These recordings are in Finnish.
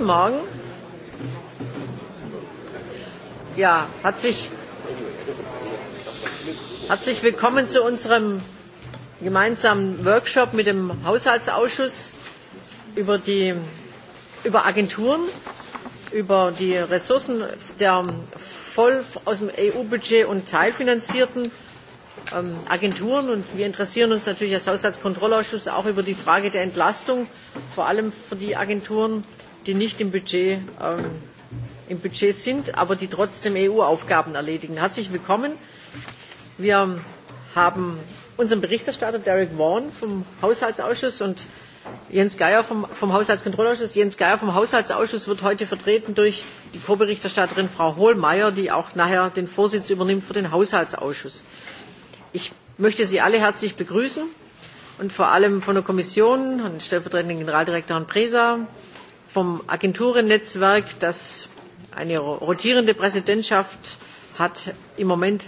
Guten Morgen. Ja, herzlich, herzlich willkommen zu unserem gemeinsamen Workshop mit dem Haushaltsausschuss über, die, über Agenturen, über die Ressourcen der voll aus dem EU-Budget und teilfinanzierten ähm, Agenturen. Und wir interessieren uns natürlich als Haushaltskontrollausschuss auch über die Frage der Entlastung, vor allem für die Agenturen, die nicht im Budget, ähm, im Budget sind, aber die trotzdem EU-Aufgaben erledigen. Herzlich willkommen. Wir haben unseren Berichterstatter Derek Vaughan vom Haushaltsausschuss und Jens Geier vom, vom Haushaltskontrollausschuss. Jens Geier vom Haushaltsausschuss wird heute vertreten durch die Co-Berichterstatterin Frau Hohlmeier, die auch nachher den Vorsitz übernimmt für den Haushaltsausschuss. Ich möchte Sie alle herzlich begrüßen und vor allem von der Kommission, und stellvertretenden Generaldirektor Herrn Presa, vom Agenturennetzwerk, das eine rotierende Präsidentschaft hat im Moment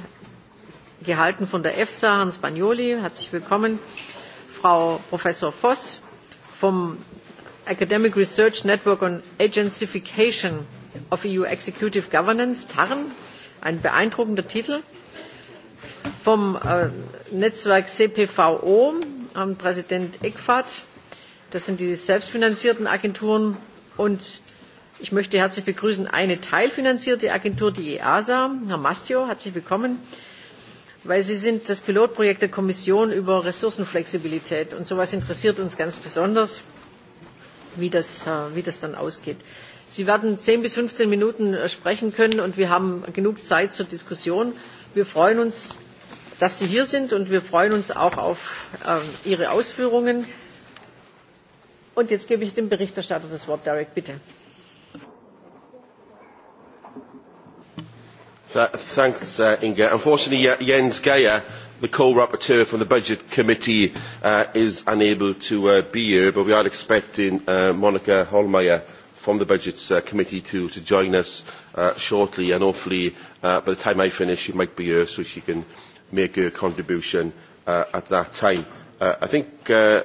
gehalten von der EFSA, Hans Bagnoli, herzlich willkommen, Frau Professor Voss vom Academic Research Network on Agencification of EU Executive Governance, TARN, ein beeindruckender Titel, vom äh, Netzwerk CPVO, Herrn Präsident Eckfahrt, das sind die selbstfinanzierten Agenturen, Und ich möchte herzlich begrüßen eine teilfinanzierte Agentur, die EASA. Herr Mastio, herzlich willkommen. Weil Sie sind das Pilotprojekt der Kommission über Ressourcenflexibilität. Und sowas interessiert uns ganz besonders, wie das, äh, wie das dann ausgeht. Sie werden 10 bis 15 Minuten äh, sprechen können und wir haben genug Zeit zur Diskussion. Wir freuen uns, dass Sie hier sind und wir freuen uns auch auf äh, Ihre Ausführungen. Und jetzt gebe ich dem Berichterstatter das Wort, Derek, bitte. Thanks, uh, Inge. Unfortunately, Jens Geier, the co-rapporteur from the Budget Committee, uh, is unable to uh, be here, but we are expecting uh, Monica Holmeyer from the Budget uh, Committee to, to join us uh, shortly, and hopefully uh, by the time I finish, she might be here so she can make her contribution uh, at that time. Uh, I think uh,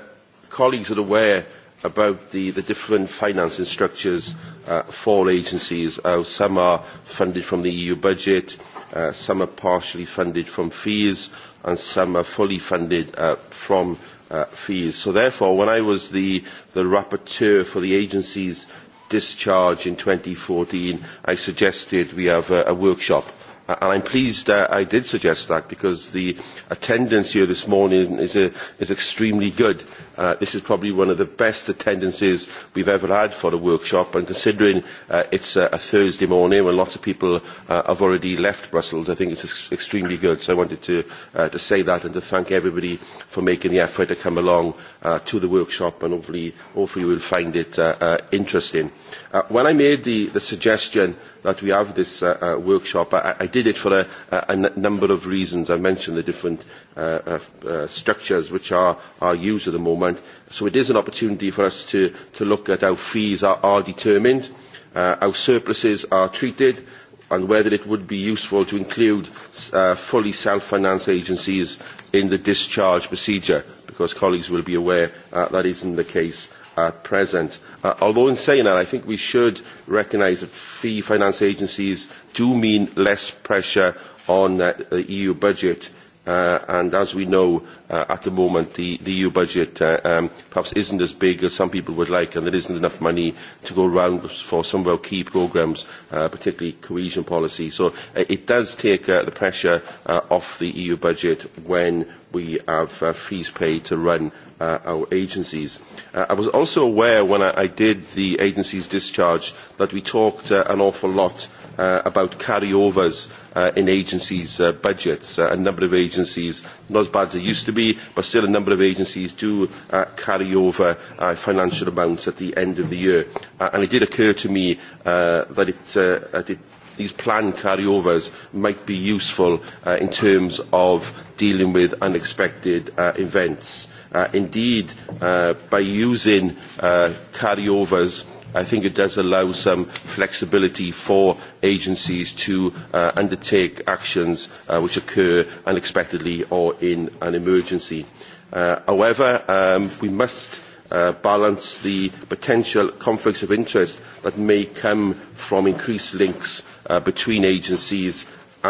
colleagues are aware about the, the different financing structures uh, for agencies. Uh, some are funded from the EU budget, uh, some are partially funded from fees, and some are fully funded uh, from uh, fees. So therefore, when I was the, the rapporteur for the agencies discharge in 2014, I suggested we have a, a workshop uh, and I'm pleased that uh, I did suggest that because the attendance here this morning is, a, uh, is extremely good Uh, this is probably one of the best attendances we've ever had for a workshop and considering uh, it's uh, a Thursday morning when lots of people uh, have already left Brussels, I think it's ex extremely good. So I wanted to, uh, to say that and to thank everybody for making the effort to come along uh, to the workshop and hopefully, hopefully you will find it uh, uh, interesting. Uh, when I made the, the suggestion that we have this uh, uh, workshop, I, I did it for a, a, a number of reasons. I mentioned the different Uh, uh, uh, structures which are, are used at the moment. So it is an opportunity for us to, to look at how fees are, are determined, uh, how surpluses are treated, and whether it would be useful to include uh, fully self-finance agencies in the discharge procedure, because colleagues will be aware uh, that isn't the case at present. Uh, although in saying that, I think we should recognise that fee finance agencies do mean less pressure on uh, the EU budget Uh, and as we know, uh, at the moment, the, the EU budget uh, um, perhaps isn't as big as some people would like, and there isn't enough money to go around for some of our key programmes, uh, particularly cohesion policy. So uh, it does take uh, the pressure uh, off the EU budget when we have uh, fees paid to run uh, our agencies. Uh, I was also aware when I, I did the agency's discharge that we talked uh, an awful lot uh, about carryovers uh, in agencies' uh, budgets. Uh, a number of agencies, not as bad as they used to be, but still a number of agencies do uh, carry over uh, financial amounts at the end of the year. Uh, and it did occur to me uh, that it, uh, it these planned carryovers might be useful uh, in terms of dealing with unexpected uh, events. Uh, indeed, uh, by using uh, carryovers, I think it does allow some flexibility for agencies to uh, undertake actions uh, which occur unexpectedly or in an emergency. Uh, however, um, we must uh, balance the potential conflicts of interest that may come from increased links Uh, between agencies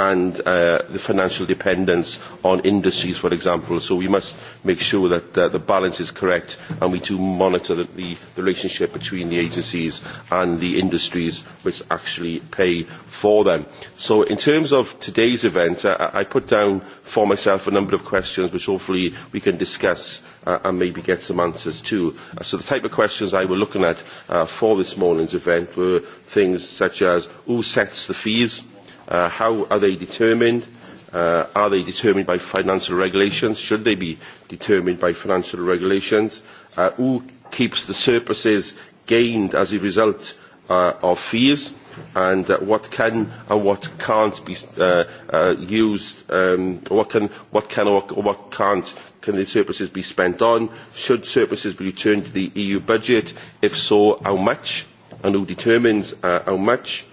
and uh, the financial dependence on industries, for example. So we must make sure that uh, the balance is correct and we do monitor the, the, the relationship between the agencies and the industries which actually pay for them. So in terms of today's event, I, I put down for myself a number of questions which hopefully we can discuss uh, and maybe get some answers to. Uh, so the type of questions I were looking at uh, for this morning's event were things such as who sets the fees, Uh, how are they determined? Uh, are they determined by financial regulations? Should they be determined by financial regulations? Uh, who keeps the surpluses gained as a result uh, of fees? And uh, what can and what can't be uh, uh, used? Um, what can, what can or what can't can the surpluses be spent on? Should surpluses be returned to the EU budget? If so, how much? And who determines uh, how much?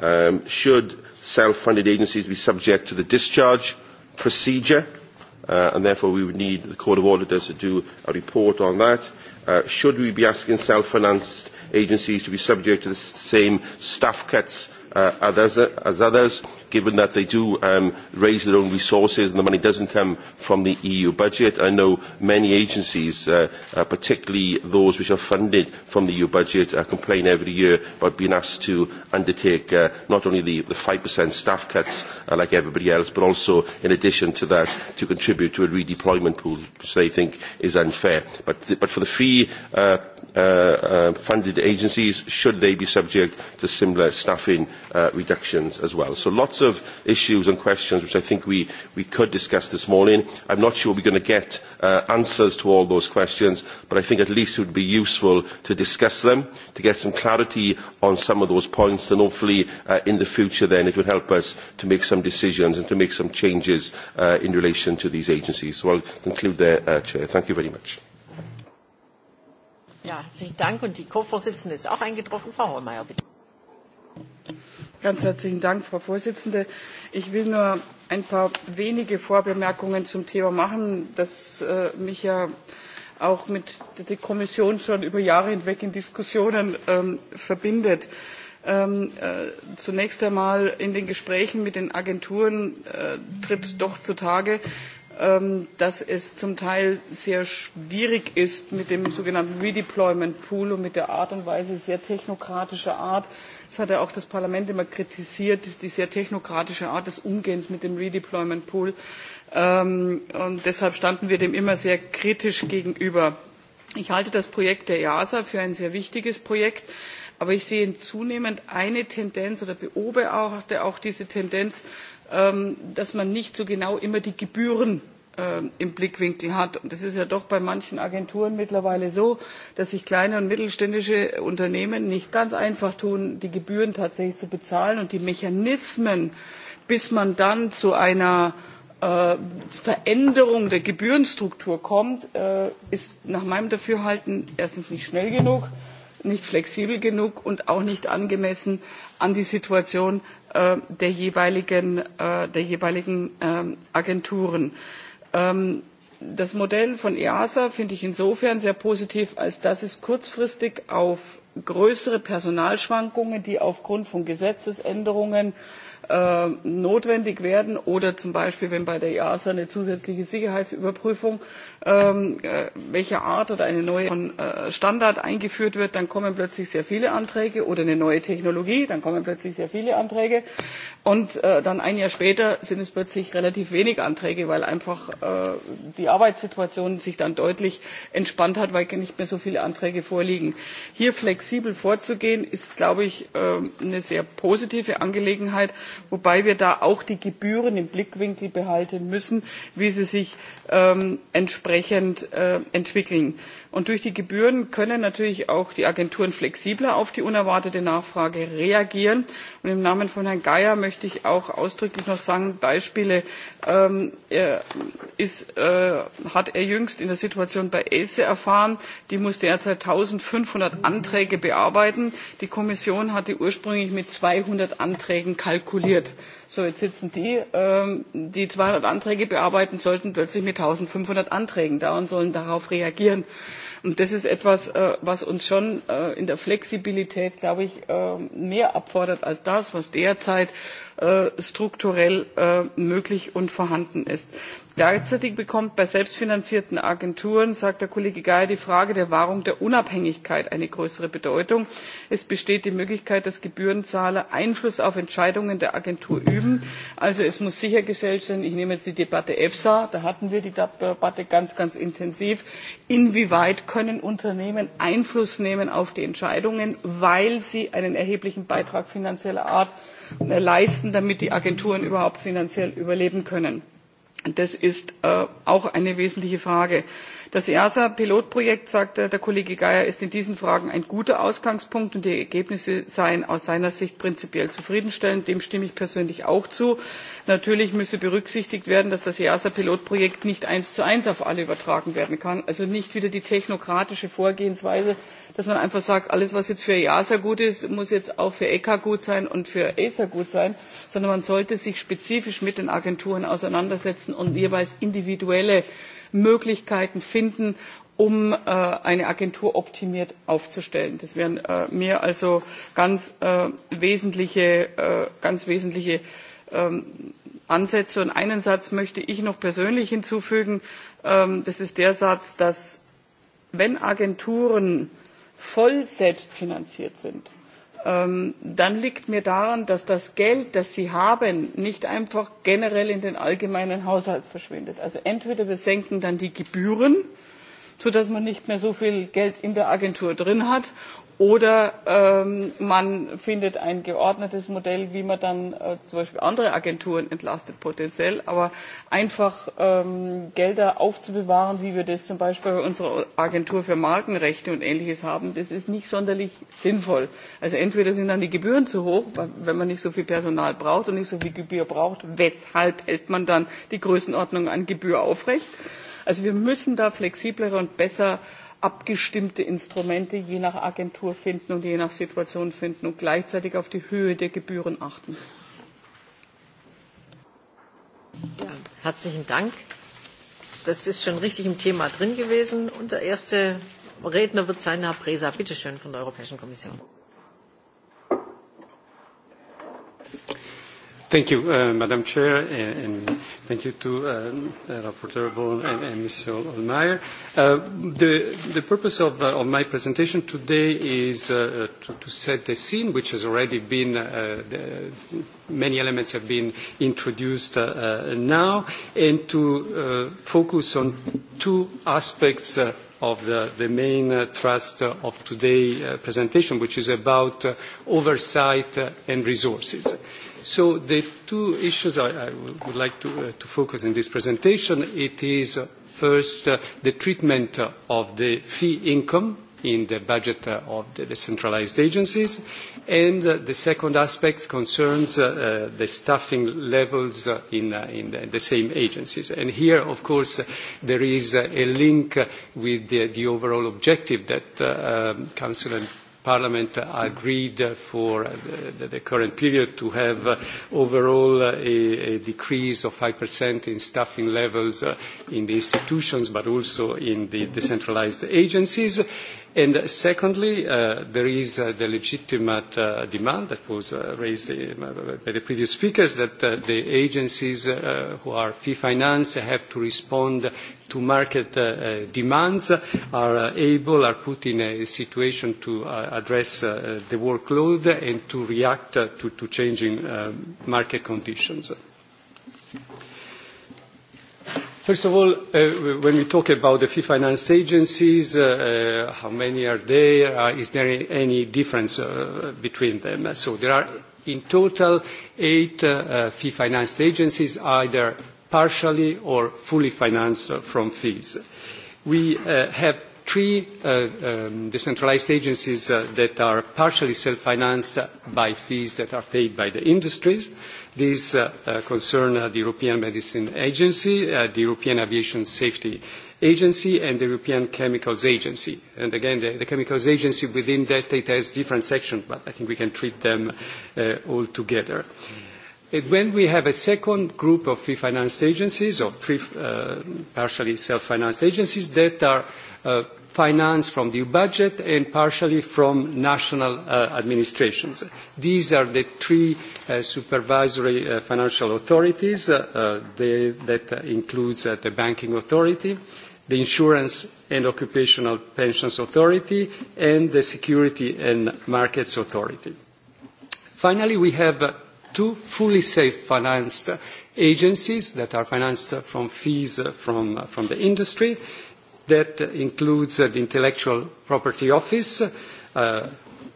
Um, should self-funded agencies be subject to the discharge procedure, uh, and therefore we would need the Court of Auditors to do a report on that. Uh, should we be asking self-financed agencies to be subject to the same staff cuts uh, as, as others? given that they do um, raise their own resources and the money doesn't come from the EU budget. I know many agencies, uh, uh, particularly those which are funded from the EU budget, uh, complain every year about being asked to undertake uh, not only the, the 5% staff cuts uh, like everybody else, but also, in addition to that, to contribute to a redeployment pool, which they think is unfair. But, th- but for the fee uh, uh, uh, funded agencies, should they be subject to similar staffing uh, reductions as well? So lots lots of issues and questions which I think we, we could discuss this morning. I'm not sure we're going to get uh, answers to all those questions, but I think at least it would be useful to discuss them, to get some clarity on some of those points, and hopefully uh, in the future then it would help us to make some decisions and to make some changes uh, in relation to these agencies. So I'll conclude there, uh, Chair. Thank you very much. Ja, herzlichen Dank. Und die Co-Vorsitzende ist auch eingetroffen. Frau Hohlmeier, bitte. Ganz herzlichen Dank, Frau Vorsitzende. Ich will nur ein paar wenige Vorbemerkungen zum Thema machen, das äh, mich ja auch mit der Kommission schon über Jahre hinweg in Diskussionen ähm, verbindet. Ähm, äh, zunächst einmal in den Gesprächen mit den Agenturen äh, tritt doch zutage, ähm, dass es zum Teil sehr schwierig ist mit dem sogenannten Redeployment Pool und mit der Art und Weise sehr technokratischer Art, Das hat ja er auch das Parlament immer kritisiert, die sehr technokratische Art des Umgehens mit dem Redeployment Pool. Ähm, und deshalb standen wir dem immer sehr kritisch gegenüber. Ich halte das Projekt der EASA für ein sehr wichtiges Projekt, aber ich sehe zunehmend eine Tendenz oder beobachte auch diese Tendenz, ähm, dass man nicht so genau immer die Gebühren Ähm, im Blickwinkel hat. Und es ist ja doch bei manchen Agenturen mittlerweile so, dass sich kleine und mittelständische Unternehmen nicht ganz einfach tun, die Gebühren tatsächlich zu bezahlen und die Mechanismen, bis man dann zu einer äh, Veränderung der Gebührenstruktur kommt, äh, ist nach meinem Dafürhalten erstens nicht schnell genug, nicht flexibel genug und auch nicht angemessen an die Situation äh, der jeweiligen, äh, der jeweiligen ähm, Agenturen Ähm, das Modell von EASA finde ich insofern sehr positiv, als dass es kurzfristig auf größere Personalschwankungen, die aufgrund von Gesetzesänderungen Äh, notwendig werden oder zum Beispiel, wenn bei der EASA eine zusätzliche Sicherheitsüberprüfung ähm, äh, welcher Art oder eine neue äh, Standard eingeführt wird, dann kommen plötzlich sehr viele Anträge oder eine neue Technologie, dann kommen plötzlich sehr viele Anträge und äh, dann ein Jahr später sind es plötzlich relativ wenig Anträge, weil einfach äh, die Arbeitssituation sich dann deutlich entspannt hat, weil nicht mehr so viele Anträge vorliegen. Hier flexibel vorzugehen, ist, glaube ich, äh, eine sehr positive Angelegenheit wobei wir da auch die Gebühren im Blickwinkel behalten müssen, wie sie sich ähm, entsprechend äh, entwickeln und durch die gebühren können natürlich auch die agenturen flexibler auf die unerwartete nachfrage reagieren. und im namen von herrn geier möchte ich auch ausdrücklich noch sagen beispiele ähm, äh, äh, hat er jüngst in der situation bei acer erfahren die muss derzeit eins fünfhundert anträge bearbeiten. die kommission hatte ursprünglich mit zweihundert anträgen kalkuliert. So, jetzt sitzen die, ähm, die 200 Anträge bearbeiten sollten, plötzlich mit 1500 Anträgen da und sollen darauf reagieren. Und das ist etwas, äh, was uns schon äh, in der Flexibilität, glaube ich, äh, mehr abfordert als das, was derzeit äh, strukturell äh, möglich und vorhanden ist gleichzeitig bekommt bei selbstfinanzierten agenturen sagt der kollege geier die frage der wahrung der unabhängigkeit eine größere bedeutung. es besteht die möglichkeit dass gebührenzahler einfluss auf entscheidungen der agentur üben. also es muss sichergestellt sein ich nehme jetzt die debatte efsa da hatten wir die debatte ganz ganz intensiv inwieweit können unternehmen einfluss nehmen auf die entscheidungen weil sie einen erheblichen beitrag finanzieller art äh, leisten damit die agenturen überhaupt finanziell überleben können. Das ist äh, auch eine wesentliche Frage. Das EASA-Pilotprojekt, sagt der Kollege Geier, ist in diesen Fragen ein guter Ausgangspunkt und die Ergebnisse seien aus seiner Sicht prinzipiell zufriedenstellend. Dem stimme ich persönlich auch zu. Natürlich müsse berücksichtigt werden, dass das EASA-Pilotprojekt nicht eins zu eins auf alle übertragen werden kann. Also nicht wieder die technokratische Vorgehensweise, dass man einfach sagt, alles, was jetzt für EASA gut ist, muss jetzt auch für ECA gut sein und für acer gut sein, sondern man sollte sich spezifisch mit den Agenturen auseinandersetzen und jeweils individuelle Möglichkeiten finden, um äh, eine Agentur optimiert aufzustellen. Das wären äh, mir also ganz äh, wesentliche, äh, ganz wesentliche ähm, Ansätze. Und einen Satz möchte ich noch persönlich hinzufügen. Ähm, das ist der Satz, dass wenn Agenturen voll selbstfinanziert sind, ähm, dann liegt mir daran, dass das Geld, das sie haben, nicht einfach generell in den allgemeinen Haushalt verschwindet. Also entweder wir senken dann die Gebühren, sodass man nicht mehr so viel Geld in der Agentur drin hat, Oder ähm, man findet ein geordnetes Modell, wie man dann äh, zum Beispiel andere Agenturen entlastet potenziell, aber einfach ähm, Gelder aufzubewahren, wie wir das zum Beispiel bei unserer Agentur für Markenrechte und ähnliches haben, das ist nicht sonderlich sinnvoll. Also entweder sind dann die Gebühren zu hoch, wenn man nicht so viel Personal braucht und nicht so viel Gebühr braucht, weshalb hält man dann die Größenordnung an Gebühr aufrecht? Also wir müssen da flexibler und besser äh, abgestimmte Instrumente je nach Agentur finden und je nach Situation finden und gleichzeitig auf die Höhe der Gebühren achten. Ja, herzlichen Dank. Das ist schon richtig im Thema drin gewesen. Und der erste Redner wird sein Herr Presa. Bitte schön von der Europäischen Kommission. Thank you, uh, Madam Chair, uh, and Thank you to uh, Rapporteur Bon and, and Ms. Olmeyer. Uh, the, the purpose of, uh, of my presentation today is uh, to, to set the scene, which has already been, uh, the, many elements have been introduced uh, uh, now, and to uh, focus on two aspects uh, of the, the main uh, thrust uh, of today's uh, presentation, which is about uh, oversight uh, and resources. So the two issues I, I would like to, uh, to focus in this presentation, it is uh, first uh, the treatment uh, of the fee income in the budget uh, of the decentralized agencies. And the second aspect concerns uh, the staffing levels in, uh, in the same agencies. And here, of course, there is a link with the, the overall objective that uh, um, Council and Parliament agreed for the current period to have uh, overall uh, a decrease of 5% in staffing levels uh, in the institutions, but also in the decentralized agencies. And secondly, uh, there is uh, the legitimate uh, demand that was raised by the previous speakers that the agencies who are fee financed have to respond to market demands, are able, are put in a situation to address the workload and to react to changing market conditions. First of all, uh, when we talk about the fee financed agencies, uh, uh how many are there? Uh, is there any difference uh, between them? So there are in total eight uh, fee financed agencies, either partially or fully financed from fees. We have three um, decentralized agencies that are partially self-financed by fees that are paid by the industries. These uh, uh, concern uh, the European Medicines Agency, the European Aviation Safety Agency and the European Chemicals Agency. And again, the, the Chemicals Agency within that it has different sections, but I think we can treat them uh, all together. when we have a second group of free financed agencies or three uh, partially self-financed agencies that are uh, financed from the budget and partially from national uh, administrations. These are the three uh, supervisory uh, financial authorities. Uh, uh, that includes uh, the Banking Authority, the Insurance and Occupational Pensions Authority, and the Security and Markets Authority. Finally, we have two fully safe financed agencies that are financed from fees from, from the industry That includes the Intellectual Property Office, uh,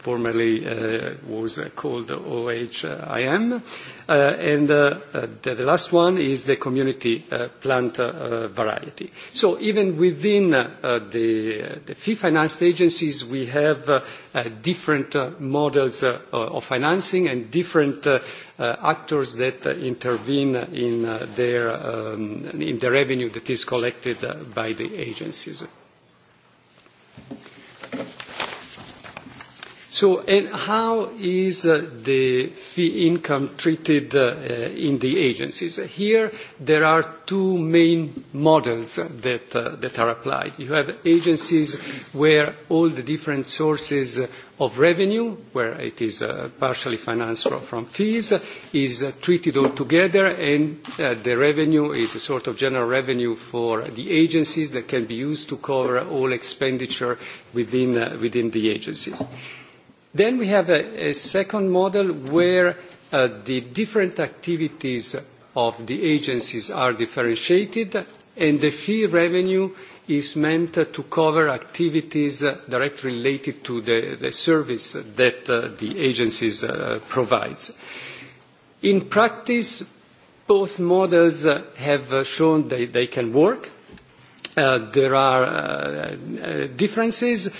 formerly uh, was called OHIM. Uh, and uh, the, last one is the community plant variety. So even within the, fee-financed agencies, we have different models of financing and different actors that intervene um, in the revenue that is collected by the agencies. So, and how is uh, the fee income treated uh, uh, in the agencies? Here, there are two main models that, uh, that are applied. You have agencies where all the different sources of revenue, where it is uh, partially financed from fees, is uh, treated all together, and the revenue is a sort of general revenue for the agencies that can be used to cover all expenditure within, within the agencies. Then we have a, a second model where uh, the different activities of the agencies are differentiated and the fee revenue is meant to cover activities directly related to the, the service that uh, the agencies uh, provides. In practice, both models uh, have uh, shown that they can work. Uh, there are differences.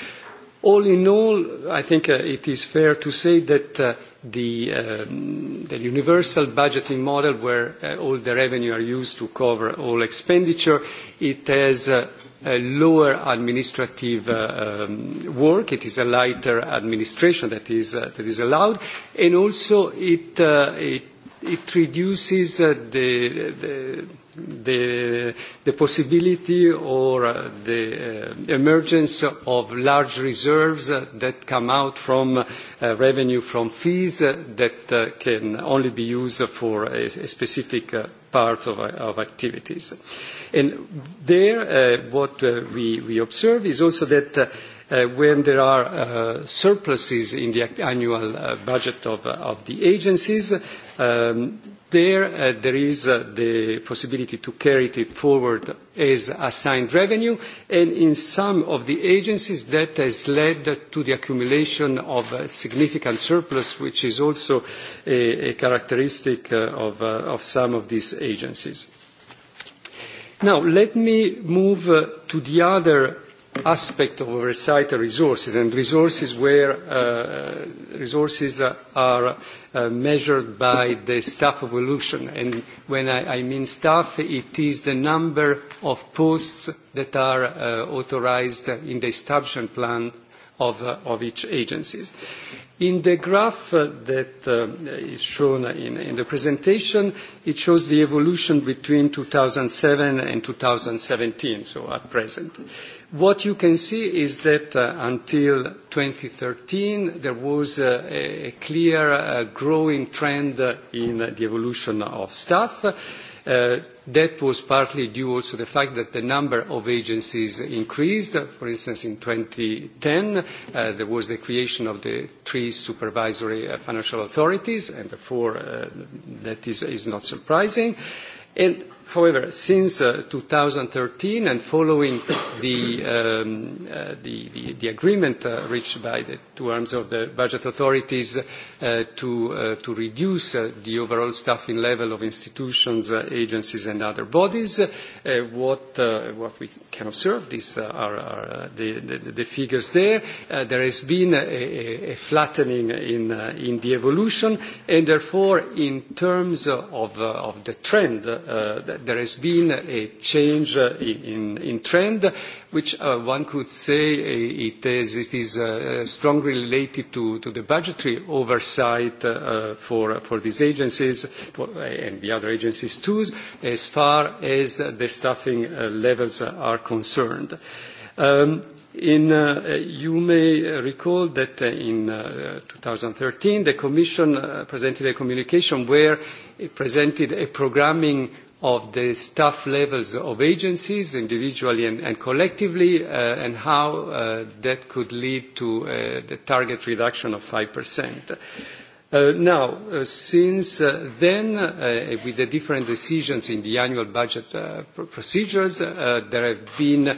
All in all, I think uh, it is fair to say that uh, um, the, universal budgeting model, where uh, all the revenue are used to cover all expenditure, it has a lower administrative um, work. It is a lighter administration that is, that is allowed, and also it, it, reduces the the, the possibility or uh, the uh, emergence of large reserves that come out from uh, revenue from fees uh, that uh, can only be used for a, a specific uh, part of, of activities. And there, what we, we observe is also that Uh, when there are uh, surpluses in the annual uh, budget of, of the agencies, um, there, uh, there is uh, the possibility to carry it forward as assigned revenue, and in some of the agencies, that has led to the accumulation of a significant surplus, which is also a, characteristic uh, of, of some of these agencies. Now, let me move to the other aspect of oversight resources, and resources where resources are Uh, measured by the staff evolution. And when I, I mean staff, it is the number of posts that are uh, authorized in the establishment plan of, uh, of each agencies. In the graph uh, that uh, is shown in, in the presentation, it shows the evolution between 2007 and 2017, so at present. What you can see is that uh, until 2013, there was uh, a clear uh, growing trend in the evolution of staff. That was partly due also to the fact that the number of agencies increased. For instance, in 2010, there was the creation of the three supervisory financial authorities, and therefore, that is, is not surprising. And However, since uh, 2013 and following the, um, uh, the, the, the agreement uh, reached by the two arms of the budget authorities uh, to, uh, to reduce uh, the overall staffing level of institutions, agencies, and other bodies, what, what we can observe, these are, are the figures there. There has been a, a flattening in, in the evolution, and therefore, in terms of, of the trend, there has been a change uh, in, trend, which uh, one could say uh, it is, strongly related to, the budgetary oversight for, these agencies and the other agencies too, as far as the staffing levels are concerned. Um, you may recall that in 2013, the Commission presented a communication where it presented a programming of the staff levels of agencies individually and, and collectively uh, and how uh, that could lead to uh, the target reduction of 5%. Uh, now, uh, since uh, then, uh, with the different decisions in the annual budget pr procedures, there have been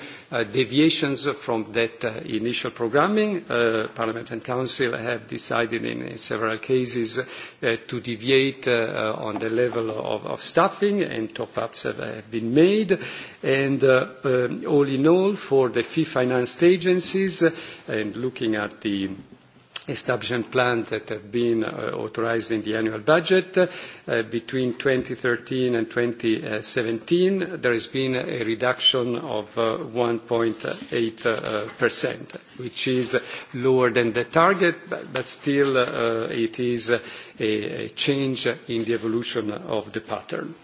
deviations from that initial programming. Parliament and Council have decided in, in several cases to deviate on the level of, of staffing, and top-ups have, have been made. And um, all in all, for the fee financed agencies, and looking at the establishment plan that have been uh, authorized in the annual budget. Uh, between 2013 and 2017, there has been a reduction of 1.8%, uh, which is lower than the target, but, still it is a change in the evolution of the pattern.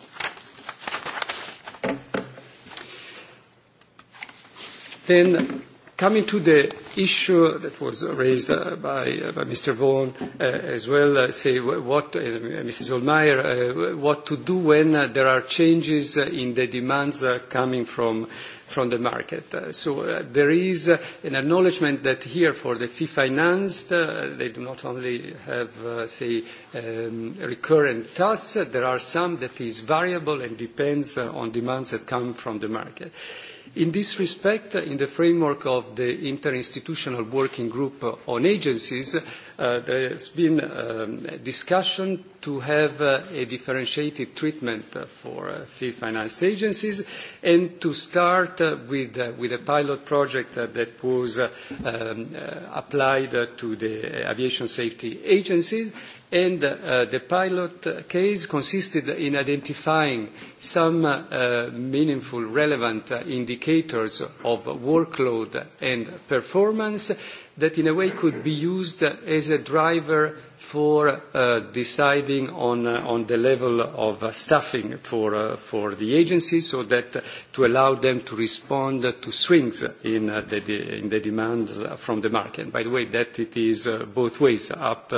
Then Coming to the issue that was raised uh, by, uh, by Mr. Vaughan uh, as well, uh, say what, uh, Mrs. Olmeyer, uh, what to do when uh, there are changes uh, in the demands uh, coming from from the market. Uh, so uh, there is uh, an acknowledgement that here for the fee financed, uh, they do not only have, uh, say, um, recurrent tasks, there are some that is variable and depends on demands that come from the market. In this respect, in the framework of the Interinstitutional Working Group on Agencies, Uh, there has been um, discussion to have uh, a differentiated treatment uh, for fee-financed uh, agencies and to start uh, with, with a pilot project that was um, applied to the aviation safety agencies. and The pilot case consisted in identifying some meaningful, relevant indicators of workload and performance that in a way could be used as a driver for uh, deciding on, uh, on the level of uh, staffing for, uh, for the agencies so that uh, to allow them to respond to swings in uh, the, de in the demand from the market. By the way, that it is both ways, up,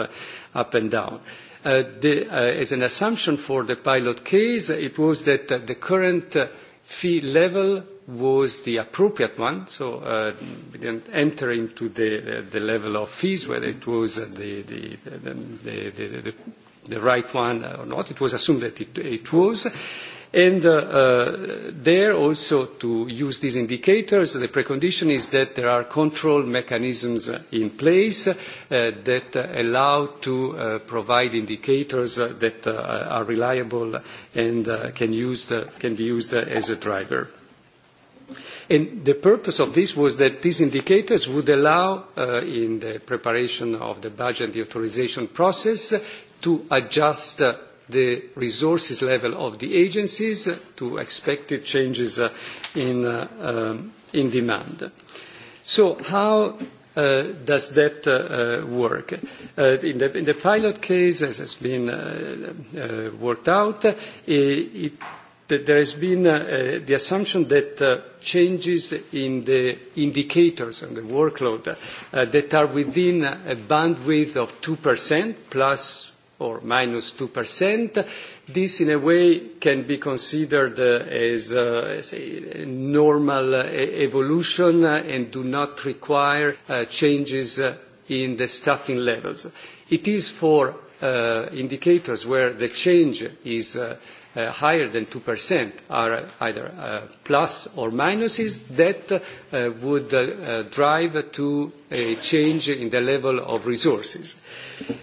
up and down. The, as an assumption for the pilot case, it was that the current fee level was the appropriate one, so uh, we didn't enter into the, the, the level of fees, whether it was the, the, the, the, the, the right one or not. It was assumed that it, it was. And uh, uh, there also to use these indicators, the precondition is that there are control mechanisms in place uh, that allow to uh, provide indicators that uh, are reliable and uh, can, use the, can be used as a driver. And the purpose of this was that these indicators would allow, uh, in the preparation of the budget and the authorization process, to adjust uh, the resources level of the agencies to expected changes uh, in, uh, um, in demand. So how Uh, does that uh, uh, work? Uh, in, the, in the pilot case, as has been uh, worked out, it there has been uh, the assumption that uh, changes in the indicators and the workload uh, that are within a bandwidth of 2% plus or minus 2%, this in a way can be considered as a normal evolution and do not require changes in the staffing levels. It is for indicators where the change is Uh, higher than 2% are either uh, plus or minuses that uh, would uh, drive to a change in the level of resources.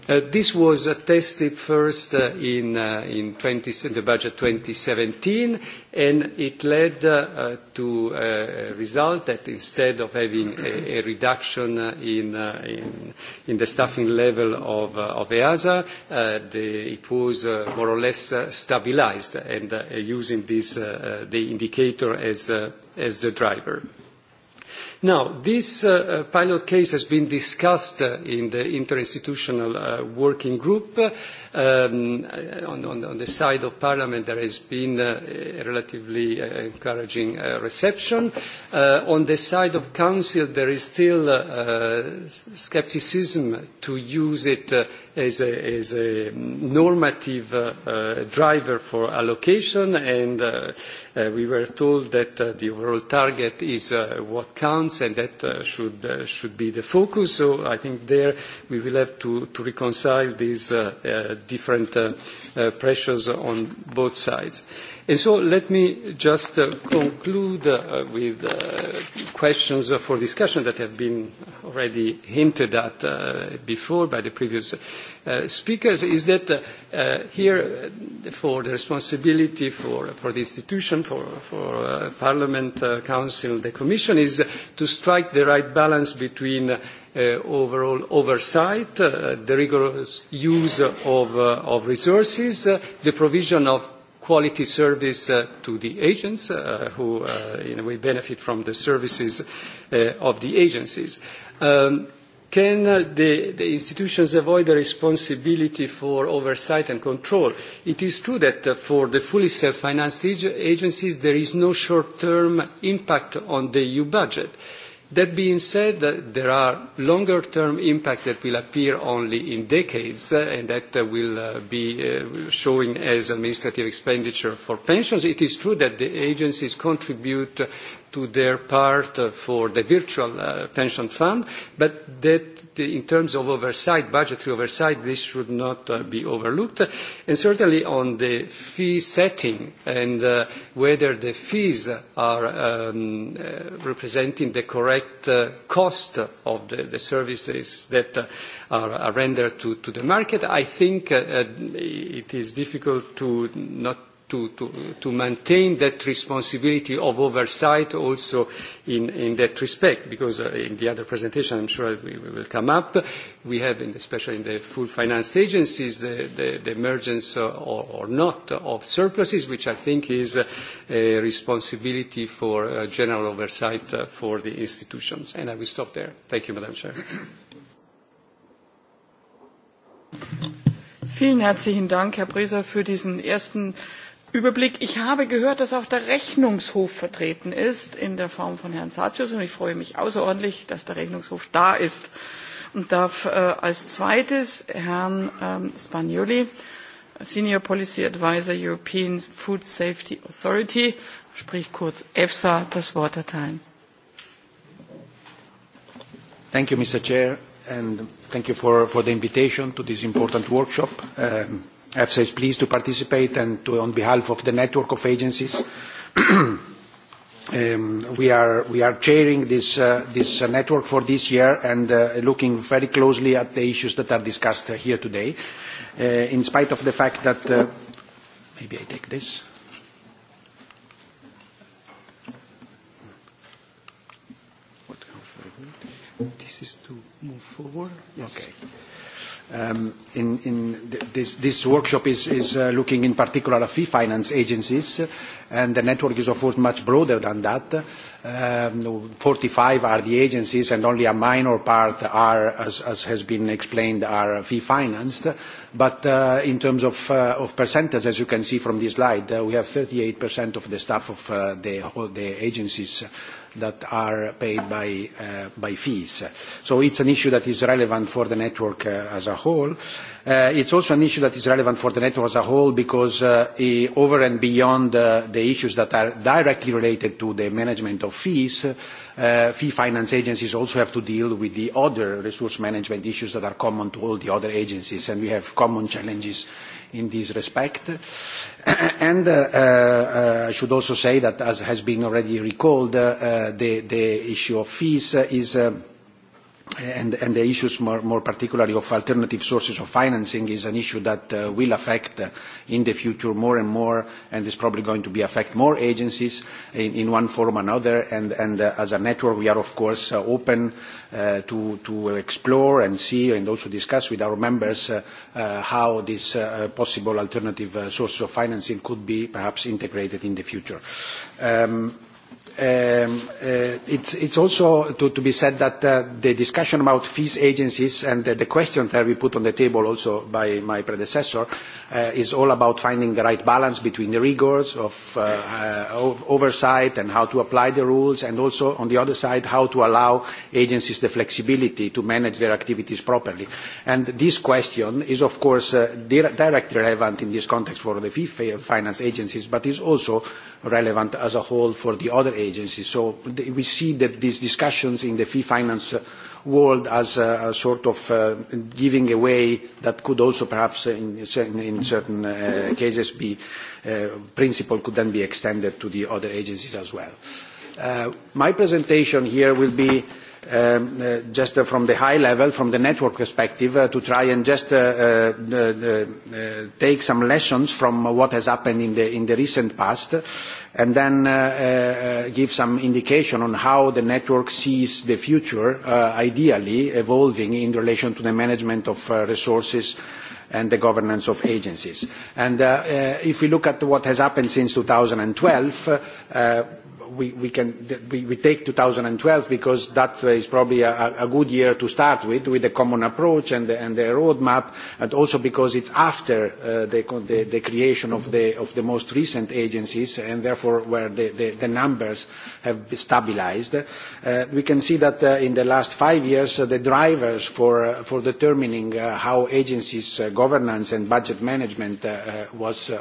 Uh, this was uh, tested first uh, in, uh, in 20, the budget 2017, and it led uh, uh, to a result that instead of having a, a reduction in, in, in the staffing level of, of EASA, the, it was more or less stabilized and using this, the indicator as, as the driver. Now, this uh, uh, pilot case has been discussed uh, in the interinstitutional uh, working group. Um, on, on, on the side of Parliament, there has been uh, a relatively uh, encouraging uh, reception. on the side of Council, there is still scepticism to use it as a, as a normative uh, uh, driver for allocation, and uh, we were told that the overall target is what counts, and that should, should be the focus. So I think there we will have to, to reconcile these different uh, uh, pressures on both sides. And so let me just uh, conclude with questions for discussion that have been already hinted at before by the previous speakers, is that here for the responsibility for, for the institution, for, for Parliament, Council, the Commission, is to strike the right balance between Uh, overall oversight, uh, the rigorous use of, uh, resources, the provision of quality service to the agents who, in a way, benefit from the services of the agencies. Um, can the, institutions avoid the responsibility for oversight and control? It is true that for the fully self-financed agencies, there is no short-term impact on the EU budget. That being said, uh, there are longer-term impacts that will appear only in decades, uh, and that uh, will be showing as administrative expenditure for pensions. It is true that the agencies contribute to their part for the virtual pension fund, but that in terms of oversight, budgetary oversight, this should not uh, be overlooked. And certainly on the fee setting and uh, whether the fees are um, uh, representing the correct uh, cost of the, the services that uh, are, rendered to, to, the market, I think uh, it is difficult to not to, to, to maintain that responsibility of oversight also in, in that respect, because uh, in the other presentation, I'm sure we, we will come up, we have, in, especially in the full financed agencies, the, the, the emergence uh, or, or not of surpluses, which I think is a responsibility for uh, general oversight for the institutions. And I will stop there. Thank you, Madam Chair. Vielen herzlichen Dank, Herr Breser, für diesen ersten überblick. ich habe gehört dass auch der rechnungshof vertreten ist in der form von herrn sacius und ich freue mich außerordentlich dass der rechnungshof da ist und darf äh, als zweites herrn ähm, spagnoli senior policy adviser european food safety authority sprich kurz efsa das wort erteilen. thank you mr and thank you for, the invitation to this important workshop. Um, EFSA is pleased to participate and to, on behalf of the network of agencies, um, we, are, we are chairing this, uh, this uh, network for this year and uh, looking very closely at the issues that are discussed uh, here today, uh, in spite of the fact that uh, maybe I take this. This is to move forward. Yes. Okay. Um, in, in this, this, workshop is, is uh, looking in particular at fee finance agencies, and the network is of course much broader than that. Um, 45 are the agencies, and only a minor part are, as, as has been explained, are fee financed. But uh, in terms of, uh, of, percentage, as you can see from this slide, uh, we have 38% of the staff of uh, the, the agencies that are paid by, uh, by fees. So it's an issue that is relevant for the network uh, as a whole. Uh, it's also an issue that is relevant for the network as a whole because over and beyond the issues that are directly related to the management of fees, fee finance agencies also have to deal with the other resource management issues that are common to all the other agencies, and we have common challenges in this respect. and uh, uh, I should also say that, as has been already recalled, uh, uh the, the issue of fees is uh, and, and the issues more, more particularly of alternative sources of financing is an issue that uh, will affect uh, in the future more and more and is probably going to be affect more agencies in, in one form or another and, and uh, as a network we are of course uh, open uh, to, to explore and see and also discuss with our members uh, uh, how this uh, possible alternative uh, sources of financing could be perhaps integrated in the future. Um, Um, uh, it's, also to, be said that uh, the discussion about fees agencies and the question that we put on the table also by my predecessor uh, is all about finding the right balance between the rigors of oversight and how to apply the rules, and also, on the other side, how to allow agencies the flexibility to manage their activities properly. And This question is, of course, directly relevant in this context for the fee finance agencies, but is also relevant as a whole for the other agencies agencies. So we see that these discussions in the fee finance uh, world as a, a sort of uh, giving away that could also perhaps in certain, in certain uh, cases be uh, principle could then be extended to the other agencies as well. Uh, my presentation here will be Um, uh, just uh, from the high level, from the network perspective, uh, to try and just take some lessons from what has happened in the, in the recent past, and then give some indication on how the network sees the future, ideally evolving in relation to the management of resources and the governance of agencies. And If we look at what has happened since 2012, we, can, we, take 2012 because that is probably a, good year to start with, with a common approach and, a roadmap, and also because it's after uh, the, creation of the, most recent agencies, and therefore where the, numbers have stabilized. Uh, we can see that uh, in the last five years, the drivers for, determining how agencies' governance and budget management was,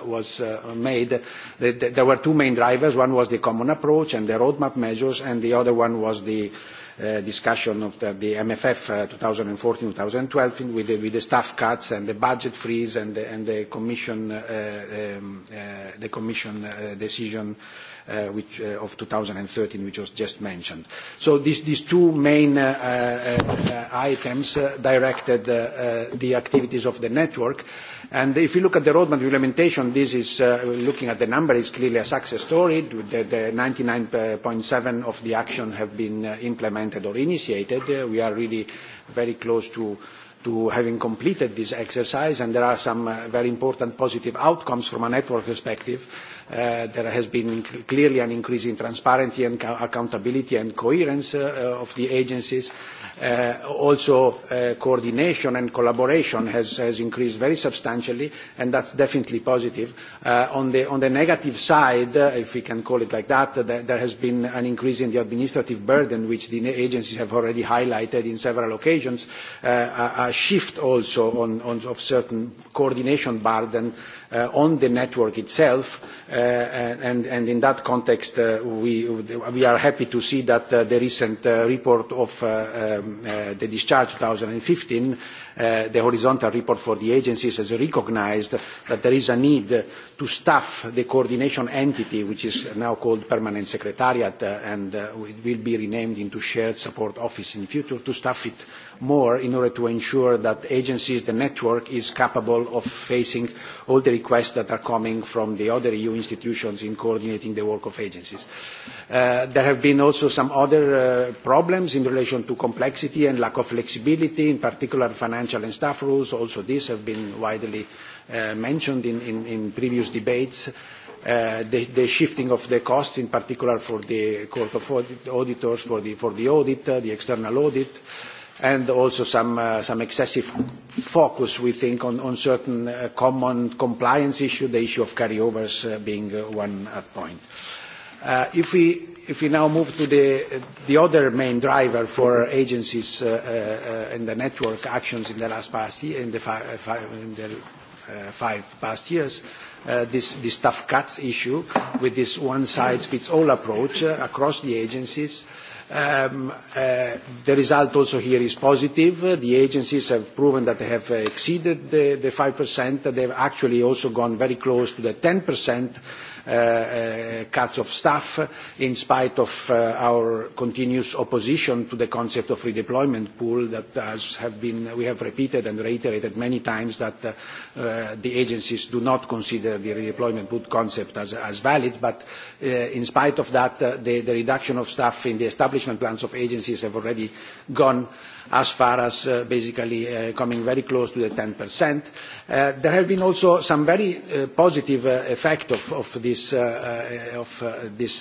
made, there were two main drivers. One was the common approach, approach and the roadmap measures, and the other one was the uh, discussion of the, the MFF 2014-2012 uh, with, with the staff cuts and the budget freeze and the, and the Commission, uh, um, uh, the commission uh, decision Uh, which, uh, of 2013, which was just mentioned. So these, these two main uh, items directed the activities of the network. And if you look at the roadmap implementation, this is uh, looking at the number, is clearly a success story. The, the 99.7 uh, of the action have been uh, implemented or initiated. we are really very close to having completed this exercise, and there are some very important positive outcomes from a network perspective. there has been clearly an increase in transparency and accountability and coherence of the agencies. Uh, also uh, coordination and collaboration has, has increased very substantially, and that's definitely positive. Uh, on, the, on the negative side, uh, if we can call it like that, uh, there, there has been an increase in the administrative burden, which the agencies have already highlighted in several occasions, a, a shift also on, on, of certain coordination burden Uh, on the network itself. Uh, and, in that context, uh, we, are happy to see that the recent report of um, the discharge 2015 uh, the horizontal report for the agencies has recognized that there is a need to staff the coordination entity, which is now called Permanent Secretariat, uh, and uh, it will be renamed into Shared Support Office in future, to staff it more in order to ensure that agencies, the network, is capable of facing all the requests that are coming from the other EU institutions in coordinating the work of agencies. Uh, there have been also some other uh, problems in relation to complexity and lack of flexibility, in particular financial financial and staff rules. Also, these have been widely uh, mentioned in, in, in previous debates. Uh, the, the shifting of the costs, in particular for the Court of audit, Auditors, for the, for the audit, uh, the external audit, and also some, uh, some excessive focus, we think, on, on certain uh, common compliance issue, the issue of carryovers uh, being uh, one at point. Uh, if we If we now move to the, the other main driver for agencies uh, uh, and the network actions in the last past year, in the, fi fi in the uh, five past years, uh, this, this tough cuts issue with this one-size-fits-all approach uh, across the agencies. Um, uh, the result also here is positive. Uh, the agencies have proven that they have uh, exceeded the, the 5%. They've actually also gone very close to the 10% Uh, uh, cuts of staff, in spite of uh, our continuous opposition to the concept of redeployment pool that has have been, we have repeated and reiterated many times that the agencies do not consider the redeployment pool concept as, as valid, but in spite of that, the, the reduction of staff in the establishment plans of agencies have already gone as far as uh, basically uh, coming very close to the 10%. Uh, there have been also some very positive effect of, this,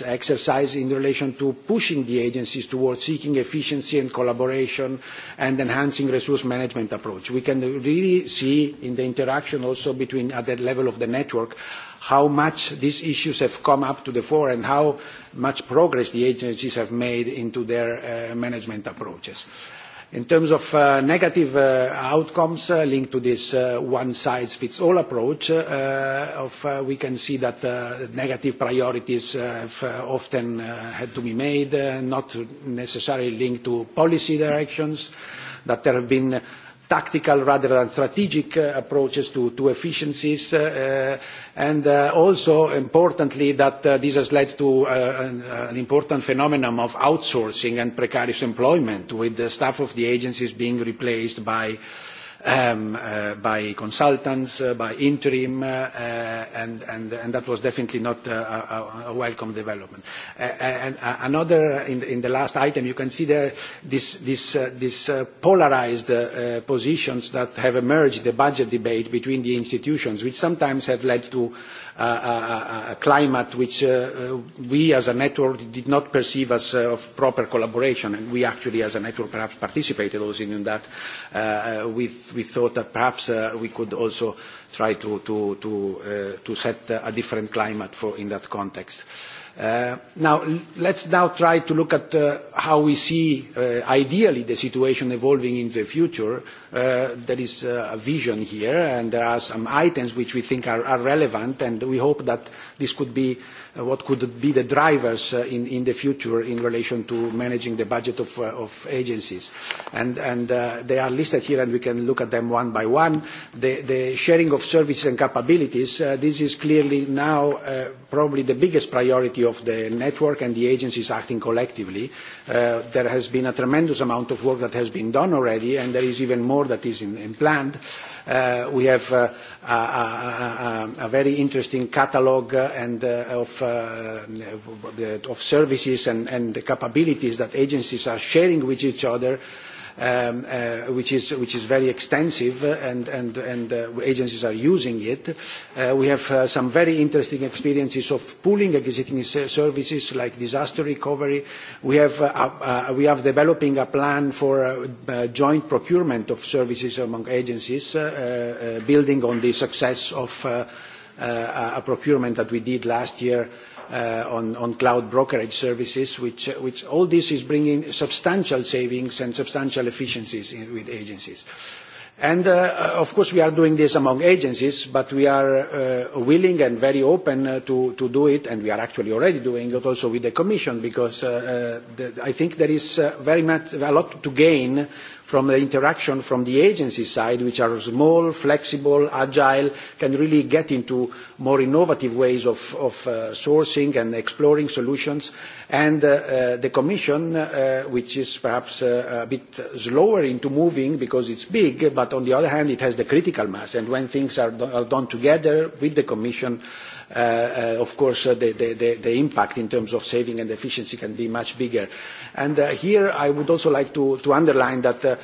exercise in relation to pushing the agencies towards seeking efficiency and collaboration and enhancing resource management approach. We can really see in the interaction also between at the level of the network how much these issues have come up to the fore and how much progress the agencies have made into their uh, management approaches. In terms of uh, negative uh, outcomes uh, linked to this one-size-fits-all approach, we can see that negative priorities have often had to be made, not necessarily linked to policy directions, that there have been tactical rather than strategic uh, approaches to, to efficiencies, uh, uh, and also importantly that this has led to an important phenomenon of outsourcing and precarious employment, with the staff of the agencies being replaced by Um, uh, by consultants, uh, by interim, uh, and, that was definitely not a, welcome development. another, in, the last item, you can see there this polarized positions that have emerged, the budget debate between the institutions, which sometimes have led to A climate which uh, uh, we as a network did not perceive as uh, of proper collaboration, and we actually as a network perhaps participated also in that. we, we thought that perhaps we could also try to, to, to, to set a different climate for, in that context. Uh, now, let's now try to look at uh, how we see, uh, ideally, the situation evolving in the future. Uh, there is a vision here, and there are some items which we think are, relevant, and we hope that this could be what could be the drivers in, the future in relation to managing the budget of, agencies. And, They are listed here, and we can look at them one by one. the sharing of services and capabilities, this is clearly now probably the biggest priority of the network and the agencies acting collectively. Uh, there has been a tremendous amount of work that has been done already, and there is even more that is in, in planned. Uh, we have uh, a, a, a, a very interesting catalogue uh, and uh, of, uh, of services and, and capabilities that agencies are sharing with each other Um, uh, which, is, very extensive uh, and, uh, agencies are using it. we have some very interesting experiences of pooling existing services like disaster recovery. We have, we developing a plan for joint procurement of services among agencies, building on the success of a procurement that we did last year Uh, on, cloud brokerage services, uh, which, all this is bringing substantial savings and substantial efficiencies in, with agencies. And uh, Of course, we are doing this among agencies, but we are willing and very open to, to do it, and we are actually already doing it also with the Commission, because I think there is very much a lot to gain from the interaction from the agency side, which are small, flexible, agile, can really get into more innovative ways of, of uh, sourcing and exploring solutions. And uh, uh the Commission, uh, which is perhaps uh, a bit slower into moving because it's big, but on the other hand, it has the critical mass. And when things are, do are done together with the Commission, Uh, uh, of course, uh, the, impact in terms of saving and efficiency can be much bigger. And here I would also like to, underline that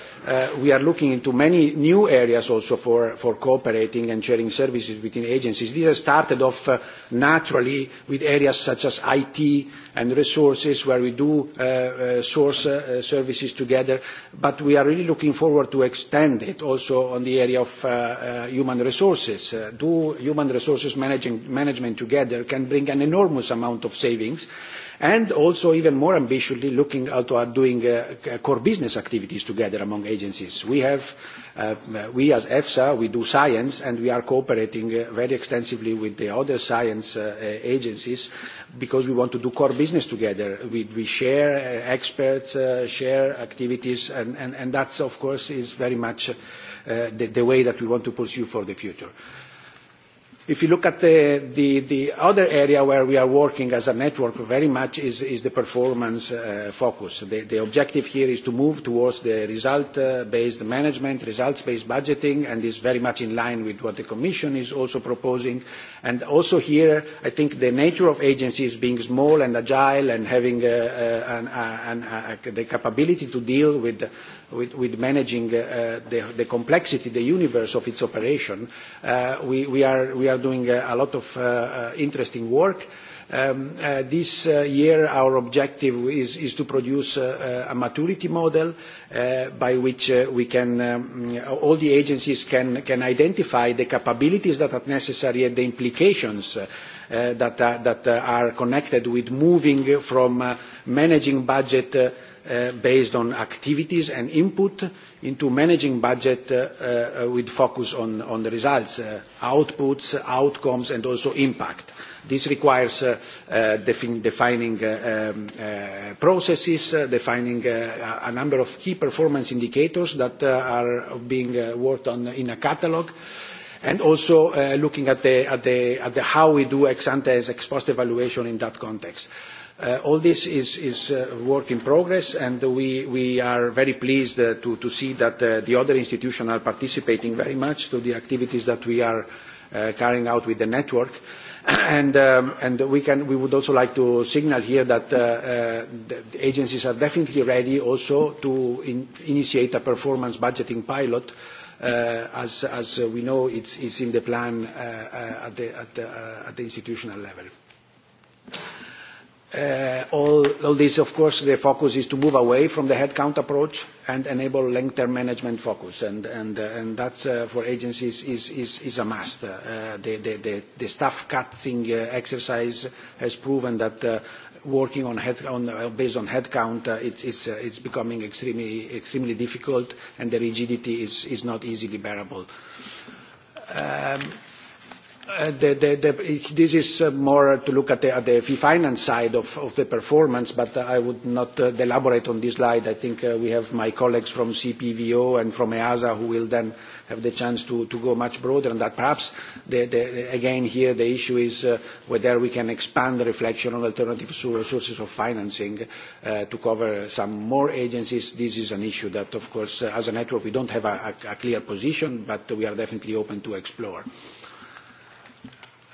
we are looking into many new areas also for, cooperating and sharing services between agencies. This has started off naturally with areas such as IT, and resources where we do uh, uh, source uh, services together, but we are really looking forward to extend it also on the area of uh, uh, human resources. Uh, do human resources managing, management together can bring an enormous amount of savings and also even more ambitiously looking at doing uh, uh, core business activities together among agencies. We have, uh, uh, we as EFSA, we do science and we are cooperating uh, very extensively with the other science uh, agencies because we want to do core business together. We, we share experts, share activities and, and, and that of course is very much the, the way that we want to pursue for the future. If you look at the, other area where we are working as a network very much is, the performance uh, focus. The, objective here is to move towards the result-based management, results-based budgeting, and is very much in line with what the Commission is also proposing. And also here, I think the nature of agencies being small and agile and having uh, uh, the capability to deal with with, managing uh, the, complexity, the universe of its operation, uh, we, are, we are doing uh, a lot of interesting work. Um, this year, our objective is, is to produce a maturity model by which we can um, all the agencies can, can identify the capabilities that are necessary and the implications that that are connected with moving from managing budget Uh, based on activities and input into managing budget uh, uh, with focus on, on the results, uh, outputs, outcomes, and also impact. This requires uh, uh, defin defining uh, um, uh, processes, uh, defining uh, a number of key performance indicators that uh, are being uh, worked on in a catalogue, and also uh, looking at, the, how we do ex ante as ex post evaluation in that context. Uh, all this is, uh, work in progress, and we, are very pleased to, see that the other institutions are participating very much to the activities that we are carrying out with the network. and, um, we, would also like to signal here that the agencies are definitely ready also to initiate a performance budgeting pilot Uh, as, we know, it's, in the plan uh, uh, at the, institutional level. All, this, of course, the focus is to move away from the headcount approach and enable long-term management focus. and, that's That, for agencies, is, a must. the staff cutting exercise has proven that working on head on, uh, based on headcount, uh, it's, it's, uh, it's becoming extremely, extremely difficult, and the rigidity is, is not easily bearable. Um, Uh, this is uh, more to look at the, fee finance side of, the performance, but uh, I would not elaborate on this slide. I think we have my colleagues from CPBO and from EASA who will then have the chance to, go much broader on that. Perhaps, again, here the issue is whether we can expand the reflection on alternative sources of financing to cover some more agencies. This is an issue that, of course, as a network, we don't have a clear position, but we are definitely open to explore.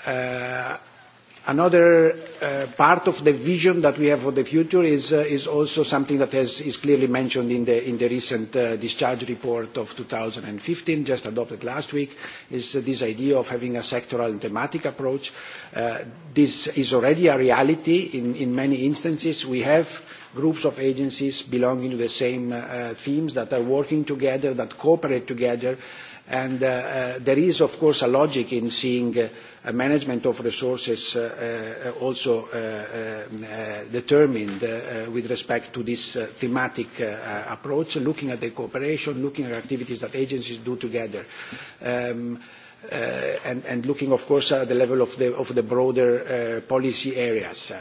Uh, another uh, part of the vision that we have for the future is, uh, is also something that has, is clearly mentioned in the, in the recent uh, discharge report of 2015, just adopted last week, is uh, this idea of having a sectoral and thematic approach. this is already a reality in, in many instances. We have groups of agencies belonging to the same themes that are working together, that cooperate together, And uh, uh, there is, of course, a logic in seeing uh, a management of resources also determined with respect to this thematic approach, looking at the cooperation, looking at activities that agencies do together. Um, and, looking, of course, at the level of the, broader policy areas.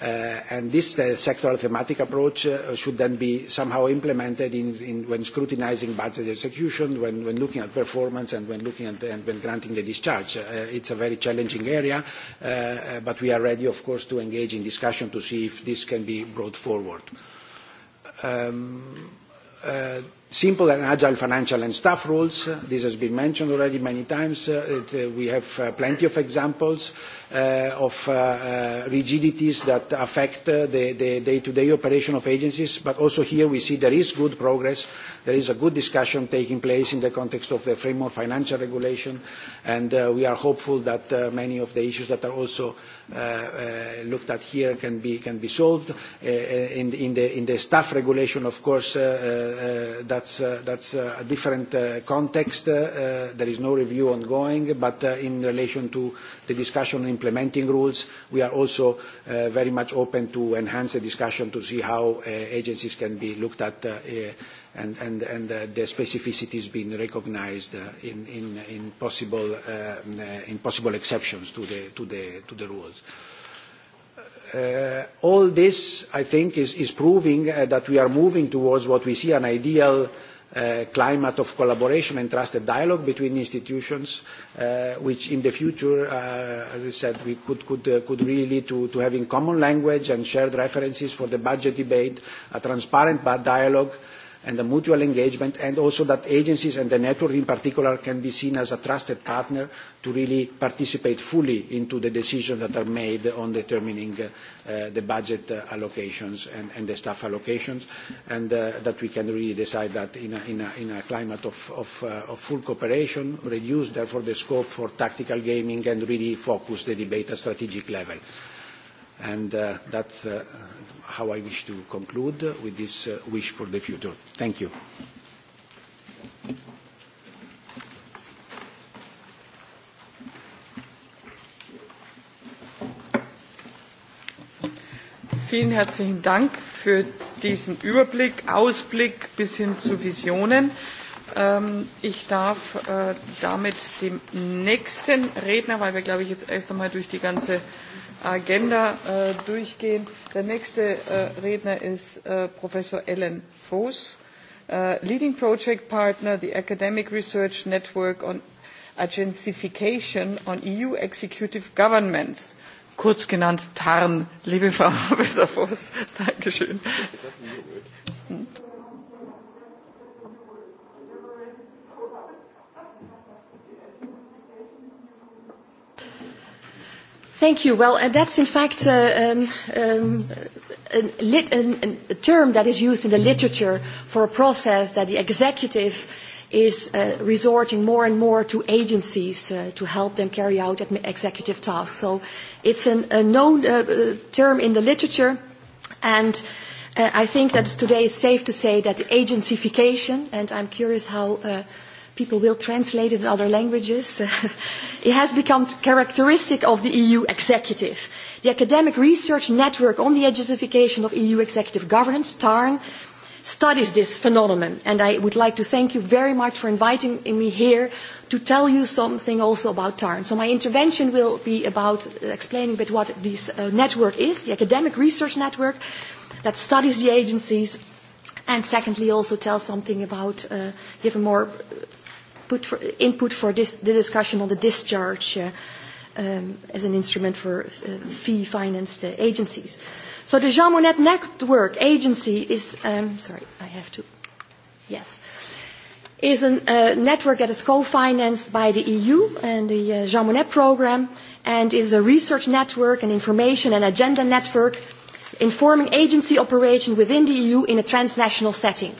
Uh, and this uh, sectoral thematic approach uh, should then be somehow implemented in, in when scrutinizing budget execution, when, when looking at performance, and when looking at and when granting the discharge. it's a very challenging area, but we are ready, of course, to engage in discussion to see if this can be brought forward. Um, Simple and agile financial and staff rules. This has been mentioned already many times. Uh, it, uh, we have uh, plenty of examples of rigidities that affect the day-to-day -day operation of agencies, but also here we see there is good progress. There is a good discussion taking place in the context of the framework financial regulation, and we are hopeful that many of the issues that are also Uh, uh, looked at here can be, can be solved. Uh, in, in, the, in the staff regulation, of course, that's, that's a different context. There is no review ongoing, but in relation to the discussion on implementing rules, we are also very much open to enhance the discussion to see how agencies can be looked at and, uh, the specificities being recognized uh, uh, in, possible, exceptions to the, rules. all this, I think, is, proving that we are moving towards what we see an ideal climate of collaboration and trusted dialogue between institutions, which in the future, as I said, we could, really lead to, to having common language and shared references for the budget debate, a transparent dialogue, and the mutual engagement, and also that agencies and the network in particular can be seen as a trusted partner to really participate fully into the decisions that are made on determining uh, uh the budget uh, allocations and, and the staff allocations, and uh, that we can really decide that in a, in a, in a climate of, of, uh, of full cooperation, reduce therefore the scope for tactical gaming and really focus the debate at strategic level. And uh, that's uh, how I wish to conclude with this uh, wish for the future. Thank you. Vielen herzlichen Dank für diesen Überblick, Ausblick bis hin zu Visionen. Ähm, ich darf äh, damit dem nächsten Redner, weil wir, glaube ich, jetzt erst einmal durch die ganze Agenda äh, durchgehen. Der nächste äh, Redner ist äh, Professor Ellen Voss, äh, Leading Project Partner, the Academic Research Network on agencification on EU Executive Governments, kurz genannt TARN. Liebe Frau Professor Voss, Dankeschön. Hm? Thank you. Well, and uh, that's in fact uh, um, um, a, lit, a, a term that is used in the literature for a process that the executive is uh, resorting more and more to agencies uh, to help them carry out executive tasks. So it's an, a known uh, uh term in the literature, and uh, I think that today it's safe to say that the agencyfication, and I'm curious how people will translate it in other languages. it has become characteristic of the EU executive. The Academic Research Network on the Edification of EU Executive Governance, TARN, studies this phenomenon. And I would like to thank you very much for inviting me here to tell you something also about TARN. So my intervention will be about explaining a bit what this uh, network is, the Academic Research Network that studies the agencies, and secondly also tell something about, uh, give a more put for, input for this, the discussion on the discharge uh, um, as an instrument for uh, fee-financed uh, agencies. So the Jean Monnet Network Agency is, um, sorry, I have to, yes, is a uh, network that is co-financed by the EU and the uh, Jean Monnet program and is a research network and information and agenda network informing agency operation within the EU in a transnational setting.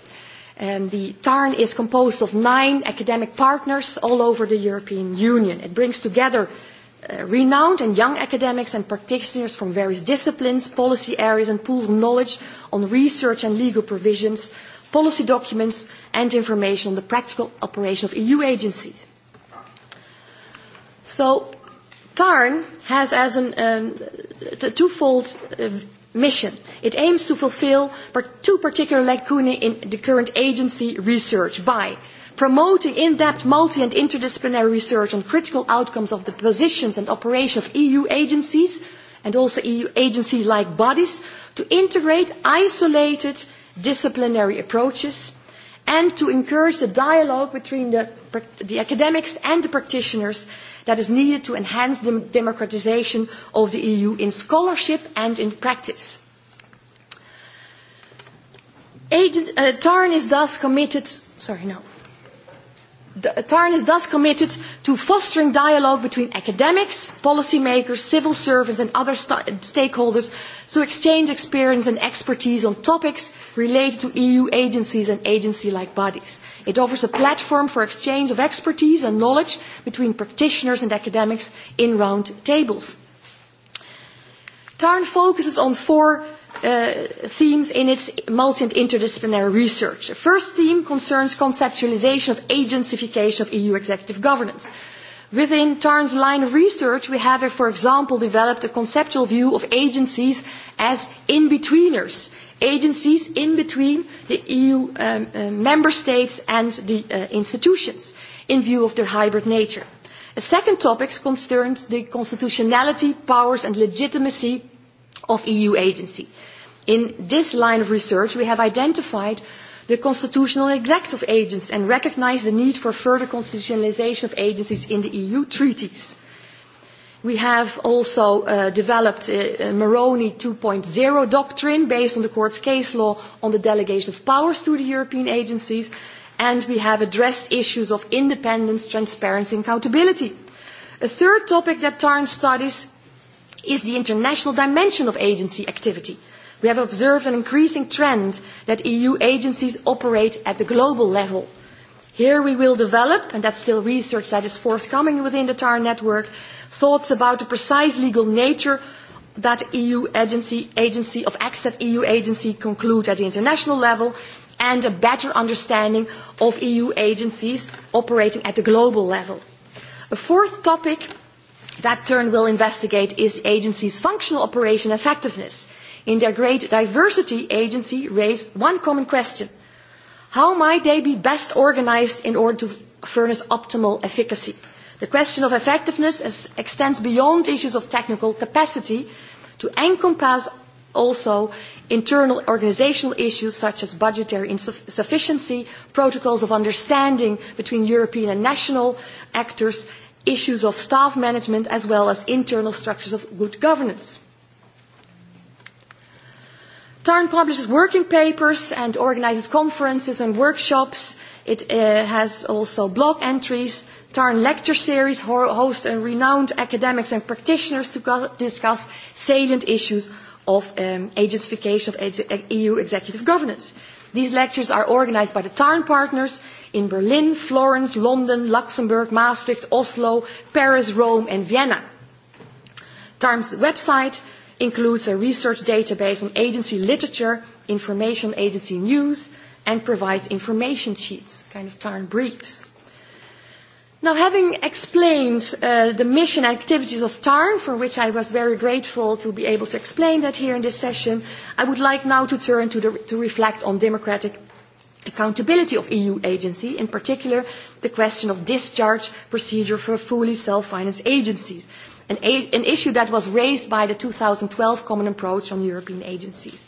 Um, the TARN is composed of nine academic partners all over the European Union. It brings together uh, renowned and young academics and practitioners from various disciplines, policy areas, and pools of knowledge on research and legal provisions, policy documents, and information on the practical operation of EU agencies. So, TARN has as an, um, a twofold uh, mission. It aims to fulfill two particular lacunae in the current agency research by promoting in-depth multi and interdisciplinary research on critical outcomes of the positions and operation of EU agencies and also EU agency-like bodies to integrate isolated disciplinary approaches and to encourage the dialogue between the, the academics and the practitioners that is needed to enhance the democratisation of the EU in scholarship and in practice. Agent, uh, Tarn is thus committed, sorry, no. TARN is thus committed to fostering dialogue between academics, policymakers, civil servants and other st stakeholders to exchange experience and expertise on topics related to EU agencies and agency-like bodies. It offers a platform for exchange of expertise and knowledge between practitioners and academics in round tables. TARN focuses on four Uh, themes in its multi and interdisciplinary research. The first theme concerns conceptualization of agencification of EU executive governance. Within Tarn's line of research, we have, for example, developed a conceptual view of agencies as in-betweeners, agencies in between the EU um, uh, member states and the uh, institutions in view of their hybrid nature. A second topic concerns the constitutionality, powers and legitimacy of EU agency. In this line of research, we have identified the constitutional neglect of agents and recognise the need for further constitutionalisation of agencies in the EU treaties. We have also uh, developed a Moroni 2.0 doctrine based on the court's case law on the delegation of powers to the European agencies, and we have addressed issues of independence, transparency and accountability. A third topic that TARN studies is the international dimension of agency activity. We have observed an increasing trend that EU agencies operate at the global level. Here we will develop, and that's still research that is forthcoming within the TAR network, thoughts about the precise legal nature that EU agency, agency of acts that EU agency conclude at the international level and a better understanding of EU agencies operating at the global level. A fourth topic That turn will investigate is the agency's functional operation effectiveness. In their great diversity, agency raise one common question. How might they be best organised in order to furnish optimal efficacy? The question of effectiveness extends beyond issues of technical capacity to encompass also internal organisational issues such as budgetary insufficiency, protocols of understanding between European and national actors, issues of staff management as well as internal structures of good governance. TARN publishes working papers and organizes conferences and workshops. It uh, has also blog entries. TARN lecture series hosts renowned academics and practitioners to discuss salient issues of um, agentification of EU e-, e executive governance. These lectures are organised by the Tarn partners in Berlin, Florence, London, Luxembourg, Maastricht, Oslo, Paris, Rome and Vienna. Tarn's website includes a research database on agency literature, information agency news, and provides information sheets, kind of Tarn briefs. Now, having explained uh, the mission activities of TARN, for which I was very grateful to be able to explain that here in this session, I would like now to turn to, the, to reflect on democratic accountability of EU agency, in particular the question of discharge procedure for fully self-financed agencies, an, an issue that was raised by the 2012 Common Approach on European Agencies.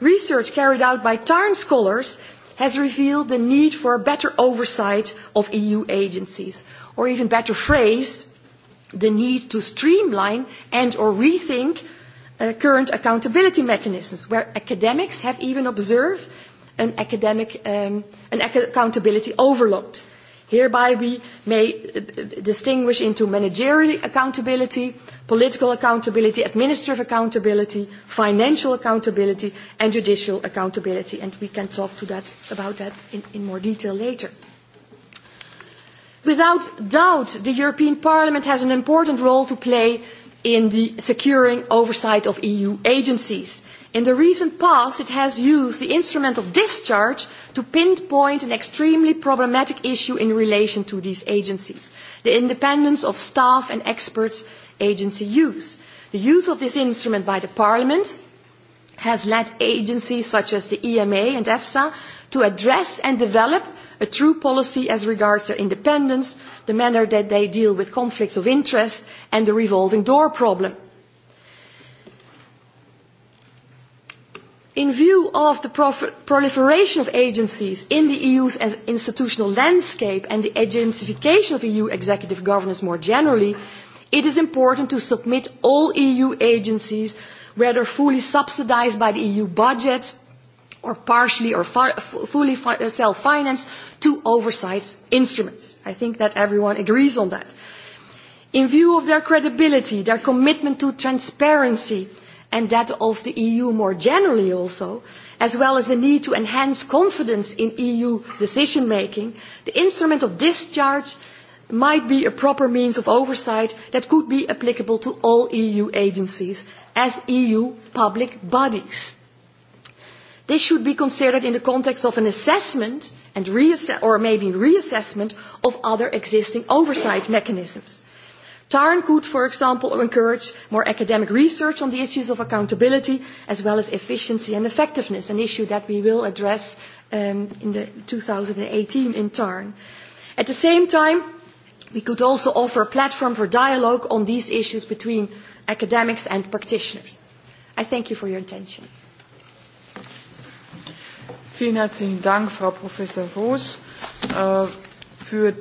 Research carried out by TARN scholars has revealed the need for better oversight of EU agencies, or even better phrased, the need to streamline and or rethink uh, current accountability mechanisms, where academics have even observed an academic um, an accountability overload. Hereby we may uh, uh, distinguish into managerial accountability, political accountability, administrative accountability, financial accountability, and judicial accountability. And we can talk to that, about that in, in more detail later. Without doubt, the European Parliament has an important role to play in the securing oversight of EU agencies In the recent past, it has used the instrument of discharge to pinpoint an extremely problematic issue in relation to these agencies, the independence of staff and experts agency use. The use of this instrument by the Parliament has led agencies such as the EMA and EFSA to address and develop a true policy as regards their independence, the manner that they deal with conflicts of interest, and the revolving door problem. in view of the proliferation of agencies in the EU's institutional landscape and the agentification of EU executive governance more generally, it is important to submit all EU agencies, whether fully subsidised by the EU budget or partially or fully uh, self-financed, to oversight instruments. I think that everyone agrees on that. In view of their credibility, their commitment to transparency, and that of the EU more generally also, as well as the need to enhance confidence in EU decision making, the instrument of discharge might be a proper means of oversight that could be applicable to all EU agencies as EU public bodies. This should be considered in the context of an assessment and reassess or maybe reassessment of other existing oversight mechanisms. TARN could, for example, encourage more academic research on the issues of accountability as well as efficiency and effectiveness, an issue that we will address um, in the 2018 in TARN. At the same time, we could also offer a platform for dialogue on these issues between academics and practitioners. I thank you for your attention. Vielen herzlichen Dank, Frau Professor Roos, äh, für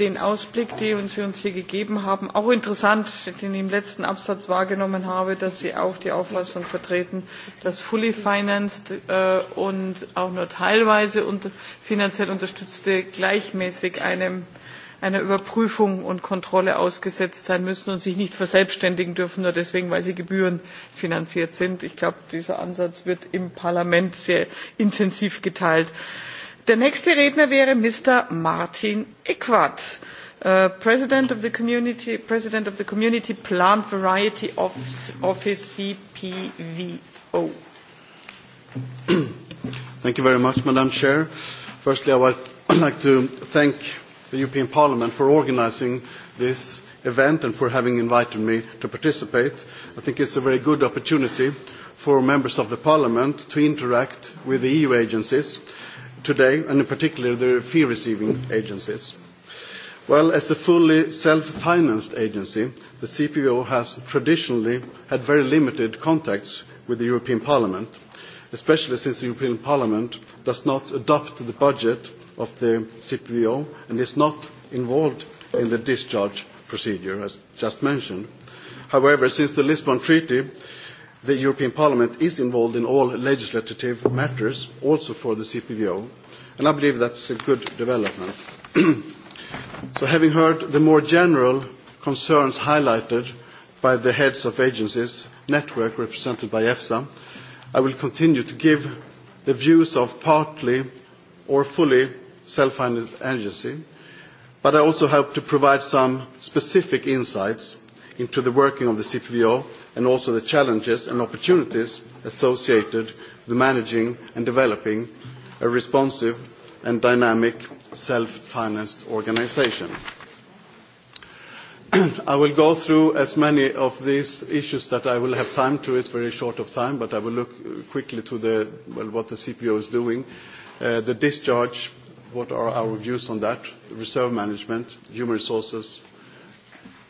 den Ausblick, den Sie uns hier gegeben haben. Auch interessant, den ich im letzten Absatz wahrgenommen habe, dass Sie auch die Auffassung vertreten, dass fully financed äh, und auch nur teilweise und finanziell unterstützte gleichmäßig einem einer Überprüfung und Kontrolle ausgesetzt sein müssen und sich nicht verselbstständigen dürfen, nur deswegen, weil sie gebührenfinanziert sind. Ich glaube, dieser Ansatz wird im Parlament sehr intensiv geteilt. Der nächste Redner wäre Martin äh, President CPVO. Firstly, I would like to thank the European Parliament for organising this event and for having invited me to participate. I think a very good opportunity for members of Parliament to interact with the EU agencies today, and in particular the fee-receiving agencies. Well, as a fully self-financed agency, the CPO has traditionally had very limited contacts with the European Parliament, especially since the European Parliament does not adopt the budget of the CPO and is not involved in the discharge procedure, as just mentioned. However, since the Lisbon Treaty, the European Parliament is involved in all legislative matters, also for the CPVO, and I believe that's a good development. so having heard the more general concerns highlighted by the heads of agencies network represented by EFSA, I will continue to give the views of partly or fully self-financed agency, but I also hope to provide some specific insights into the working of the CPVO and also the challenges and opportunities associated with managing and developing a responsive and dynamic self-financed organisation. I will go through as many of these issues that I will have time to. It's very short of time, but I will look quickly to the, well, what the CPO is doing. Uh, the discharge, what are our views on that? Reserve management, human resources,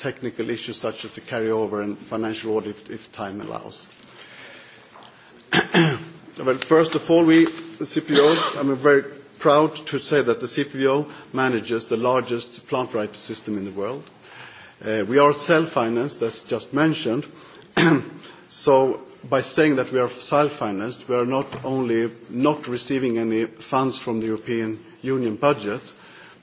technical issues such as the carryover and financial audit if, time allows. well, first of all, we, the CPO, I'm very proud to say that the CPO manages the largest plant variety system in the world. Uh, we are self-financed, as just mentioned. so by saying that we are self-financed, we are not only not receiving any funds from the European Union budget,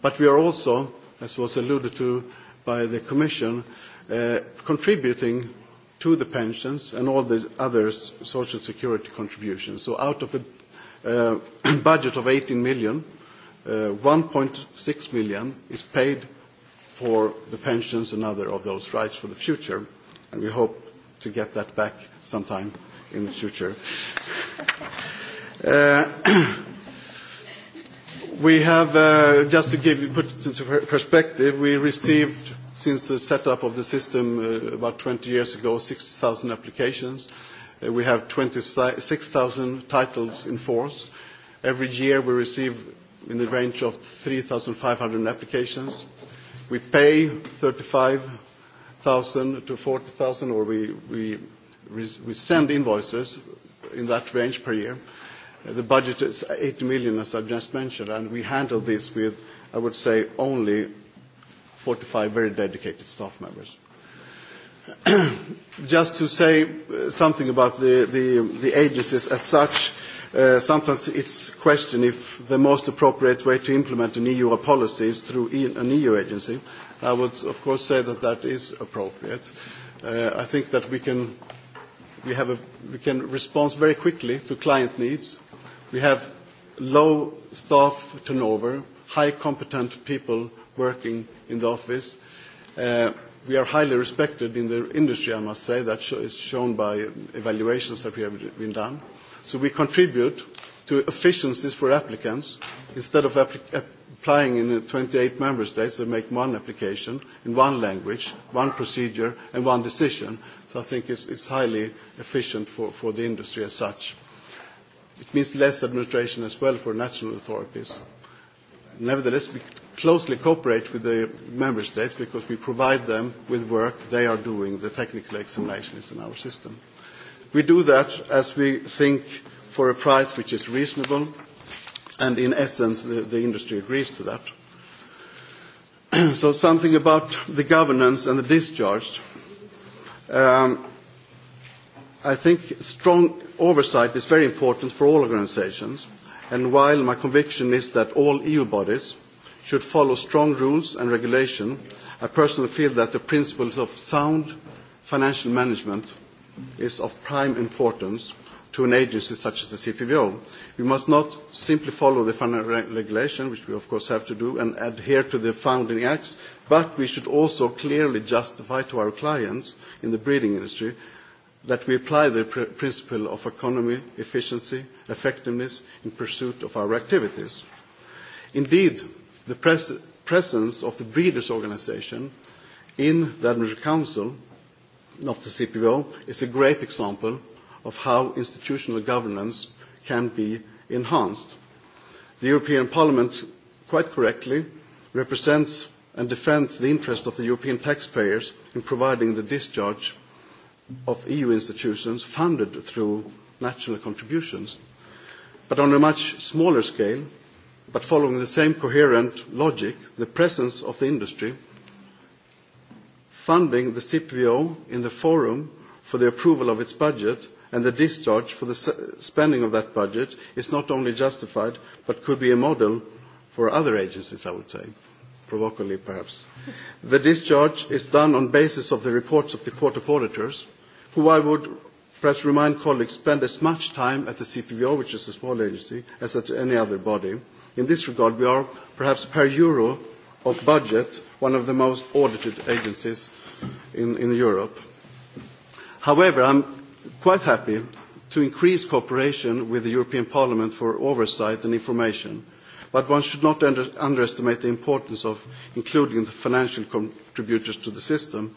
but we are also, as was alluded to by the Commission uh, contributing to the pensions and all the other social security contributions. So out of a uh, budget of 18 million, uh, 1.6 million is paid for the pensions and other of those rights for the future. And we hope to get that back sometime in the future. Uh, we have, uh, just to give you, put it into perspective, we received since the setup of the system uh, about 20 years ago, 6,000 applications. Uh, we have 26,000 titles in force. Every year, we receive in the range of 3,500 applications. We pay 35,000 to 40,000, or we, we, we send invoices in that range per year. Uh, the budget is 80 million, as I've just mentioned, and we handle this with, I would say, only 45 very dedicated staff members. Just to say uh, something about the, the, the agencies as such, uh, sometimes it's question if the most appropriate way to implement an EU policy is through e, an EU agency. I would, of course, say that that is appropriate. Uh, I think that we can, we, have a, we can respond very quickly to client needs. We have low staff turnover, high competent people working in the office. Uh, we are highly respected in the industry, I must say. That is shown by evaluations that we have been done. So we contribute to efficiencies for applicants. Instead of applic applying in 28 member states, they make one application in one language, one procedure, and one decision. So I think it's, it's highly efficient for, for the industry as such. It means less administration as well for national authorities. Nevertheless, we closely cooperate with the member states because we provide them with work. They are doing the technical examinations in our system. We do that as we think for a price which is reasonable, and in essence, the, the industry agrees to that. so something about the governance and the discharge. Um, I think strong oversight is very important for all organizations, and while my conviction is that all EU bodies – should follow strong rules and regulation, I personally feel that the principles of sound financial management is of prime importance to an agency such as the CPVO. We must not simply follow the final regulation, which we of course have to do, and adhere to the founding acts, but we should also clearly justify to our clients in the breeding industry that we apply the pr principle of economy, efficiency, effectiveness in pursuit of our activities. Indeed, the presence of the breeders' organisation in the Admiralty Council of the CPO is a great example of how institutional governance can be enhanced. The European Parliament, quite correctly, represents and defends the interest of the European taxpayers in providing the discharge of EU institutions funded through national contributions. But on a much smaller scale, but following the same coherent logic, the presence of the industry, funding the CPVO in the forum for the approval of its budget and the discharge for the spending of that budget is not only justified, but could be a model for other agencies, I would say, provocatively perhaps. The discharge is done on basis of the reports of the Court of Auditors, who I would perhaps remind colleagues spend as much time at the CPVO, which is a small agency, as at any other body. In this regard, we are perhaps per euro of budget one of the most audited agencies in, Europe. However, I'm quite happy to increase cooperation with the European Parliament for oversight and information, but one should not underestimate the importance of including the financial contributors to the system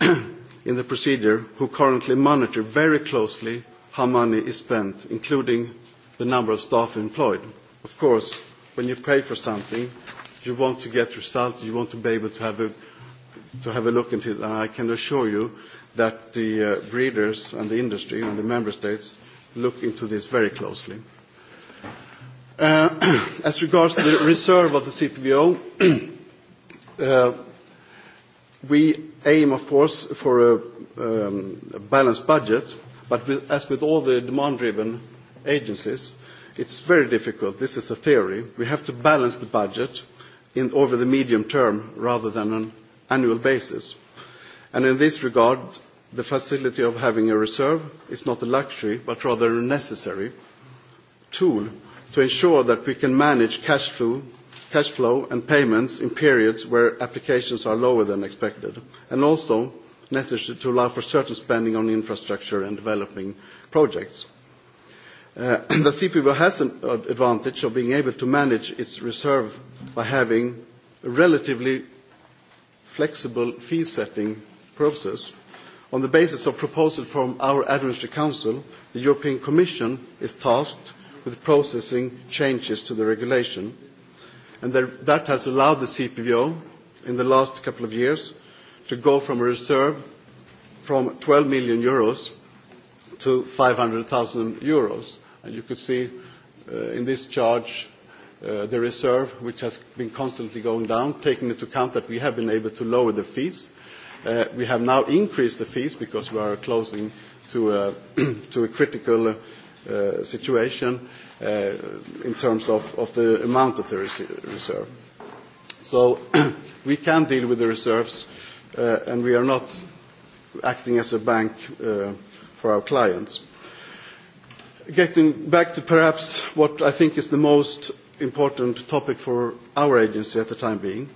in the procedure who currently monitor very closely how money is spent, including the number of staff employed. Of course, when you pay for something, you want to get results, you want to be able to have a, to have a look into it. And I can assure you that the uh, breeders and the industry and the member states look into this very closely. Uh, as regards to the reserve of the CPBO, uh, we aim, of course, for a, um, a balanced budget, but with, as with all the demand-driven agencies, it's very difficult. This is a theory. We have to balance the budget over the medium term rather than an annual basis. in this regard, the facility of having a reserve is not a luxury, but rather a necessary tool to ensure that we can manage cash flow and payments in periods where applications are lower than expected, and also necessary to allow for certain spending on infrastructure and developing projects. Uh, the CPU has an advantage of being able to manage its reserve by having a relatively flexible fee setting process. On the basis of proposal from our Administrative Council, the European Commission is tasked with processing changes to the regulation. And that has allowed the CPVO in the last couple of years to go from a reserve from 12 million euros to 500,000 euros. And you could see uh, in this charge uh, the reserve, which has been constantly going down, taking into account that we have been able to lower the fees. Uh, we have now increased the fees because we are closing to a, to a critical uh, situation uh, in terms of, of the amount of the reserve. So we can deal with the reserves, uh, and we are not acting as a bank uh, for our clients getting back to perhaps what I think is the most important topic for our agency at the time being.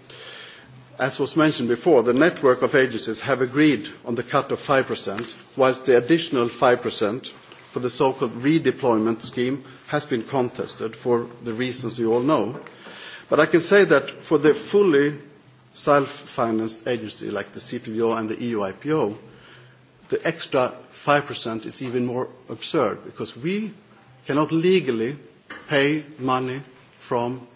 As was mentioned before, the network of agencies have agreed on the cut of 5%, whilst the additional 5% for the so-called redeployment scheme has been contested for the reasons you all know. But I can say that for the fully self-financed agency like the CPVO and the EU IPO, the extra 5% is even more absurd because we cannot legally pay money from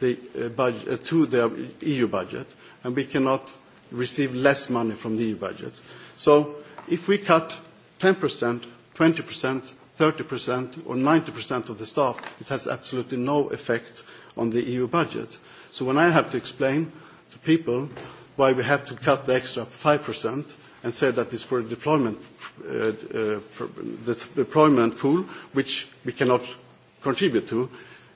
the uh, budget, uh, to the EU budget, and we cannot receive less money from the EU budget. So if we cut 10%, 20%, 30%, or 90% of the staff, it has absolutely no effect on the EU budget. So when I have to explain to people why we have to cut the extra 5% and say that it's for a deployment Uh, uh, the deployment pool, which we cannot contribute to,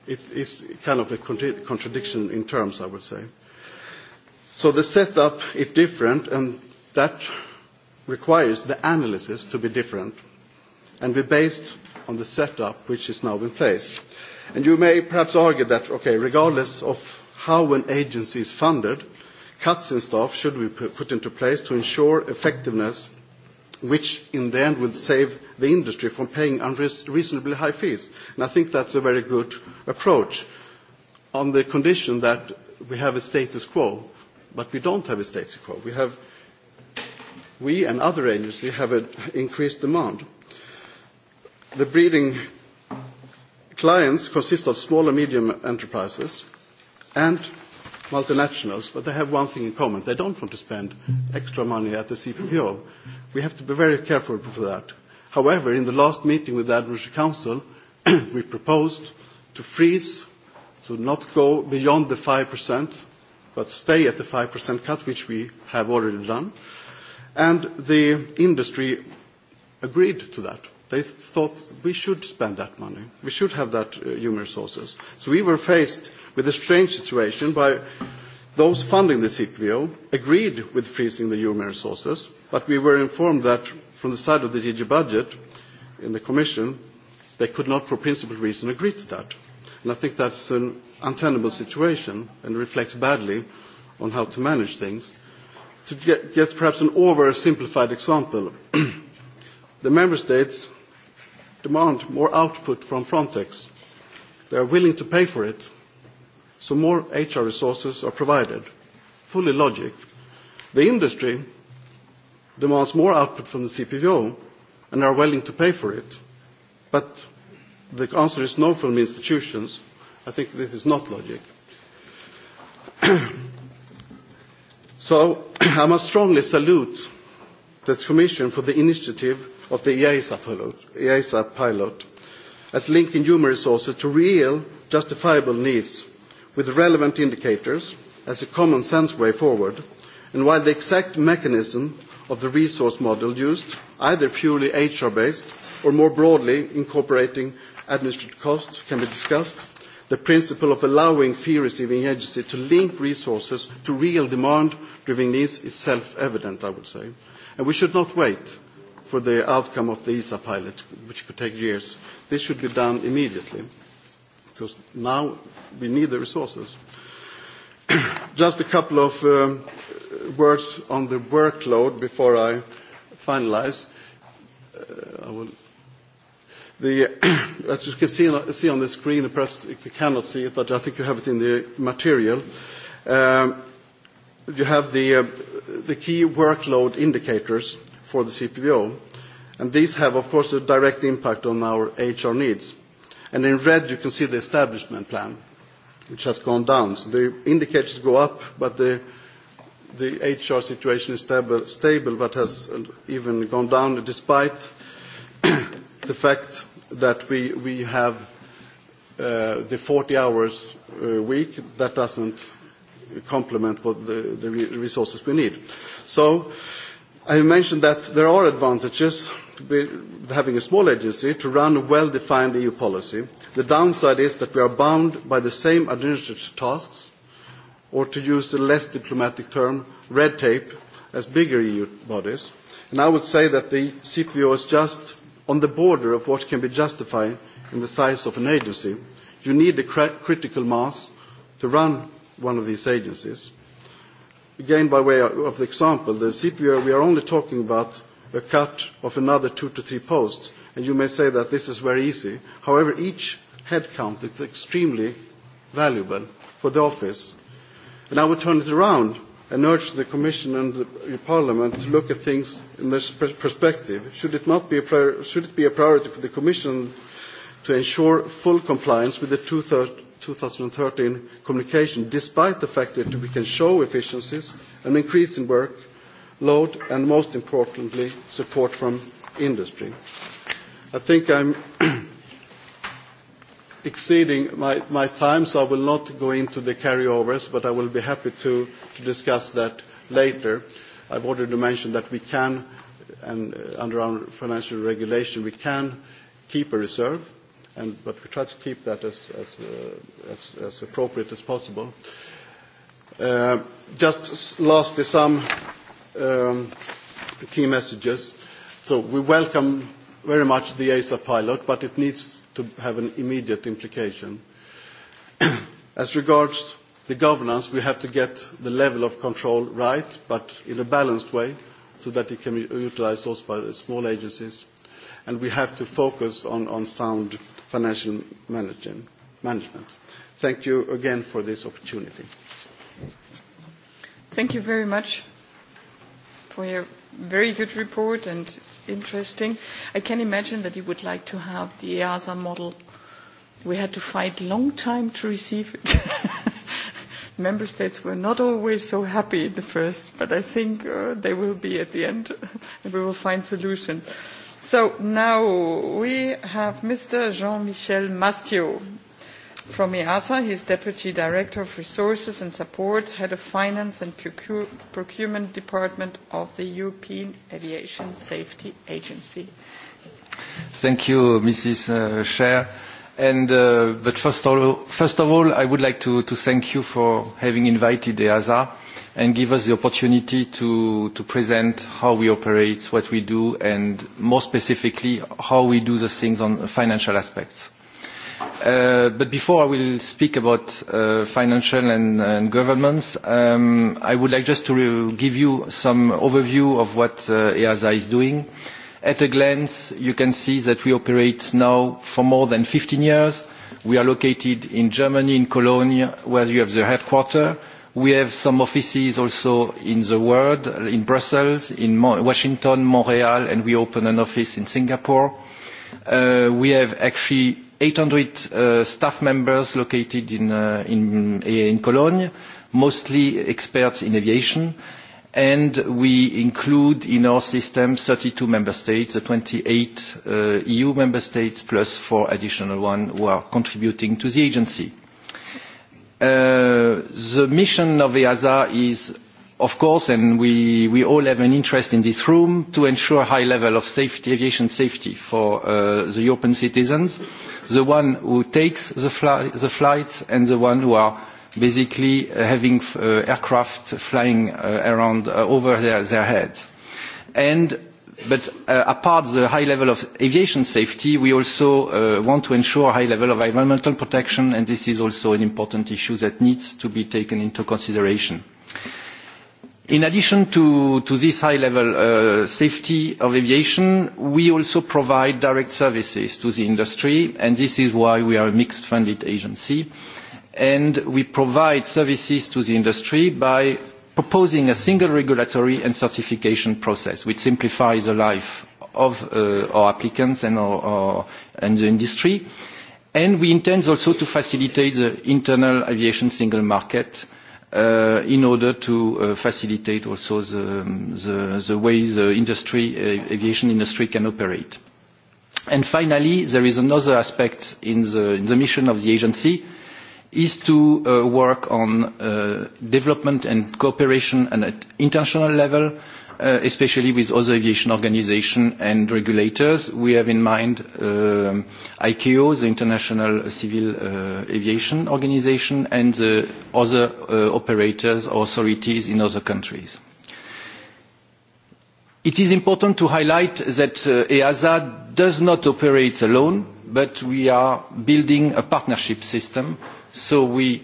it is kind of a contradiction in terms, I would say. So the setup is different, and that requires the analysis to be different and be based on the setup which is now in place. And you may perhaps argue that, okay, regardless of how an agency is funded, cuts in staff should be put into place to ensure effectiveness which in the end will save the industry from paying unreasonably high fees. And I think that's a very good approach on the condition that we have a status quo, but we don't have a status quo. We, have, we and other agencies have an increased demand. The breeding clients consist of small and medium enterprises, and multinationals, but they have one thing in common. They don't want to spend extra money at the CPPO. We have to be very careful for that. However, in the last meeting with the Advisory Council, we proposed to freeze, so not go beyond the 5%, but stay at the 5% cut, which we have already done. And the industry agreed to that. They thought we should spend that money. We should have that uh, human resources. So we were faced with a strange situation by those funding the CPO agreed with freezing the human resources, but we were informed that from the side of the DG budget in the Commission, they could not for principal reason agree to that. And I think that's an untenable situation and reflects badly on how to manage things. To get, get perhaps an oversimplified example, the member states demand more output from Frontex. They are willing to pay for it, so more HR resources are provided. Fully logic. The industry demands more output from the CPVO and are willing to pay for it, but the answer is no from institutions. I think this is not logic. so I must strongly salute this Commission for the initiative of the EASA e pilot, as linking human resources to real justifiable needs with relevant indicators as a common sense way forward, and while the exact mechanism of the resource model used, either purely HR-based or more broadly incorporating administrative costs can be discussed, the principle of allowing fee-receiving agency to link resources to real demand-driven needs is self-evident, I would say. And we should not wait for the outcome of the ESA pilot, which could take years. This should be done immediately, because now we need the resources. Just a couple of um, words on the workload before I finalize. Uh, I will The, as you can see, see on the screen, perhaps you cannot see it, but I think you have it in the material. Um, you have the, uh, the key workload indicators for the CPVO, and these have, of course, a direct impact on our HR needs. And in red, you can see the establishment plan, which has gone down. So the indicators go up, but the, HR situation is stable, but has even gone down despite the fact that we, have uh, the 40 hours a uh, week. That doesn't complement what the, the resources we need. So I mentioned that there are advantages to having a small agency to run a well-defined EU policy. The downside is that we are bound by the same administrative tasks, or to use a less diplomatic term, red tape, as bigger EU bodies. And I would say that the CPO is just on the border of what can be justified in the size of an agency. You need a critical mass to run one of these agencies again, by way of the example, the CPO, we are only talking about a cut of another two to three posts. And you may say that this is very easy. However, each headcount is extremely valuable for the office. And I would turn it around and urge the Commission and the Parliament to look at things in this perspective. Should it, not be a prior, should it be a priority for the Commission to ensure full compliance with the two-thirds 2013 communication, despite the fact that we can show efficiencies, an increase in workload, and most importantly, support from industry. I think I'm exceeding my, time, so I will not go into the carryovers, but I will be happy to, to discuss that later. I've already mentioned that we can, and uh, under our financial regulation, we can keep a reserve but we try to keep that as, as, uh, as, as appropriate as possible. Uh, just lastly, some um, key messages. So we welcome very much the ASA pilot, but it needs to have an immediate implication. As regards the governance, we have to get the level of control right, but in a balanced way, so that it can be utilized also by the small agencies. And we have to focus on, on sound financial management. Thank you again for this opportunity. Thank you very much for your very good report and interesting. I can imagine that you would like to have the EASA model. We had to fight long time to receive it. Member states were not always so happy at the first, but I think uh, they will be at the end, and we will find solutions. So now we have Mr. Jean-Michel Mastiot from EASA. He's Deputy Director of Resources and Support, Head of Finance and Procurement Department of the European Aviation Safety Agency. Thank you, Mrs. Uh, Chair. And, uh, but first, of all, I would like to, to thank you for having invited EASA and give us the opportunity to, present how we operate, what we do, and more specifically, how we do the things on financial aspects. Uh, but before I will speak about uh, financial and, governance, um, I would like just to give you some overview of what uh, EASA is doing. At a glance, you can see that we operate now for more than 15 years. We are located in Germany, in Cologne, where you have the headquarters We have some offices also in the world, in Brussels, in Washington, Montreal, and we open an office in Singapore. Uh, we have actually 800 uh, staff members located uh, in, Cologne, mostly experts in aviation, and we include in our system 32 member states, the 28 uh, EU member states, plus four additional ones who are contributing to the agency. Uh, the mission of EASA is, of course, and we, we all have an interest in this room, to ensure high level of safety, aviation safety for uh, the European citizens, the one who takes the, flights and the one who are basically uh, having aircraft flying around over their heads. And But uh, apart the high level of aviation safety, we also uh, want to ensure a high level of environmental protection, and this is also an important issue that needs to be taken into consideration. In addition to, to this high-level uh, safety of aviation, we also provide direct services to the industry, and this is why we are a mixed-funded agency. and We provide services to the industry by proposing a single regulatory and certification process, which simplifies the life of uh, our applicants and, the industry. And we intend also to facilitate the internal aviation single market uh, in order to uh, facilitate also the, um, the, the way the industry, aviation industry can operate. And finally, there is another aspect in the, in the mission of the agency, is to uh, work on uh, development and cooperation at an international level, uh, especially with other aviation organizations and regulators. We have in mind um, ICAO, the International Civil uh, Aviation Organization, and the other uh, operators, authorities in other countries. It is important to highlight that uh, EASA does not operate alone, but we are building a partnership system So we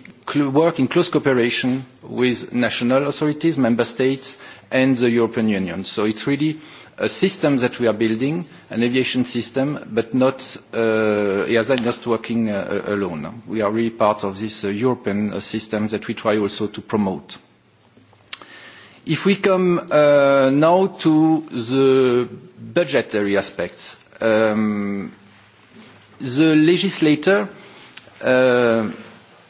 work in close cooperation with national authorities, member states, and the European Union. So it's really a system that we are building, an aviation system, but not uh, EASA is not working uh, alone. We are really part of this uh, European uh, system that we try also to promote. If we come uh, now to the budgetary aspects, um, the legislator uh,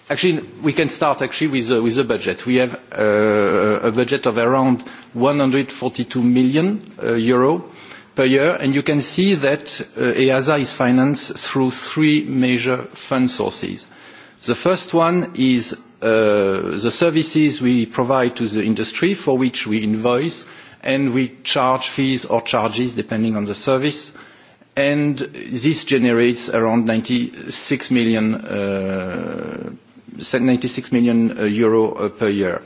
Actually, we can start actually with uh, with the budget. We have uh, a budget of around 142 million uh, euro per year, and you can see that uh, EASA is financed through three major fund sources. The first one is uh, the services we provide to the industry, for which we invoice, and we charge fees or charges, depending on the service, and this generates around 96 million uh, 96 million uh, euro uh, per year.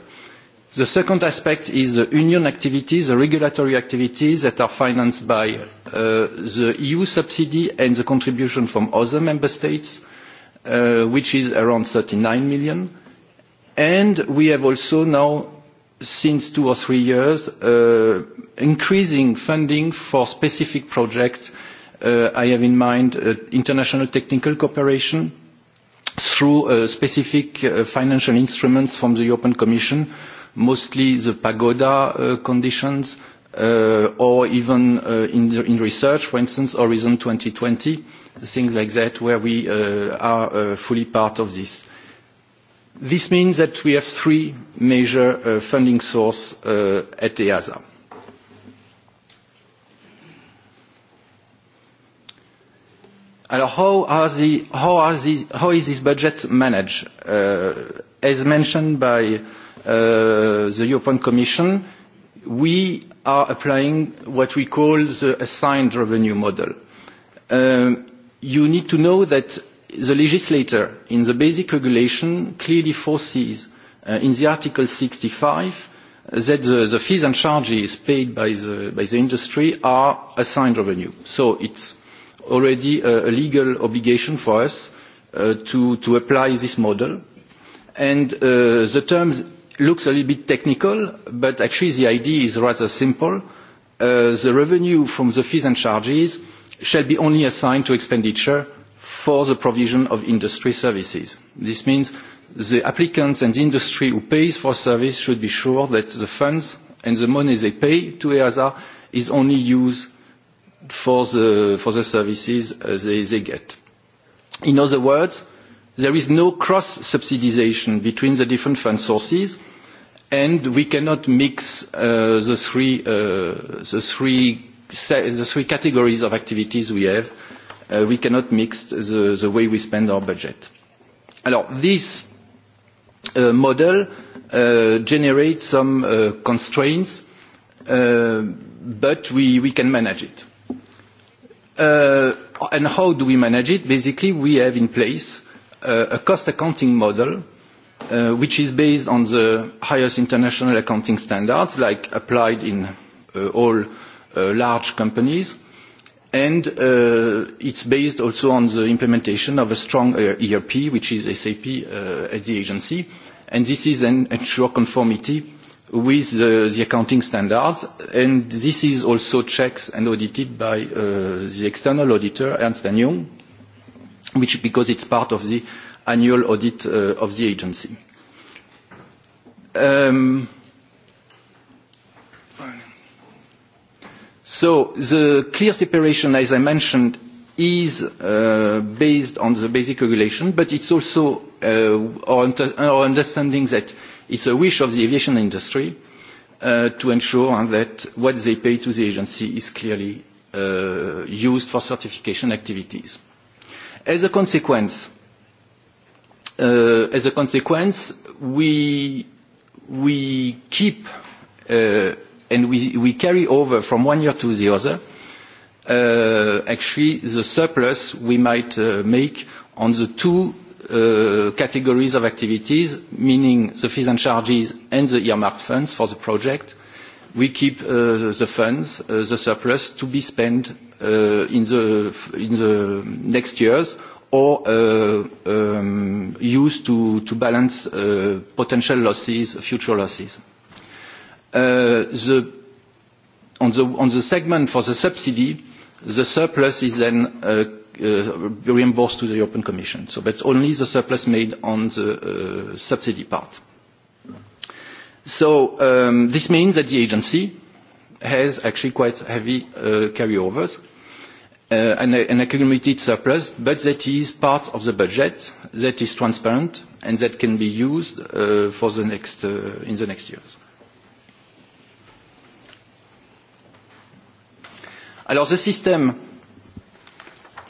The second aspect is the union activities, the regulatory activities that are financed by uh, the EU subsidy and the contribution from other member states, which is around 39 million. And we have also now since two or three years, increasing funding for specific projects. I have in mind international technical cooperation, through uh, specific uh, financial instruments from the European Commission, mostly the pagoda uh, conditions, or even in, research, for instance, Horizon 2020, things like that, where we are fully part of this. This means that we have three major funding sources at EASA. How, are the, how, are the, how is this budget managed? Uh, as mentioned by uh, the European Commission, we are applying what we call the assigned revenue model. Um, you need to know that the legislator in the basic regulation clearly foresees uh, in the Article 65 that the, the fees and charges paid by the, by the industry are assigned revenue. So it's already a legal obligation for us uh, to, apply this model. And uh, the term looks a little bit technical, but actually the idea is rather simple. Uh, the revenue from the fees and charges shall be only assigned to expenditure for the provision of industry services. This means the applicants and the industry who pays for service should be sure that the funds and the money they pay to EASA is only used for the, services uh, they, get. In other words, there is no cross-subsidization between the different fund sources, and we cannot mix uh, uh, the, three, categories of activities we have. we cannot mix the, way we spend our budget. this model generates some constraints, but we can manage it. Uh, and how do we manage it? Basically, we have in place uh, a cost accounting model, uh, which is based on the highest international accounting standards, like applied in all large companies. and It's based also on the implementation of a strong ERP, which is SAP at the agency. and This is an ensure conformity with the, accounting standards, and this is also checked and audited by uh, the external auditor, Ernst Young, which because it's part of the annual audit uh, of the agency. Um, so the clear separation, as I mentioned, is uh, based on the basic regulation, but it's also our understanding that It's a wish of the aviation industry uh, to ensure that what they pay to the agency is clearly uh, used for certification activities. As a consequence, uh, as a consequence, we we keep uh, and we, we carry over from one year to the other uh, actually the surplus we might uh, make on the two Uh, categories of activities, meaning the fees and charges and the earmarked funds for the project, we keep uh, the funds, uh, the surplus, to be spent in the, next years or um, used to, balance potential losses, future losses. on the segment for the subsidy, the surplus is then Uh, uh, reimbursed to the European Commission. So that's only the surplus made on the uh, subsidy part. So um, this means that the agency has actually quite heavy carryovers, Uh, an, an accumulated surplus, but that is part of the budget, that is transparent, and that can be used uh, for the next, uh, in the next years. Alors, the system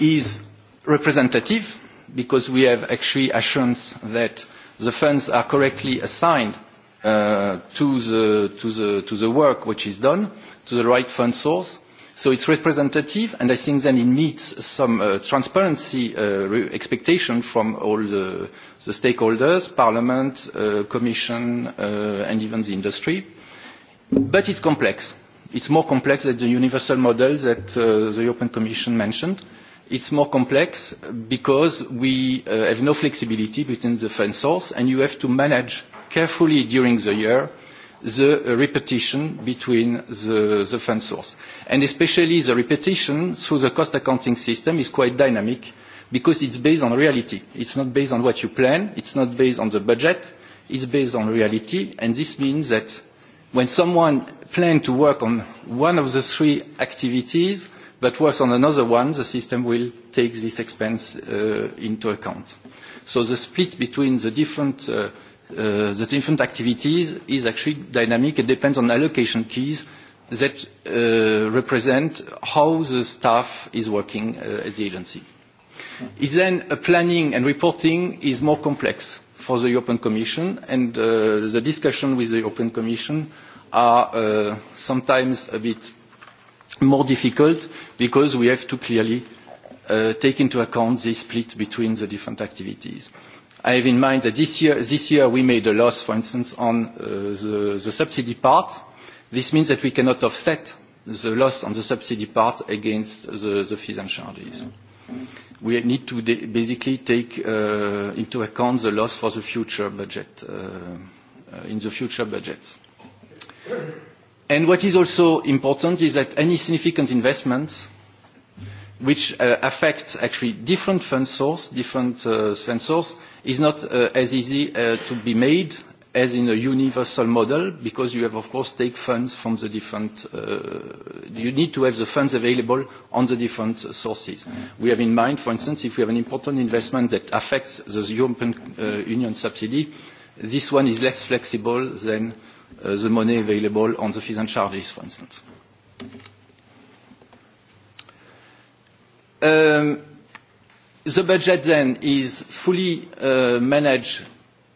is representative because we have actually assurance that the funds are correctly assigned uh, to, the, work which is done, to the right fund source. So it's representative, and I think then it meets some uh, transparency uh, expectation from all the, stakeholders, Parliament, Commission, and even the industry. But it's complex. It's more complex than the universal model that the European Commission mentioned it's more complex because we uh, have no flexibility between the fund source, and you have to manage carefully during the year the repetition between the, the fund source. And especially the repetition through the cost accounting system is quite dynamic because it's based on reality. It's not based on what you plan, it's not based on the budget, it's based on reality, and this means that when someone plans to work on one of the three activities, but works on another one, the system will take this expense uh, into account. So the split between the different uh, uh, the different activities is actually dynamic. It depends on allocation keys that uh, represent how the staff is working uh, at the agency. It's then a planning and reporting is more complex for the European Commission, and uh, the discussion with the European Commission are sometimes a bit more difficult because we have to clearly uh, take into account the split between the different activities. I have in mind that this year, this year we made a loss, for instance, on uh, the, subsidy part. This means that we cannot offset the loss on the subsidy part against the, fees and charges. We need to basically take uh, into account the loss for the future budget, in the future budgets. And what is also important is that any significant investments which affects uh, affect actually different fund source, different uh, fund source, is not uh, as easy to be made as in a universal model because you have, of course, take funds from the different, you need to have the funds available on the different sources. We have in mind, for instance, if we have an important investment that affects the European Union subsidy, this one is less flexible than Uh, the money available on the fees and charges, for instance. Um, the budget then is fully uh, managed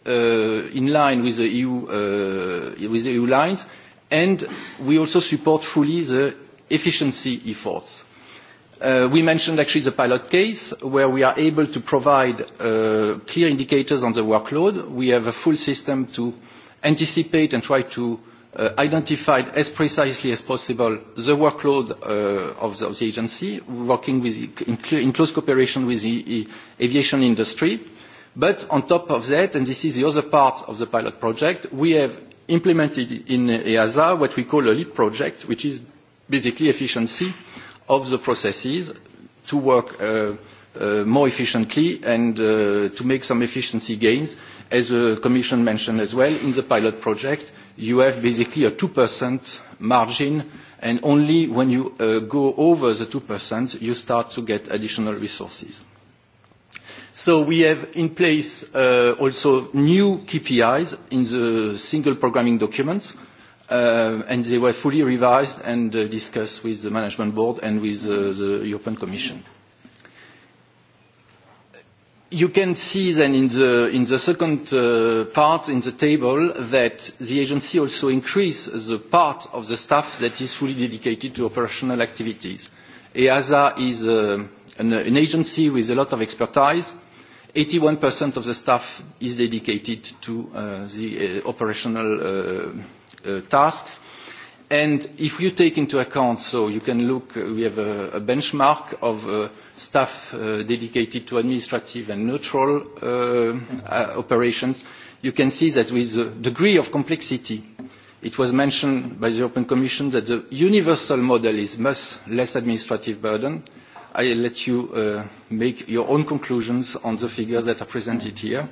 uh, in line with the, EU, with the EU lines, and we also support fully the efficiency efforts. we mentioned actually the pilot case where we are able to provide clear indicators on the workload. We have a full system to anticipate and try to uh, identify as precisely as possible the workload uh, of, the, of the agency, working with, in, cl in close cooperation with the aviation industry. But on top of that, and this is the other part of the pilot project, we have implemented in EASA what we call a LEAP project, which is basically efficiency of the processes to work uh, uh, more efficiently and uh, to make some efficiency gains As the Commission mentioned as well, in the pilot project, you have basically a 2% margin, and only when you uh, go over the 2%, you start to get additional resources. So we have in place uh, also new KPIs in the single programming documents, uh, and they were fully revised and discussed with the management board and with the European Commission. You can see then in the, second uh, part in the table that the agency also increased the part of the staff that is fully dedicated to operational activities. EASA is uh, an, agency with a lot of expertise. 81% of the staff is dedicated to uh, the operational tasks And if you take into account, so you can look, uh, we have a, a benchmark of uh, staff uh, dedicated to administrative and neutral uh, uh, operations, you can see that with the degree of complexity, it was mentioned by the European Commission that the universal model is much less administrative burden. I let you uh, make your own conclusions on the figures that are presented here.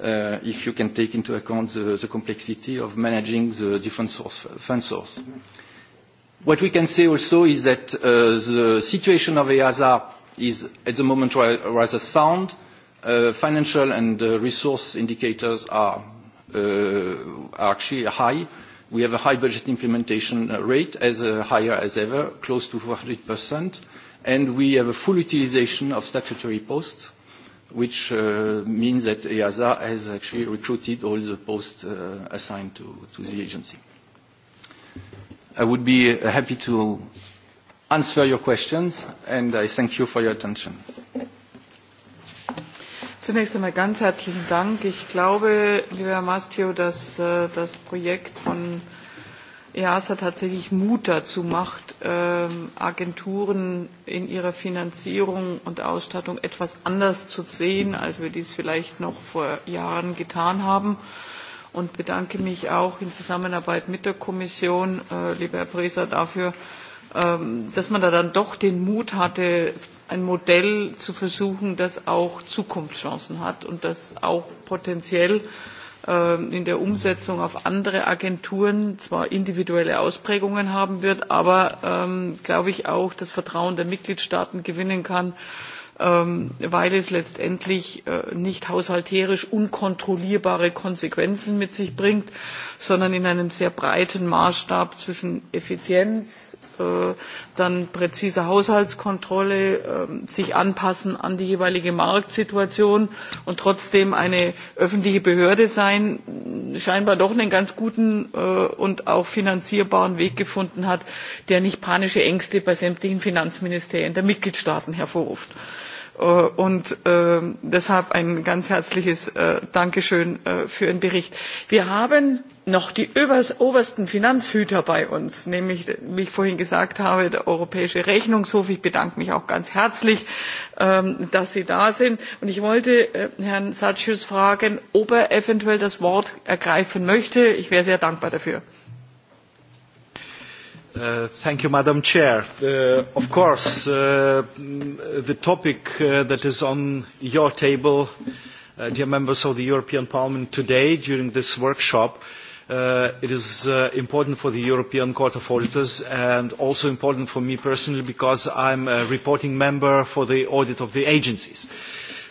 Uh, if you can take into account the, complexity of managing the different fund source. What we can say also is that uh, the situation of EASA is at the moment rather sound. Uh, financial and resource indicators are, are actually high. We have a high budget implementation rate, as higher as ever, close to 400%, and we have a full utilization of statutory posts which uh, means that EASA has actually recruited all the posts uh, assigned to, to the agency. I would be uh, happy to answer your questions, and I thank you for your attention. Zunächst einmal ganz herzlichen Dank. Ich glaube, lieber Herr Mastio, dass äh, das Projekt von EASA tatsächlich Mut dazu macht, ähm, Agenturen in ihrer Finanzierung und Ausstattung etwas anders zu sehen, als wir dies vielleicht noch vor Jahren getan haben. Und bedanke mich auch in Zusammenarbeit mit der Kommission, äh, lieber Herr Preser, dafür, ähm, dass man da dann doch den Mut hatte, ein Modell zu versuchen, das auch Zukunftschancen hat und das auch potenziell Äh, in der Umsetzung auf andere Agenturen zwar individuelle Ausprägungen haben wird, aber, ähm, glaube ich, auch das Vertrauen der Mitgliedstaaten gewinnen kann, Ähm, weil es letztendlich äh, nicht haushalterisch unkontrollierbare Konsequenzen mit sich bringt, sondern in einem sehr breiten Maßstab zwischen Effizienz, äh, dann präzise Haushaltskontrolle, ähm, sich anpassen an die jeweilige Marktsituation und trotzdem eine öffentliche Behörde sein, scheinbar doch einen ganz guten äh, und auch finanzierbaren Weg gefunden hat, der nicht panische Ängste bei sämtlichen Finanzministerien der Mitgliedstaaten hervorruft. Äh, und äh, deshalb ein ganz herzliches äh, Dankeschön für den Bericht. Wir haben noch die obersten Finanzhüter bei uns, nämlich, wie ich vorhin gesagt habe, der Europäische Rechnungshof. Ich bedanke mich auch ganz herzlich, ähm, dass Sie da sind. Und ich wollte Herrn Satschius fragen, ob er eventuell das Wort ergreifen möchte. Ich wäre sehr dankbar dafür. Uh, thank you, Madam Chair. Uh, of course, uh, the topic uh, that is on your table, uh, dear members of the European Parliament, today during this workshop, uh, it is uh, important for the European Court of Auditors and also important for me personally because I'm a reporting member for the audit of the agencies.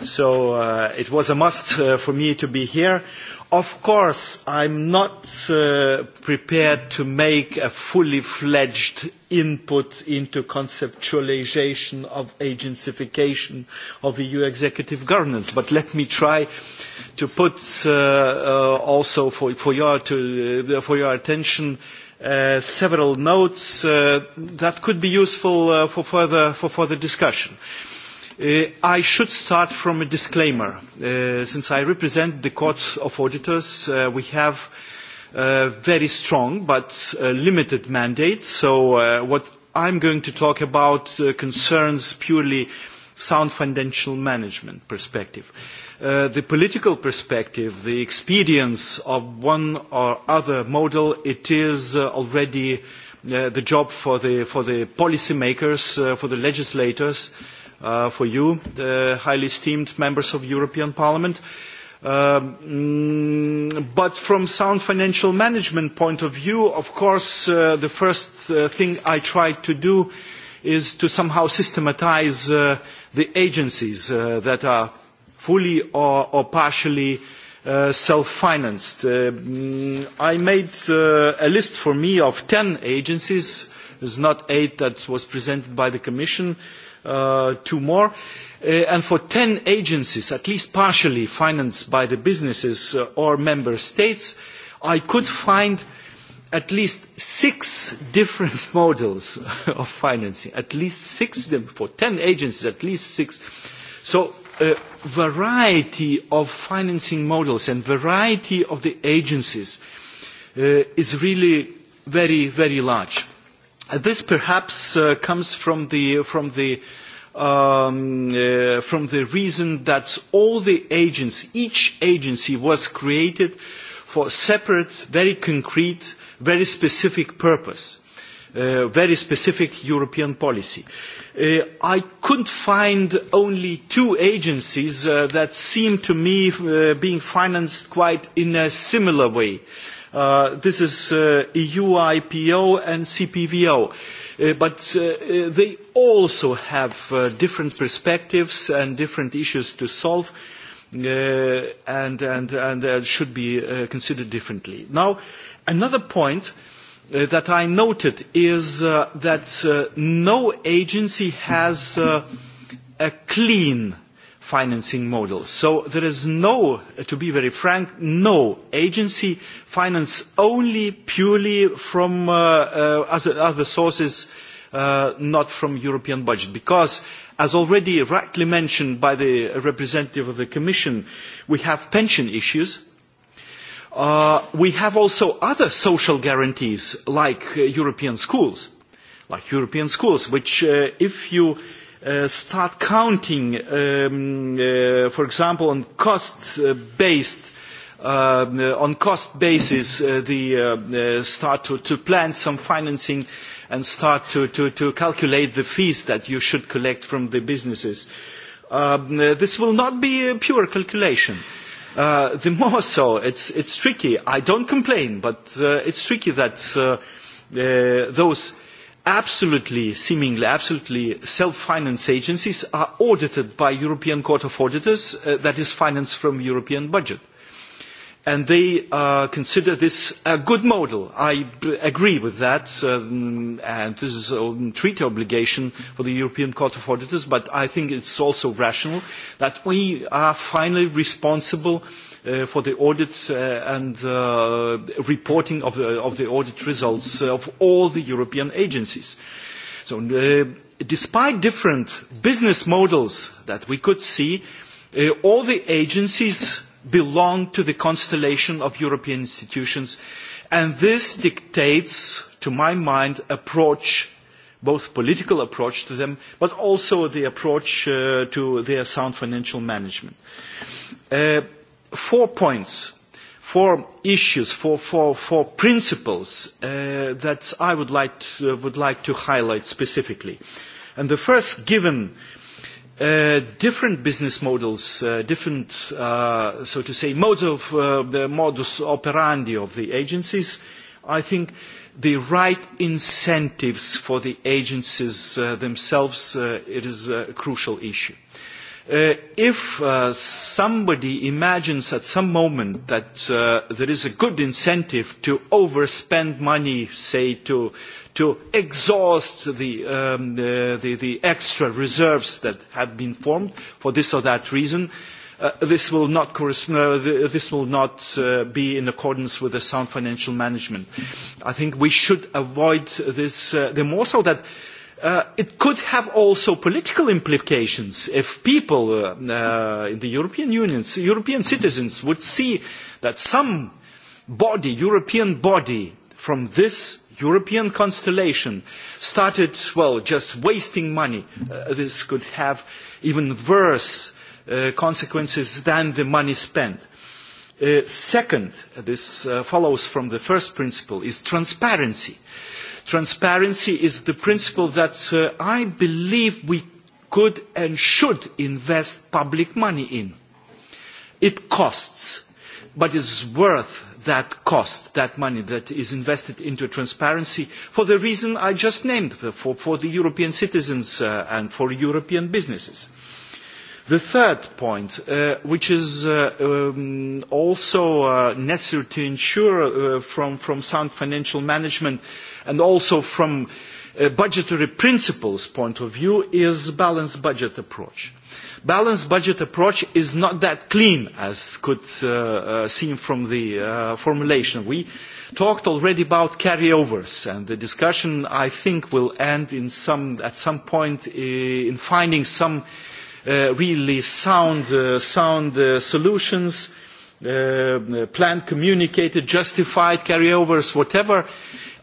So uh, it was a must uh, for me to be here. Uh, Of course, I'm not uh, prepared to make a fully fledged input into conceptualization of agencification of EU executive governance, but let me try to put uh, uh, also for, for, your, to, uh, for, your, attention Uh, several notes uh, that could be useful uh, for, further, for further discussion. Uh, I should start from a disclaimer. Uh, since I represent the Court of Auditors, uh, we have a uh, very strong but uh, limited mandate. So uh, what I'm going to talk about concerns purely sound financial management perspective. the political perspective, the expedience of one or other model, it is already the job for the, for the policymakers, for the legislators, uh, uh, for you, the highly esteemed members of European Parliament. Um, but from sound financial management point of view, of course, uh, the first uh, thing I tried to do is to somehow systematize uh, the agencies uh, that are fully or, or partially uh, self-financed. Uh, I made uh, a list for me of 10 agencies. There's not eight that was presented by the Commission. Uh, uh, two more. Uh, and for 10 agencies, at least partially financed by the businesses uh, or member states, I could find at least six different models of financing, at least six, for 10 agencies, at least six. So a uh, variety of financing models and variety of the agencies uh, is really very, very large. This perhaps uh, comes from the, from, the, um, uh, from the reason that all the agents, each agency was created for a separate, very concrete, very specific purpose, uh, very specific European policy. Uh, I couldn't find only two agencies uh, that seemed to me uh, being financed quite in a similar way. Uh, Uh, this is uh, EU IPO and CPVO. Uh, but uh, uh, they also have different perspectives and different issues to solve and, and, and should be considered differently. Now, another point that I noted is that no agency has a clean financing model, So there is no, to be very frank, no agency finance only purely from uh, uh, other, other sources, uh, not from European budget, because as already rightly mentioned by the representative of the Commission, we have pension issues. Uh, we have also other social guarantees like uh, European schools, like European schools, which uh, if you Uh, start counting, um, uh, for example, on cost-based uh, uh, on cost basis, uh, the uh, start to, to plan some financing and start to, to, to calculate the fees that you should collect from the businesses. Um, this will not be a pure calculation. The more so, it's, it's tricky. I don't complain, but it's tricky that those absolutely, seemingly absolutely self-financed agencies are audited by European Court of Auditors uh, that is financed from European budget. And they uh, consider this a good model. I agree with that, um, and this is a treaty obligation for the European Court of Auditors, but I think it's also rational that we are finally responsible uh, Uh, for the audits uh, and uh, reporting of the, audit results of all the European agencies. So despite different business models that we could see, all the agencies belong to the constellation of European institutions, and this dictates, to my mind, approach both political approach to them, but also the approach to their sound financial management four points, four issues, four, four, four principles uh, that I would like, to, uh, would like to highlight specifically. And the first, given uh, different business models, uh, different, uh, so to say, modes of uh, the modus operandi of the agencies, I think the right incentives for the agencies uh, themselves, uh, it is a crucial issue. Uh, if uh, somebody imagines at some moment that uh, there is a good incentive to overspend money, say to to exhaust the, um, the, uh, the, the extra reserves that have been formed for this or that reason, uh, this will not, correspond, uh, this will not uh, be in accordance with the sound financial management. I think we should avoid this, uh, the more so that Uh, it could have also political implications if people uh, uh in the European Union, European citizens would see that some body, European body from this European constellation started, well, just wasting money. Uh, this could have even worse uh, consequences than the money spent. second, this follows from the first principle, is transparency Transparency is the principle that uh, I believe we could and should invest public money in. It costs, but is worth that cost, that money that is invested into transparency for the reason I just named, for, for the European citizens uh, and for European businesses. The third point, uh, which is uh, um, also uh, necessary to ensure uh, from, from sound financial management, uh, and also from a budgetary principles point of view is balanced budget approach. Balanced budget approach is not that clean as could uh, uh, seem from the uh, formulation. We talked already about carryovers and the discussion I think will end in some, at some point uh, in finding some uh, really sound, uh, sound solutions, planned, communicated, justified carryovers, whatever. Uh,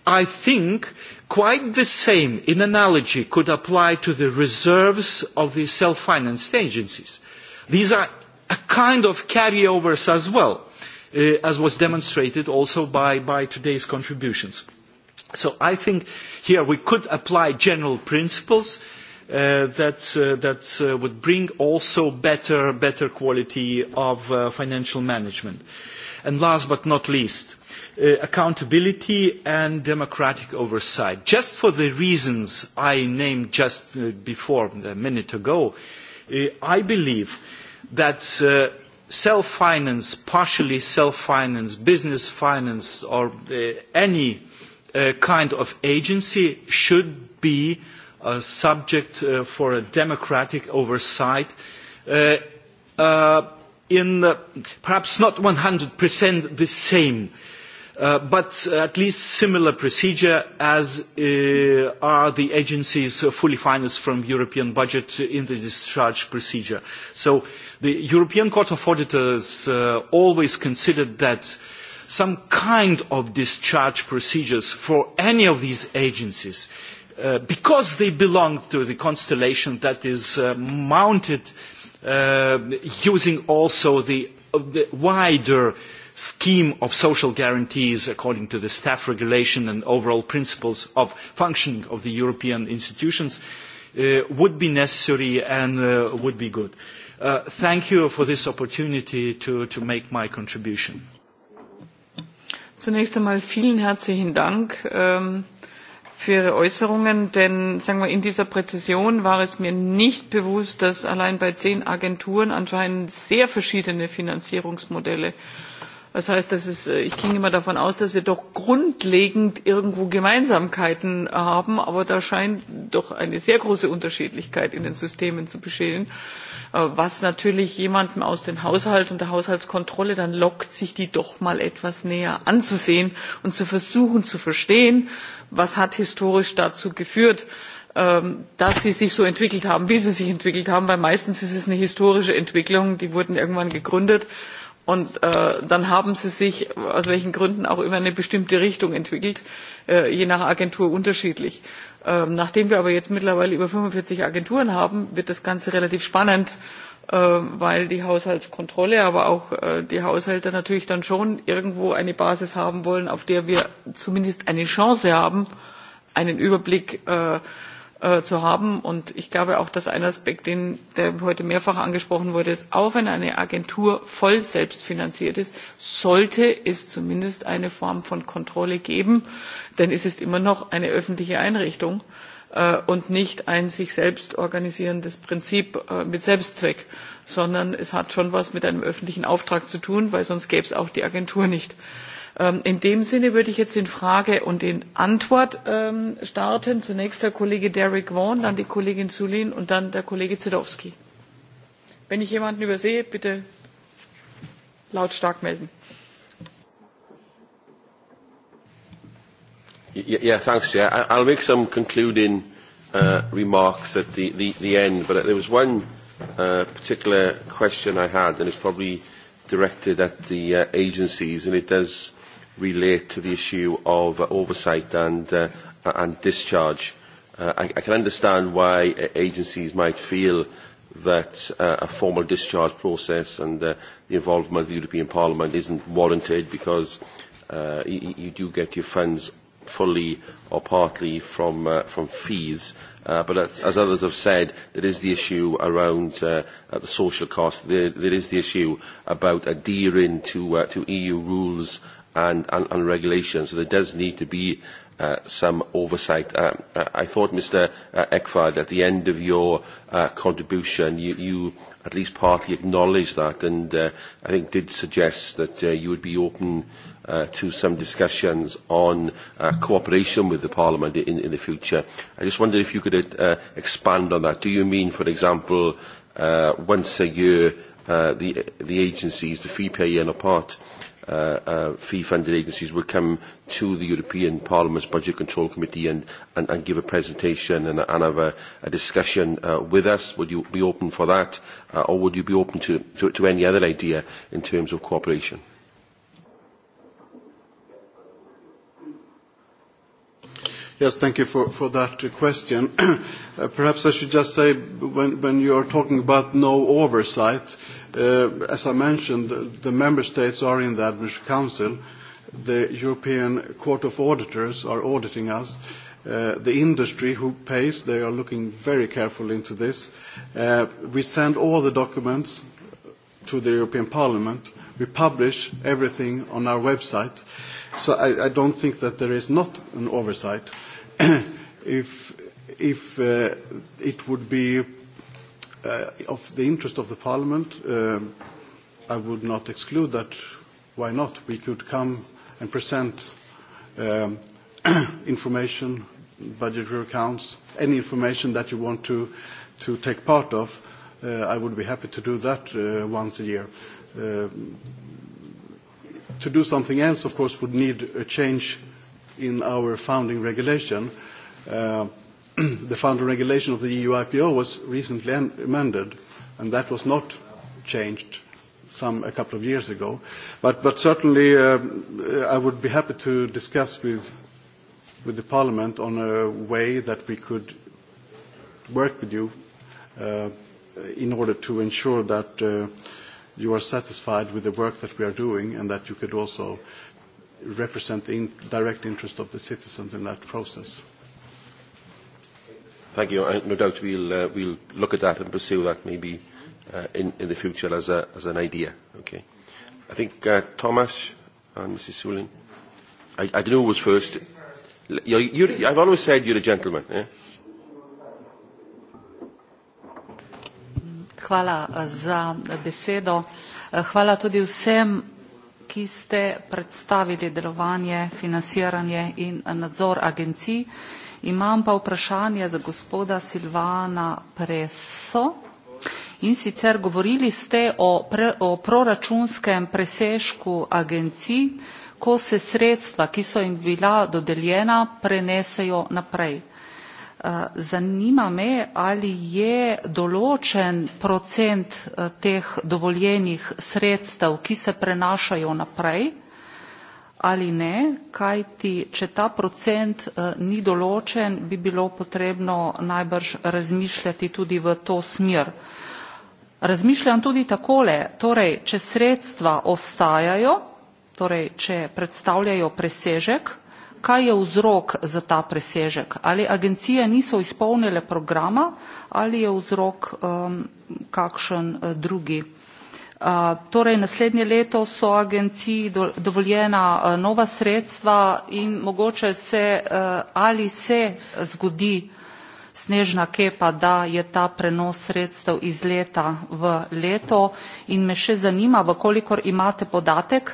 I think quite the same in analogy could apply to the reserves of the self-financed agencies. These are a kind of carryovers as well, uh, as was demonstrated also by, by today's contributions. So I think here we could apply general principles uh, that, uh, that uh, would bring also better, better quality of uh, financial management. And last but not least, Uh, accountability and democratic oversight. Just for the reasons I named just uh, before, a minute ago, uh, I believe that self-finance, partially self-finance, business finance, or any kind of agency should be a subject for a democratic oversight uh, in perhaps not 100% the same uh, Uh, but uh, at least similar procedure as uh, are the agencies fully financed from European budget in the discharge procedure. So the European Court of Auditors uh, always considered that some kind of discharge procedures for any of these agencies, uh, because they belong to the constellation that is mounted using also the, the wider uh, scheme of social guarantees according to the staff regulation and overall principles of functioning of the European institutions uh, would be necessary and uh, would be good. Uh, thank you for this opportunity to, to make my contribution. Zunächst einmal vielen herzlichen Dank ähm, für Ihre Äußerungen, denn sagen wir, in dieser Präzision war es mir nicht bewusst, dass allein bei zehn Agenturen anscheinend sehr verschiedene Finanzierungsmodelle äh, Das heißt, dass es, äh, ich ging immer davon aus, dass wir doch grundlegend irgendwo Gemeinsamkeiten haben, aber da scheint doch eine sehr große Unterschiedlichkeit in den Systemen zu bestehen, äh, was natürlich jemandem aus dem Haushalt und der Haushaltskontrolle dann lockt, sich die doch mal etwas näher anzusehen und zu versuchen zu verstehen, was hat historisch dazu geführt, ähm, dass sie sich so entwickelt haben, wie sie sich entwickelt haben, weil meistens ist es eine historische Entwicklung, die wurden irgendwann gegründet Und äh, dann haben sie sich aus welchen Gründen auch immer eine bestimmte Richtung entwickelt, äh, je nach Agentur unterschiedlich. Ähm, nachdem wir aber jetzt mittlerweile über 45 Agenturen haben, wird das Ganze relativ spannend, äh, weil die Haushaltskontrolle, aber auch äh, die Haushälter natürlich dann schon irgendwo eine Basis haben wollen, auf der wir zumindest eine Chance haben, einen Überblick äh, Äh, zu haben. Und ich glaube auch, dass ein Aspekt, den, der heute mehrfach angesprochen wurde, ist, auch wenn eine Agentur voll selbstfinanziert ist, sollte es zumindest eine Form von Kontrolle geben, denn es ist immer noch eine öffentliche Einrichtung äh, und nicht ein sich selbst organisierendes Prinzip äh, mit Selbstzweck, sondern es hat schon was mit einem öffentlichen Auftrag zu tun, weil sonst gäbe es auch die Agentur nicht. Äh, Ähm, in dem Sinne würde ich jetzt in Frage und in Antwort ähm, starten. Zunächst der Kollege Derek Vaughan, dann die Kollegin Zulin und dann der Kollege Zedowski. Wenn ich jemanden übersehe, bitte lautstark melden. Yeah, thanks, Chair. I'll make some concluding uh, remarks at the, the, the end, but there was one uh, particular question I had, and it's probably directed at the uh, agencies, and it does relate to the issue of uh, oversight and, uh, and discharge. Uh, I, I can understand why uh, agencies might feel that uh, a formal discharge process and uh, the involvement of the European Parliament isn't warranted because uh, you, you do get your funds fully or partly from, uh, from fees. Uh, but as, as others have said, there is the issue around uh, uh the social cost. There, there is the issue about adhering to, uh, to EU rules and, and, and regulation. So there does need to be uh, some oversight. Um, uh, I thought, Mr uh, Eckford, at the end of your uh, contribution, you, you at least partly acknowledged that and uh, I think did suggest that uh, you would be open uh, to some discussions on uh, cooperation with the Parliament in, in the future. I just wondered if you could uh, expand on that. Do you mean, for example, uh, once a year uh, the, the agencies, the fee payer and a apart, uh, uh fee-funded agencies will come to the European Parliament's Budget Control Committee and, and, and give a presentation and, and have a, a discussion uh, with us? Would you be open for that, uh, or would you be open to, to, to any other idea in terms of cooperation? Yes, thank you for, for that question. uh, perhaps I should just say, when, when you are talking about no oversight, Uh, as I mentioned, the, the member states are in the Administrative Council. The European Court of Auditors are auditing us. Uh, the industry who pays, they are looking very carefully into this. Uh, we send all the documents to the European Parliament. We publish everything on our website. So I, I don't think that there is not an oversight. if if uh, it would be uh, of the interest of the Parliament, uh, I would not exclude that. Why not? We could come and present um, information, budgetary accounts, any information that you want to, to take part of. Uh, I would be happy to do that uh, once a year. Uh, to do something else, of course, would need a change in our founding regulation. Uh, the final regulation of the EU IPO was recently amended, and that was not changed some a couple of years ago. But, but certainly, uh, I would be happy to discuss with, with the Parliament on a way that we could work with you uh, in order to ensure that uh, you are satisfied with the work that we are doing and that you could also represent the in direct interest of the citizens in that process. Thank you. I, no doubt we'll, uh, we'll look at that and pursue that maybe uh, in, in the future as, a, as an idea. Okay. I think uh, Thomas and Mrs. Sulin. I, I don't know who was first. You're, you're, I've always said you're a gentleman. Yeah? Hvala uh, za uh, besedo. Uh, hvala tudi vsem, ki ste predstavili delovanje, financiranje in nadzor agencij. Imam pa vprašanje za gospoda Silvana Preso. In sicer govorili ste o, pre, o proračunskem presežku agencij, ko se sredstva, ki so jim bila dodeljena, prenesejo naprej. Eh, zanima me, ali je določen procent eh, teh dovoljenih sredstev, ki se prenašajo naprej ali ne, kajti če ta procent eh, ni določen, bi bilo potrebno najbrž razmišljati tudi v to smer. Razmišljam tudi takole, torej, če sredstva ostajajo, torej, če predstavljajo presežek, kaj je vzrok za ta presežek? Ali agencije niso izpolnile programa ali je vzrok um, kakšen eh, drugi? Torej, naslednje leto so agenciji dovoljena nova sredstva in mogoče se ali se zgodi snežna kepa, da je ta prenos sredstev iz leta v leto in me še zanima, vkolikor imate podatek,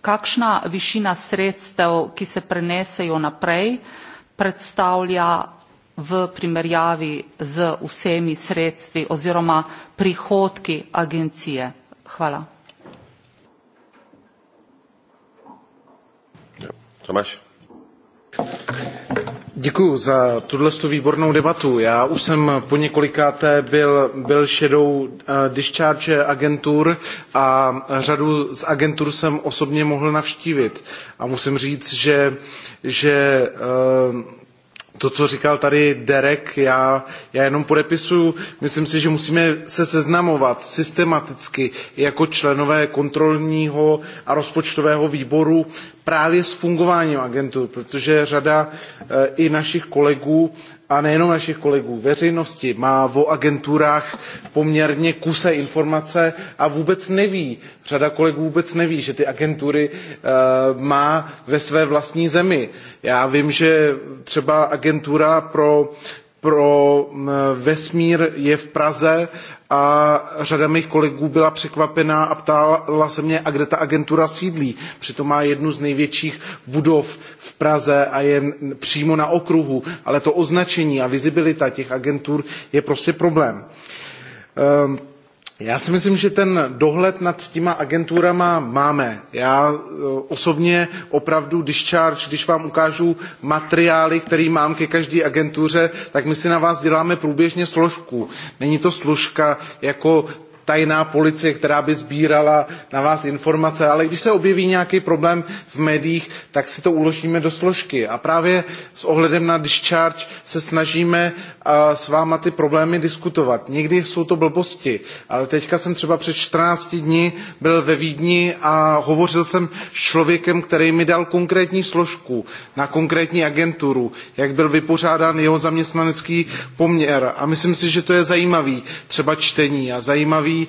kakšna višina sredstev, ki se prenesejo naprej, predstavlja v primerjavi z vsemi sredstvi oziroma prihodki agencije. Hvala. Tomáš. Děkuji za tuhle výbornou debatu. Já už jsem po několikáté byl, byl šedou eh, discharge agentur a řadu z agentur jsem osobně mohl navštívit. A musím říct, že, že uh, to, co říkal tady Derek, já, já jenom podepisuju. Myslím si, že musíme se seznamovat systematicky jako členové kontrolního a rozpočtového výboru právě s fungováním agentur, protože řada eh, i našich kolegů, a nejenom našich kolegů, veřejnosti má o agenturách poměrně kuse informace a vůbec neví, řada kolegů vůbec neví, že ty agentury eh, má ve své vlastní zemi. Já vím, že třeba agentura pro pro vesmír je v Praze a řada mých kolegů byla překvapená a ptala se mě, a kde ta agentura sídlí. Přitom má jednu z největších budov v Praze a je přímo na okruhu, ale to označení a vizibilita těch agentur je prostě problém. Um, Já si myslím, že ten dohled nad těma agenturama máme. Já e, osobně opravdu discharge, když vám ukážu materiály, které mám ke každé agentuře, tak my si na vás děláme průběžně složku. Není to složka jako tajná policie, která by sbírala na vás informace, ale když se objeví nějaký problém v médiích, tak si to uložíme do složky. A právě s ohledem na discharge se snažíme eh, s váma ty problémy diskutovat. Někdy jsou to blbosti, ale teďka jsem třeba před 14 dní byl ve Vídni a hovořil jsem s člověkem, který mi dal konkrétní složku na konkrétní agenturu, jak byl vypořádán jeho zaměstnanecký poměr. A myslím si, že to je zajímavý třeba čtení a zajímavý zajímavý,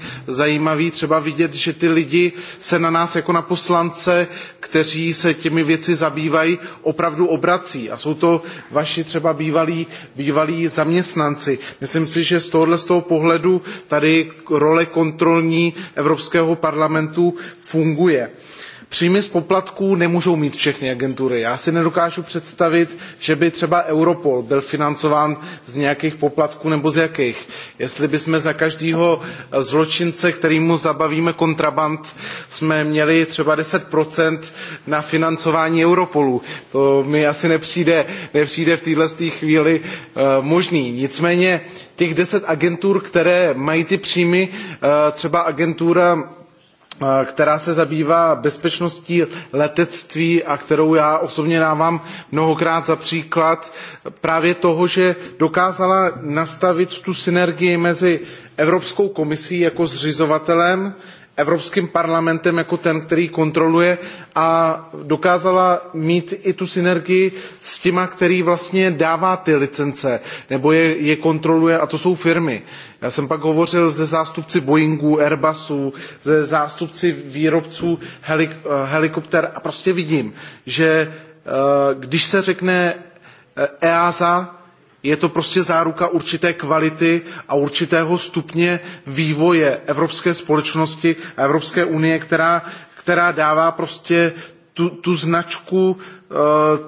zajímavý třeba vidět, že ty lidi se na nás jako na poslance, kteří se těmi věci zabývají, opravdu obrací. A jsou to vaši třeba bývalí, bývalí zaměstnanci. Myslím si, že z tohohle z toho pohledu tady role kontrolní Evropského parlamentu funguje. Uh, Příjmy z poplatků nemůžou mít všechny agentury. Já si nedokážu představit, že by třeba Europol byl financován z nějakých poplatků nebo z jakých. Jestli bychom za každého zločince, kterýmu zabavíme kontraband, jsme měli třeba 10% na financování Europolu. To mi asi nepřijde, nepřijde v této chvíli uh, možný. Nicméně těch 10 agentur, které mají ty příjmy, uh, třeba agentura Eh, která se zabývá bezpečností letectví a kterou já osobně dávám mnohokrát za příklad právě toho, že dokázala nastavit tu synergii mezi Evropskou komisí jako zřizovatelem, Evropským parlamentem jako ten, který kontroluje a dokázala mít i tu synergii s těma, který vlastně dává ty licence nebo je, je kontroluje a to jsou firmy. Já jsem pak hovořil se zástupci Boeingu, Airbusu, se zástupci výrobců helik, eh, helikopter a prostě vidím, že eh, když se řekne EASA, eh, e Je to prostě záruka určité kvality a určitého stupně vývoje evropské společnosti a Evropské unie, která, která dává prostě tu, tu značku e,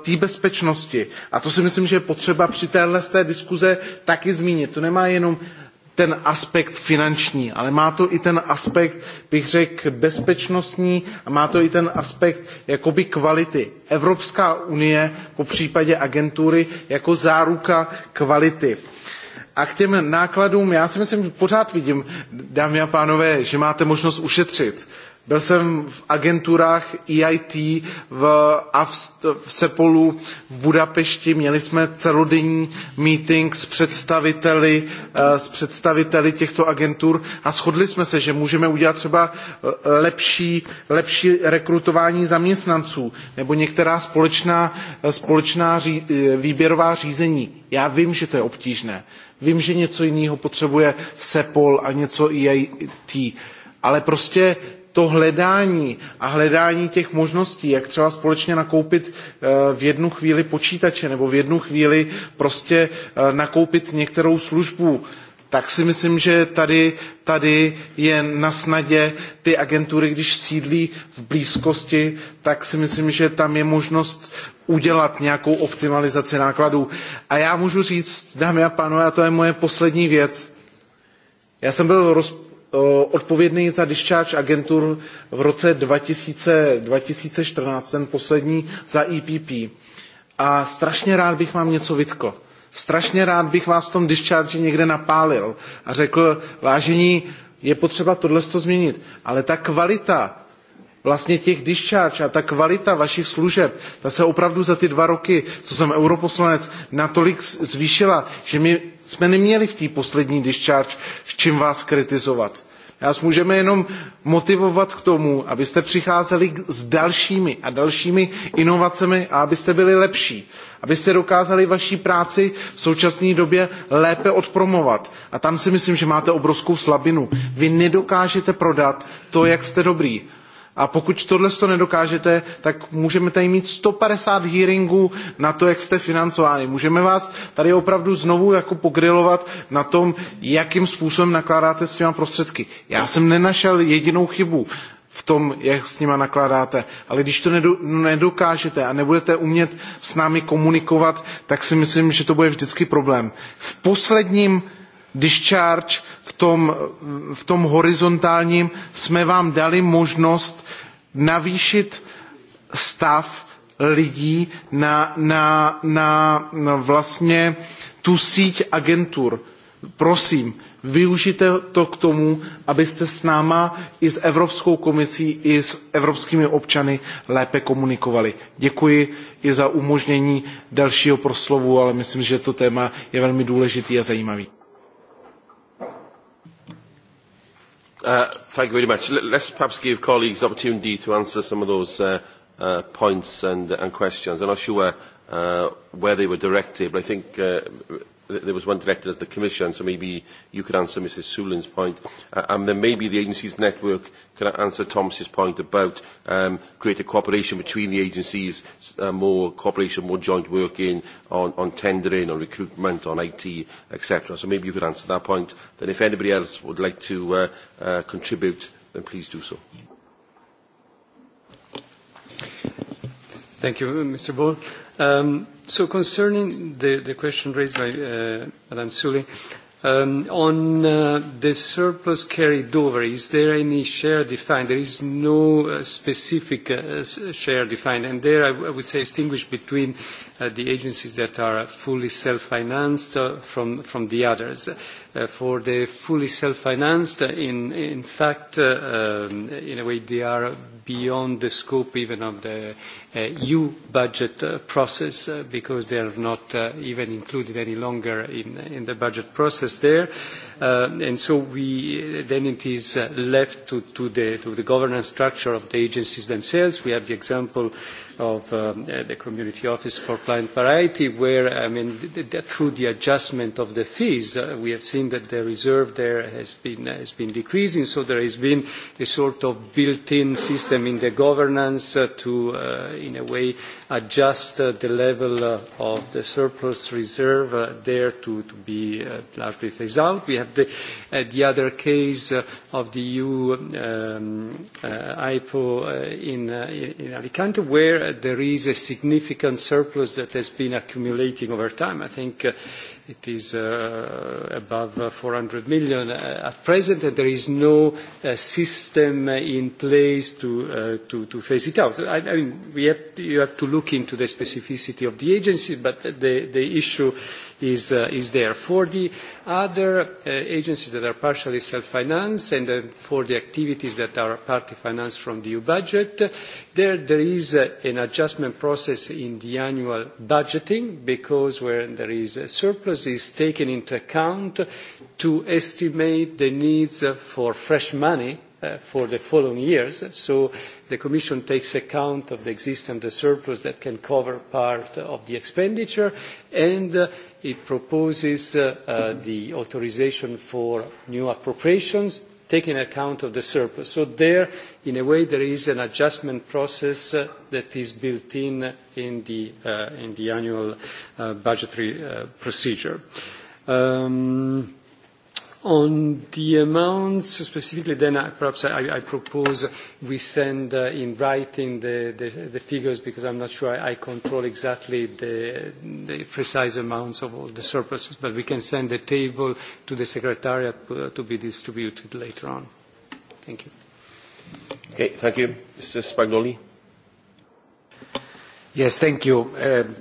té bezpečnosti. A to si myslím, že je potřeba při téhle té diskuze taky zmínit. To nemá jenom ten aspekt finanční, ale má to i ten aspekt, bych řekl, bezpečnostní a má to i ten aspekt jakoby kvality. Evropská unie, po případě agentury, jako záruka kvality. A k těm nákladům, já si myslím, pořád vidím, dámy a pánové, že máte možnost ušetřit Byl jsem v agenturách EIT, v, Avst, v Sepolu, v Budapešti. Měli jsme celodenní meeting s představiteli, eh, s představiteli těchto agentur a shodli jsme se, že můžeme udělat třeba eh, lepší, lepší rekrutování zaměstnanců nebo některá společná, eh, společná ří, výběrová řízení. Já vím, že to je obtížné. Vím, že něco jiného potřebuje Sepol a něco EIT. Ale prostě to hledání a hledání těch možností, jak třeba společně nakoupit eh, v jednu chvíli počítače nebo v jednu chvíli prostě eh, nakoupit některou službu, tak si myslím, že tady, tady je na snadě ty agentury, když sídlí v blízkosti, tak si myslím, že tam je možnost udělat nějakou optimalizaci nákladů. A já můžu říct, dámy a pánové, a to je moje poslední věc. Já jsem byl roz, odpovědný za discharge agentur v roce 2000, 2014, ten poslední za EPP. A strašně rád bych vám něco vytkl. Strašně rád bych vás v tom discharge někde napálil a řekl, vážení, je potřeba tohle změnit. Ale ta kvalita vlastně těch discharge a ta kvalita vašich služeb, ta se opravdu za ty dva roky, co jsem europoslanec, natolik zvýšila, že my jsme neměli v té poslední discharge s čím vás kritizovat. Nás můžeme jenom motivovat k tomu, abyste přicházeli s dalšími a dalšími inovacemi a abyste byli lepší. Abyste dokázali vaší práci v současné době lépe odpromovat. A tam si myslím, že máte obrovskou slabinu. Vy nedokážete prodat to, jak jste dobrý. A pokud tohle to nedokážete, tak můžeme tady mít 150 hearingů na to, jak jste financováni. Můžeme vás tady opravdu znovu jako pogrilovat na tom, jakým způsobem nakládáte s těma prostředky. Já jsem nenašel jedinou chybu v tom, jak s nima nakládáte. Ale když to nedokážete a nebudete umět s námi komunikovat, tak si myslím, že to bude vždycky problém. V posledním discharge v tom, v tom horizontálním jsme vám dali možnost navýšit stav lidí na, na, na, na vlastně tu síť agentur. Prosím, využijte to k tomu, abyste s náma i s Evropskou komisí, i s evropskými občany lépe komunikovali. Děkuji i za umožnění dalšího proslovu, ale myslím, že to téma je velmi důležitý a zajímavý. Uh, thank you very much. Let's perhaps give colleagues the opportunity to answer some of those uh, uh, points and, and questions. I'm not sure uh, where they were directed, but I think uh, there was one directed at the Commission, so maybe you could answer Mrs. Sulin's point. Uh, and then maybe the agencies network can answer Thomas's point about um, greater cooperation between the agencies, uh, more cooperation, more joint working on, on tendering, on recruitment, on IT, etc. So maybe you could answer that point. Then if anybody else would like to uh, uh, contribute, then please do so. Thank you, Mr. Bull. Um, So concerning the, the question raised by uh, Madame Sully, Um, on uh, the surplus carried over, is there any share defined? There is no uh, specific uh, share defined, there I, would say distinguish between the agencies that are fully self-financed from, the others. For the fully self-financed, in, fact, um, in a way, they are beyond the scope even of the EU budget process, because they are not even included any longer in the budget process there. Uh, and so we, then it is uh, left to, to, the, to the governance structure of the agencies themselves. We have the example of um, uh, the Community Office for Client Variety, where, I mean, th th through the adjustment of the fees, uh, we have seen that the reserve there has been, has been decreasing, so there has been a sort of built-in system in the governance uh, to, uh, in a way, adjust the level of the surplus reserve there to, to be largely phased out. We have have the, uh, the other case uh, of the EU um, uh, IPO uh, uh, in, in, Alicante, where there is a significant surplus that has been accumulating over time. I think uh, it is uh, above 400 million at present, and there is no uh, system in place to, uh, to, to phase it out. I, I mean, we have you have to look into the specificity of the agencies, but the, the issue is, uh, is there. For the other uh, agencies that are partially self-financed and uh, for the activities that are partly financed from the EU budget, there, there is uh, an adjustment process in the annual budgeting because where there is a surplus is taken into account to estimate the needs uh, for fresh money uh, for the following years. So the Commission takes account of the existence of the surplus that can cover part of the expenditure, and uh, It proposes uh, uh, the authorization for new appropriations, taking account of the surplus. So there, in a way, there is an adjustment process uh, that is built in in the, uh, in the annual uh, budgetary procedure. Um, on the amounts specifically, then perhaps I, propose we send uh, in writing the, figures because I'm not sure I, control exactly the, precise amounts of all the surpluses, but we can send the table to the Secretariat uh, to be distributed later on. Thank you. Okay, thank you. Mr. Spagnoli. Yes, thank you. Um,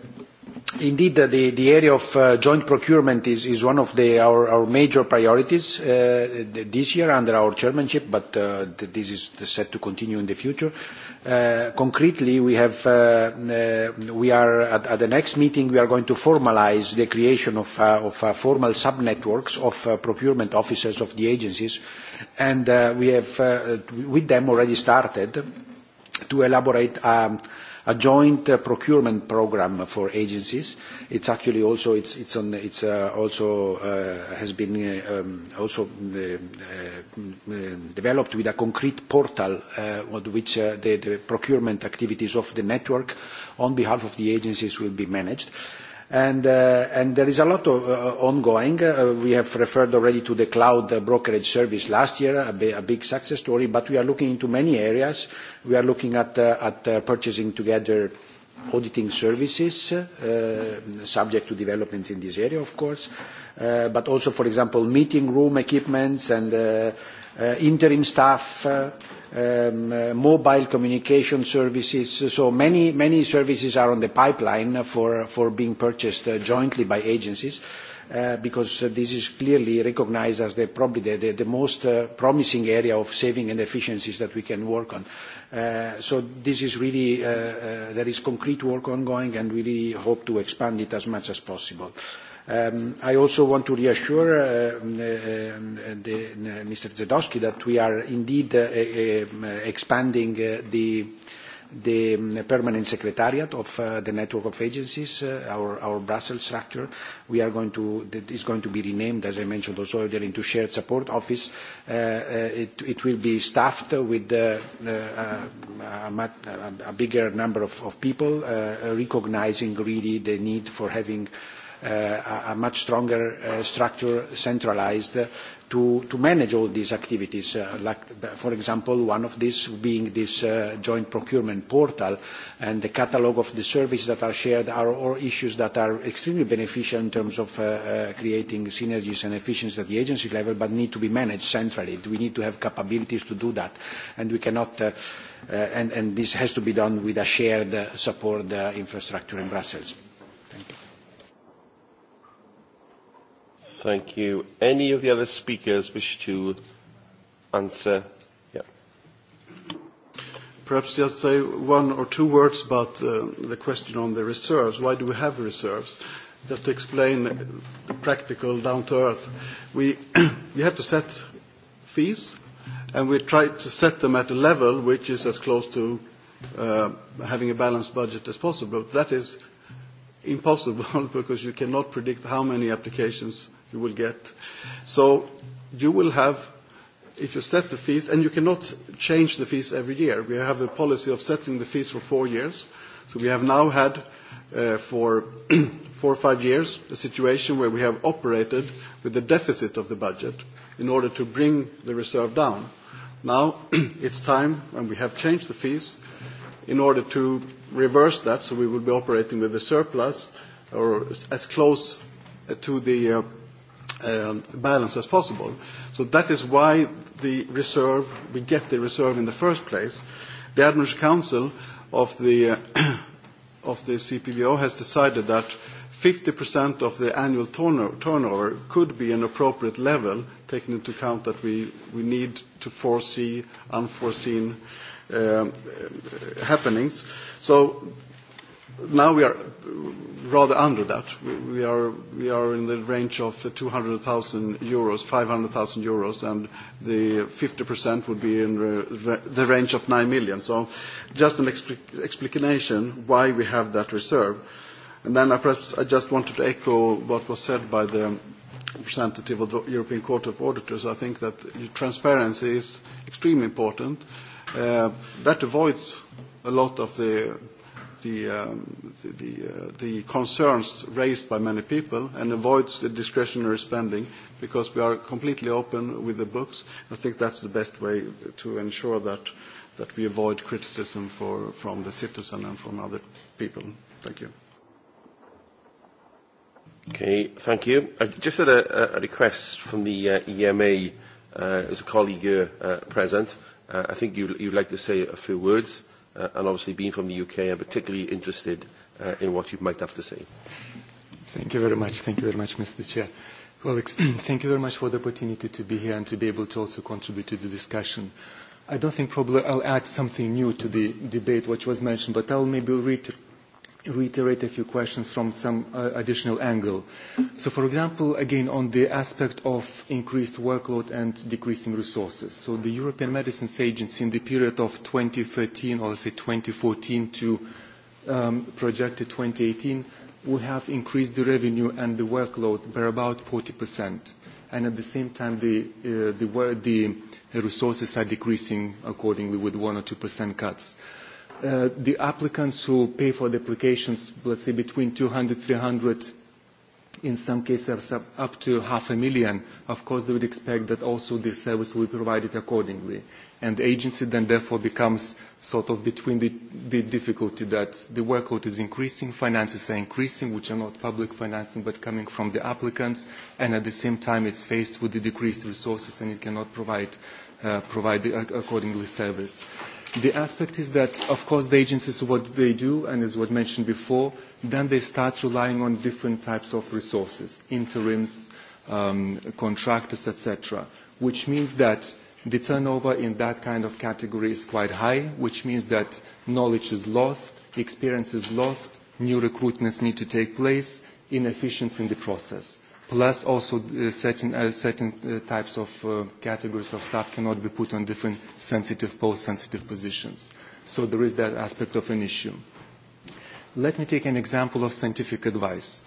Indeed, the, the area of uh, joint procurement is, is one of the, our, our major priorities uh, this year under our chairmanship, but uh, this is set to continue in the future. Uh, concretely, we, have, uh, uh, we are at, at the next meeting, we are going to formalize the creation of, of formal sub-networks of procurement officers of the agencies. and We have with them already started to elaborate um, a joint uh, procurement program for agencies. It's actually also it's it's on it's uh, also uh, has been uh, um, also uh, uh, developed with a concrete portal uh, on which uh, the, the procurement activities of the network on behalf of the agencies will be managed. Uh, Uh, and, there is a lot of, uh, ongoing. Uh, we have referred already to the cloud brokerage service last year, a, big success story, but we are looking into many areas. We are looking at, purchasing together auditing services, subject to development in this area, of course, but also, for example, meeting room equipments and interim staff, Um, uh, mobile communication services. So many, many services are on the pipeline for, for being purchased uh, jointly by agencies. Uh, because this is clearly recognized as the, probably the, the, most promising area of saving and efficiencies that we can work on. So this is really, there is concrete work ongoing, and we really hope to expand it as much as possible. Um, I also want to reassure uh, um, uh um, the, uh, Mr. Zedowski that we are indeed uh, expanding the, the permanent secretariat of the network of agencies, our, our Brussels structure. We are going to, that is going to be renamed, as I mentioned also earlier, into Shared Support Office. It, it will be staffed with a, a bigger number of, of people, recognizing really the need for having uh, a much stronger uh, structure centralized to, to manage all these activities. Uh, like, for example, one of these being this uh, joint procurement portal and the catalogue of the services that are shared are all issues that are extremely beneficial in terms of uh, uh, creating synergies and efficiency at the agency level but need to be managed centrally. We need to have capabilities to do that and we cannot uh, uh, and, and this has to be done with a shared uh, support uh, infrastructure in Brussels. Thank you. Any of the other speakers wish to answer? Yeah. Perhaps just say one or two words about uh, the question on the reserves. Why do we have reserves? Just to explain practical, down to earth. We, we have to set fees, and we try to set them at a level which is as close to uh, having a balanced budget as possible. That is impossible because you cannot predict how many applications you will get. So you will have, if you set the fees, and you cannot change the fees every year. We have a policy of setting the fees for four years. So we have now had uh, for four or five years a situation where we have operated with the deficit of the budget in order to bring the reserve down. Now it's time, and we have changed the fees in order to reverse that, so we will be operating with a surplus or as close to the uh, Um, balance as possible. So that is why the reserve, we get the reserve in the first place. The Admiralty Council of the, uh, of the CPBO has decided that 50% of the annual turnover could be an appropriate level, taking into account that we, we need to foresee unforeseen um, uh, happenings. So Now we are rather under that. We are, we are in the range of 200,000 euros, 500,000 euros, and the 50% would be in the range of 9 million. So just an explanation why we have that reserve. And then I perhaps I just wanted to echo what was said by the representative of the European Court of Auditors. I think that transparency is extremely important. Uh, that avoids a lot of the Um, uh, the, concerns raised by many people and avoids the discretionary spending because we are completely open with the books. I think that's the best way to ensure that, that we avoid criticism for, from the citizen and from other people. Thank you. Okay, thank you. I just had a, a request from the uh, EMA. Uh, as a colleague here uh, uh, present, uh, I think you'd like to say a few words. Uh, and obviously, being from the UK, I'm particularly interested uh, in what you might have to say. Thank you very much. Thank you very much, Mr. Chair. Well, thank you very much for the opportunity to be here and to be able to also contribute to the discussion. I don't think probably I'll add something new to the debate which was mentioned, but I'll maybe read reiterate a few questions from some uh, additional angle. So, for example, again, on the aspect of increased workload and decreasing resources. So the European Medicines Agency in the period of 2013 or let's say 2014 to um, projected 2018 will have increased the revenue and the workload by about 40%. And at the same time, the, uh, the, the resources are decreasing accordingly with 1 or 2% cuts. Uh, Uh, the applicants who pay for the applications, let's say between 200, 300, in some cases up to half a million, of course they would expect that also this service will be provided accordingly. And the agency then therefore becomes sort of between the, the difficulty that the workload is increasing, finances are increasing, which are not public financing but coming from the applicants, and at the same time it's faced with the decreased resources and it cannot provide, uh, provide the accordingly service. Uh, The aspect is that, of course, the agencies, what they do, and as was mentioned before, then they start relying on different types of resources, interims, um, contractors, etc., which means that the turnover in that kind of category is quite high, which means that knowledge is lost, experience is lost, new recruitments need to take place, inefficiency in the process plus also uh, certain, uh, certain uh, types of uh, categories of staff cannot be put on different sensitive, post-sensitive positions. So there is that aspect of an issue. Let me take an example of scientific advice.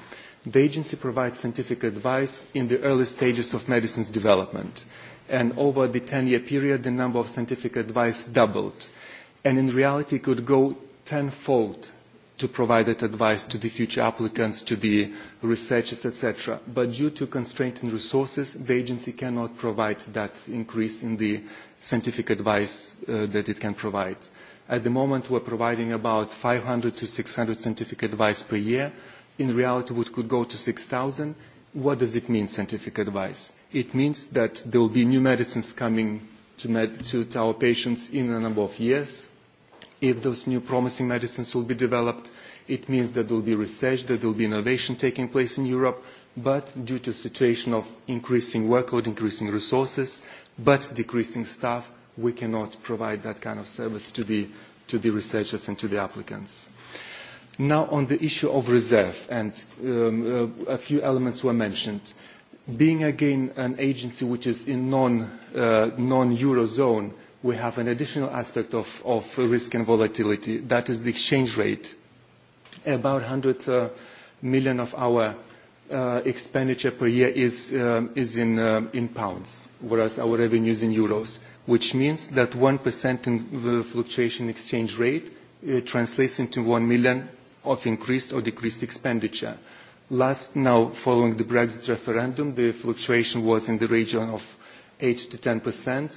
The agency provides scientific advice in the early stages of medicine's development. And over the 10-year period, the number of scientific advice doubled. And in reality, could go tenfold to provide that advice to the future applicants, to the researchers, etc. But due to constraint in resources, the agency cannot provide that increase in the scientific advice uh, that it can provide. At the moment, we're providing about 500 to 600 scientific advice per year. In reality, we could go to 6,000. What does it mean, scientific advice? It means that there will be new medicines coming to, med to, to our patients in a number of years, if those new promising medicines will be developed, it means that there will be research, that there will be innovation taking place in Europe, but due to a situation of increasing workload, increasing resources, but decreasing staff, we cannot provide that kind of service to the, to the researchers and to the applicants. Now on the issue of reserve, and um, uh, a few elements were mentioned. Being again an agency which is in non, uh, non-Eurozone, we have an additional aspect of, of risk and volatility. That is the exchange rate. About 100 uh, million of our uh, expenditure per year is, um, is in, um, in pounds, whereas our revenue is in euros, which means that 1% in the fluctuation exchange rate uh, translates into 1 million of increased or decreased expenditure. Last now, following the Brexit referendum, the fluctuation was in the region of 8 10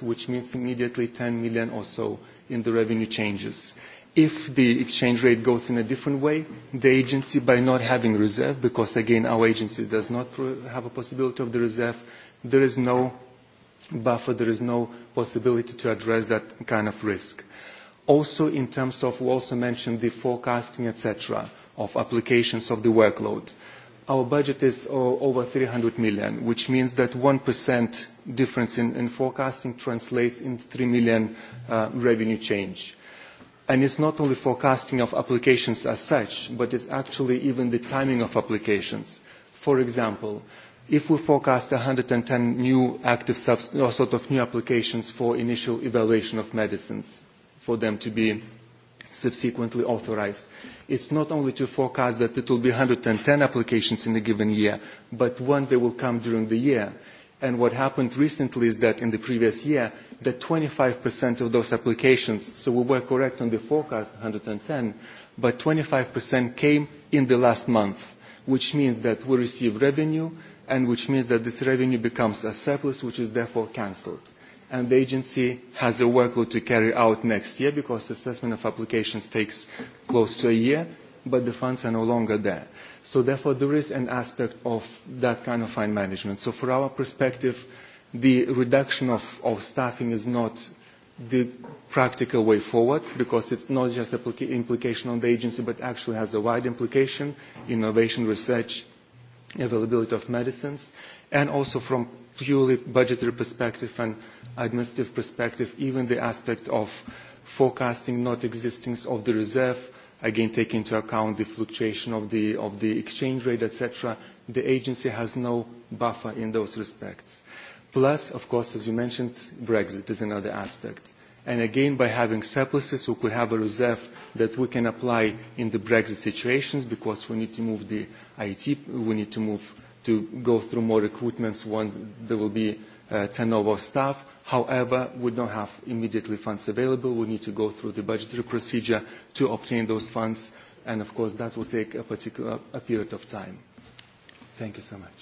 which means immediately 10 million or so in the revenue changes. If the exchange rate goes in a different way, the agency, by not having reserve, because again, our agency does not have a possibility of the reserve, there is no buffer, there is no possibility to address that kind of risk. Also, in terms of, we also mentioned the forecasting, et cetera, of applications of the workload our budget is over 300 million, which means that 1% difference in, forecasting translates into 3 million uh, revenue change. And it's not only forecasting of applications as such, but it's actually even the timing of applications. For example, if we forecast 110 new active substance or uh, sort of new applications for initial evaluation of medicines for them to be subsequently authorized, it's not only to forecast that it will be 110 applications in a given year, but when they will come during the year. And what happened recently is that in the previous year, that 25% of those applications, so we were correct on the forecast, 110, but 25% came in the last month, which means that we receive revenue, and which means that this revenue becomes a surplus, which is therefore cancelled and the agency has a workload to carry out next year because assessment of applications takes close to a year, but the funds are no longer there. So therefore, there is an aspect of that kind of fund management. So from our perspective, the reduction of, of staffing is not the practical way forward because it's not just implication on the agency, but actually has a wide implication, innovation, research, availability of medicines, and also from purely budgetary perspective and administrative perspective, even the aspect of forecasting not existence of the reserve, again, taking into account the fluctuation of the, of the exchange rate, etc. The agency has no buffer in those respects. Plus, of course, as you mentioned, Brexit is another aspect. And again, by having surpluses, we could have a reserve that we can apply in the Brexit situations because we need to move the IT, we need to move to go through more recruitments when there will be uh, turnover of staff. However, we don't have immediately funds available. We need to go through the budgetary procedure to obtain those funds, and of course, that will take a particular a period of time. Thank you so much.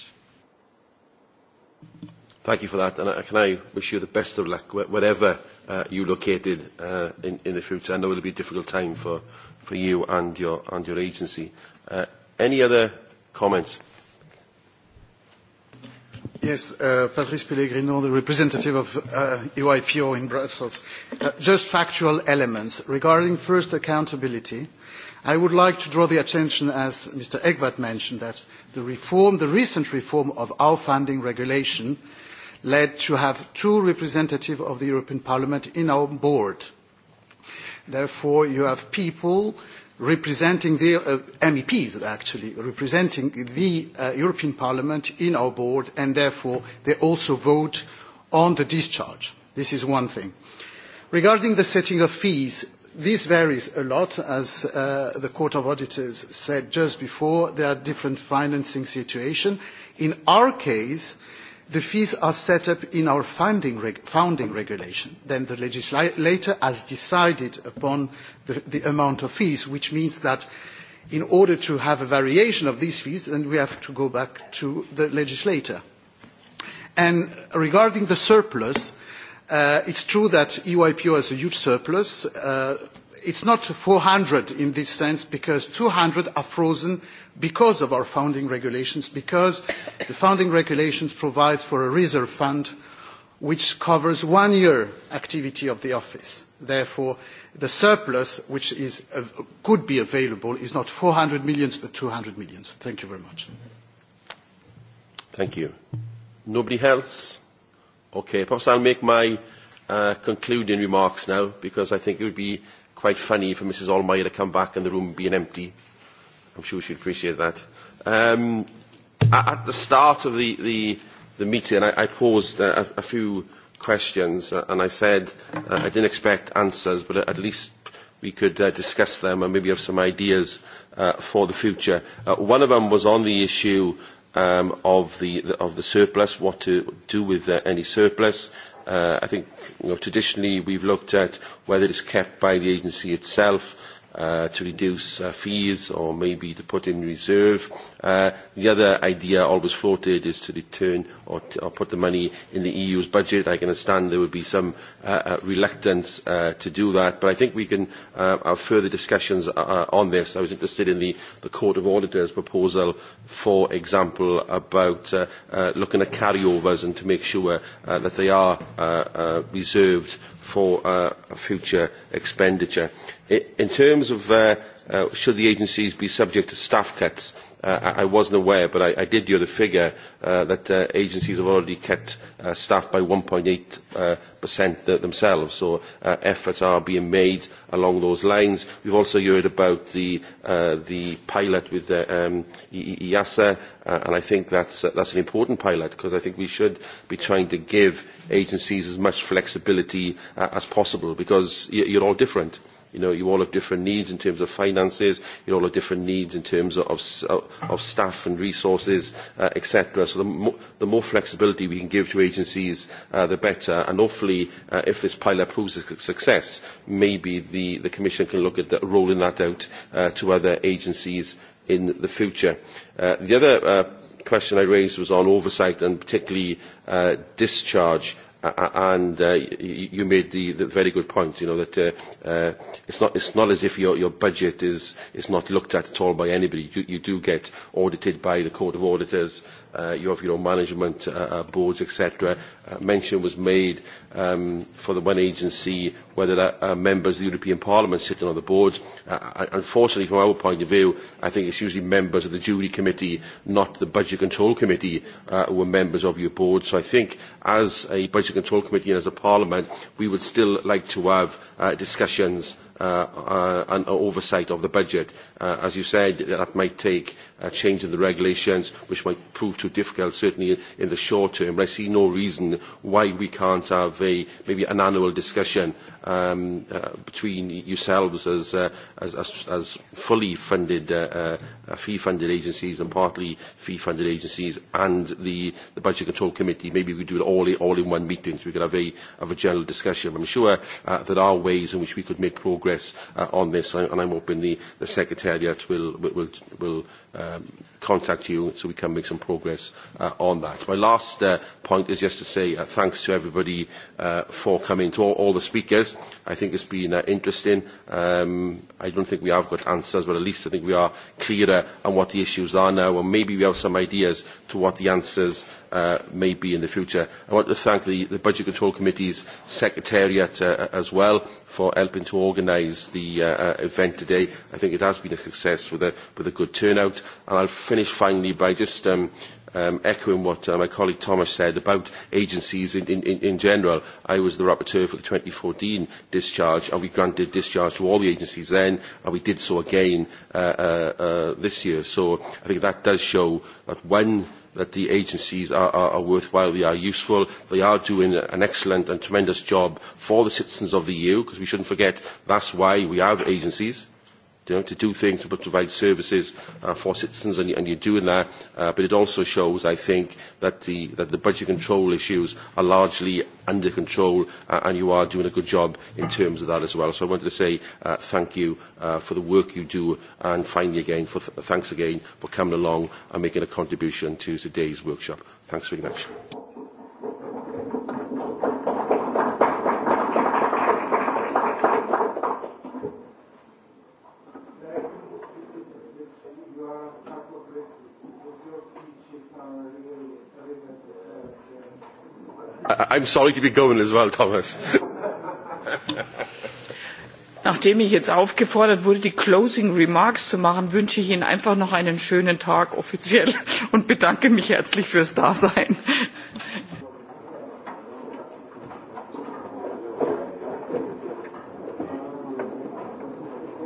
Thank you for that, and can I wish you the best of luck wherever uh, you're located uh, in, the future. I know it'll be a difficult time for, for you and your, and your agency. Uh, any other comments? Yes, uh, Patrice Pellegrino, the representative of uh, EYPO in Brussels. Uh, just factual elements. Regarding first accountability, I would like to draw the attention, as Mr. Egbert mentioned, that the reform, the recent reform of our funding regulation led to have two representatives of the European Parliament in our board. Therefore, you have people representing the uh, MEPs, actually, representing the uh, European Parliament in our board, and therefore they also vote on the discharge. This is one thing. Regarding the setting of fees, this varies a lot. As uh, the Court of Auditors said just before, there are different financing situations. In our case, the fees are set up in our founding, reg founding regulation. Then the legislator has decided upon the, amount of fees, which means that in order to have a variation of these fees, then we have to go back to the legislator. And regarding the surplus, uh, it's true that EYPO has a huge surplus. Uh, it's not 400 in this sense because 200 are frozen because of our founding regulations, because the founding regulations provides for a reserve fund which covers one year activity of the office. Therefore, the surplus which is, uh, could be available is not 400 million, but 200 million. Thank you very much. Thank you. Nobody else? Okay, perhaps I'll make my uh, concluding remarks now, because I think it would be quite funny for Mrs Allmyer to come back and the room being empty. I'm sure she'd appreciate that. Um, at the start of the, the, the meeting, I, I posed a, a few questions, uh, and I said uh, I didn't expect answers, but at least we could uh, discuss them and maybe have some ideas uh, for the future. Uh, one of them was on the issue um, of, the, the, of the surplus, what to do with uh, any surplus. Uh, I think you know, traditionally we've looked at whether it's kept by the agency itself, uh, to reduce uh, fees or maybe to put in reserve. Uh, the other idea always floated is to return or, t- or put the money in the EU's budget. I can understand there would be some uh, uh, reluctance uh, to do that, but I think we can uh, have further discussions uh, uh, on this. I was interested in the, the Court of Auditors proposal, for example, about uh, uh, looking at carryovers and to make sure uh, that they are uh, uh, reserved for uh, future expenditure. In terms of uh, uh, should the agencies be subject to staff cuts? Uh, I, I wasn't aware, but I, I did hear the figure uh, that uh, agencies have already cut uh, staff by 1.8% uh, percent themselves, so uh, efforts are being made along those lines. We've also heard about the, uh, the pilot with the, um, EASA, e, e uh, and I think that's, uh, that's an important pilot because I think we should be trying to give agencies as much flexibility uh, as possible because you're all different You know, you all have different needs in terms of finances. You all have different needs in terms of of, of staff and resources, uh, etc. So the, mo- the more flexibility we can give to agencies, uh, the better. And hopefully, uh, if this pilot proves a success, maybe the, the Commission can look at the, rolling that out uh, to other agencies in the future. Uh, the other uh, question I raised was on oversight and particularly uh, discharge Uh, and uh, you made the, the very good point, you know, that uh, uh, it's, not, it's not as if your, your budget is, is not looked at at all by anybody. You, you do get audited by the Court of Auditors uh, your, you know, management uh, uh, boards, etc. Uh, mention was made um, for the one agency whether that uh, members of the European Parliament sitting on the board. Uh, unfortunately, from our point of view, I think it's usually members of the Jury Committee, not the Budget Control Committee, uh, who are members of your board. So I think as a Budget Control Committee and as a Parliament, we would still like to have uh, discussions uh, uh, and oversight of the budget. Uh, as you said, that might take uh, change in the regulations, which might prove too difficult, certainly in, the short term. But I see no reason why we can't have a, maybe an annual discussion um, uh, between yourselves as, uh, as, as, as fully funded, uh, uh, fee-funded agencies and partly fee-funded agencies and the, the Budget Control Committee. Maybe we do it all, all in one meeting so we could have a, have a general discussion. I'm sure uh, there are ways in which we could make progress uh, on this, and I'm hoping the, the Secretariat will, will, will um, contact you so we can make some progress uh, on that. My last uh, point is just to say uh, thanks to everybody uh, for coming, to all, all the speakers. I think it's been uh, interesting. Um, I don't think we have got answers, but at least I think we are clearer on what the issues are now, and maybe we have some ideas to what the answers uh, may be in the future. I want to thank the, the Budget Control Committee's Secretariat uh, as well for helping to organise the uh, uh event today. I think it has been a success with a, with a good turnout, and I'll finish finally by just um, um, echoing what uh, my colleague Thomas said about agencies in, in, in general. I was the rapporteur for the 2014 discharge and we granted discharge to all the agencies then and we did so again uh, uh, uh, this year. So I think that does show that when that the agencies are, are, are worthwhile, they are useful, they are doing an excellent and tremendous job for the citizens of the EU because we shouldn't forget that's why we have agencies you know, to do things, to provide services uh, for citizens, and, and you're doing that. Uh, but it also shows, I think, that the, that the budget control issues are largely under control, uh, and you are doing a good job in terms of that as well. So I wanted to say uh, thank you uh, for the work you do, and finally again, for th- thanks again for coming along and making a contribution to today's workshop. Thanks very much. I'm sorry to be going as well, Thomas. Nachdem ich jetzt aufgefordert wurde, die Closing Remarks zu machen, wünsche ich Ihnen einfach noch einen schönen Tag offiziell und bedanke mich herzlich fürs Dasein.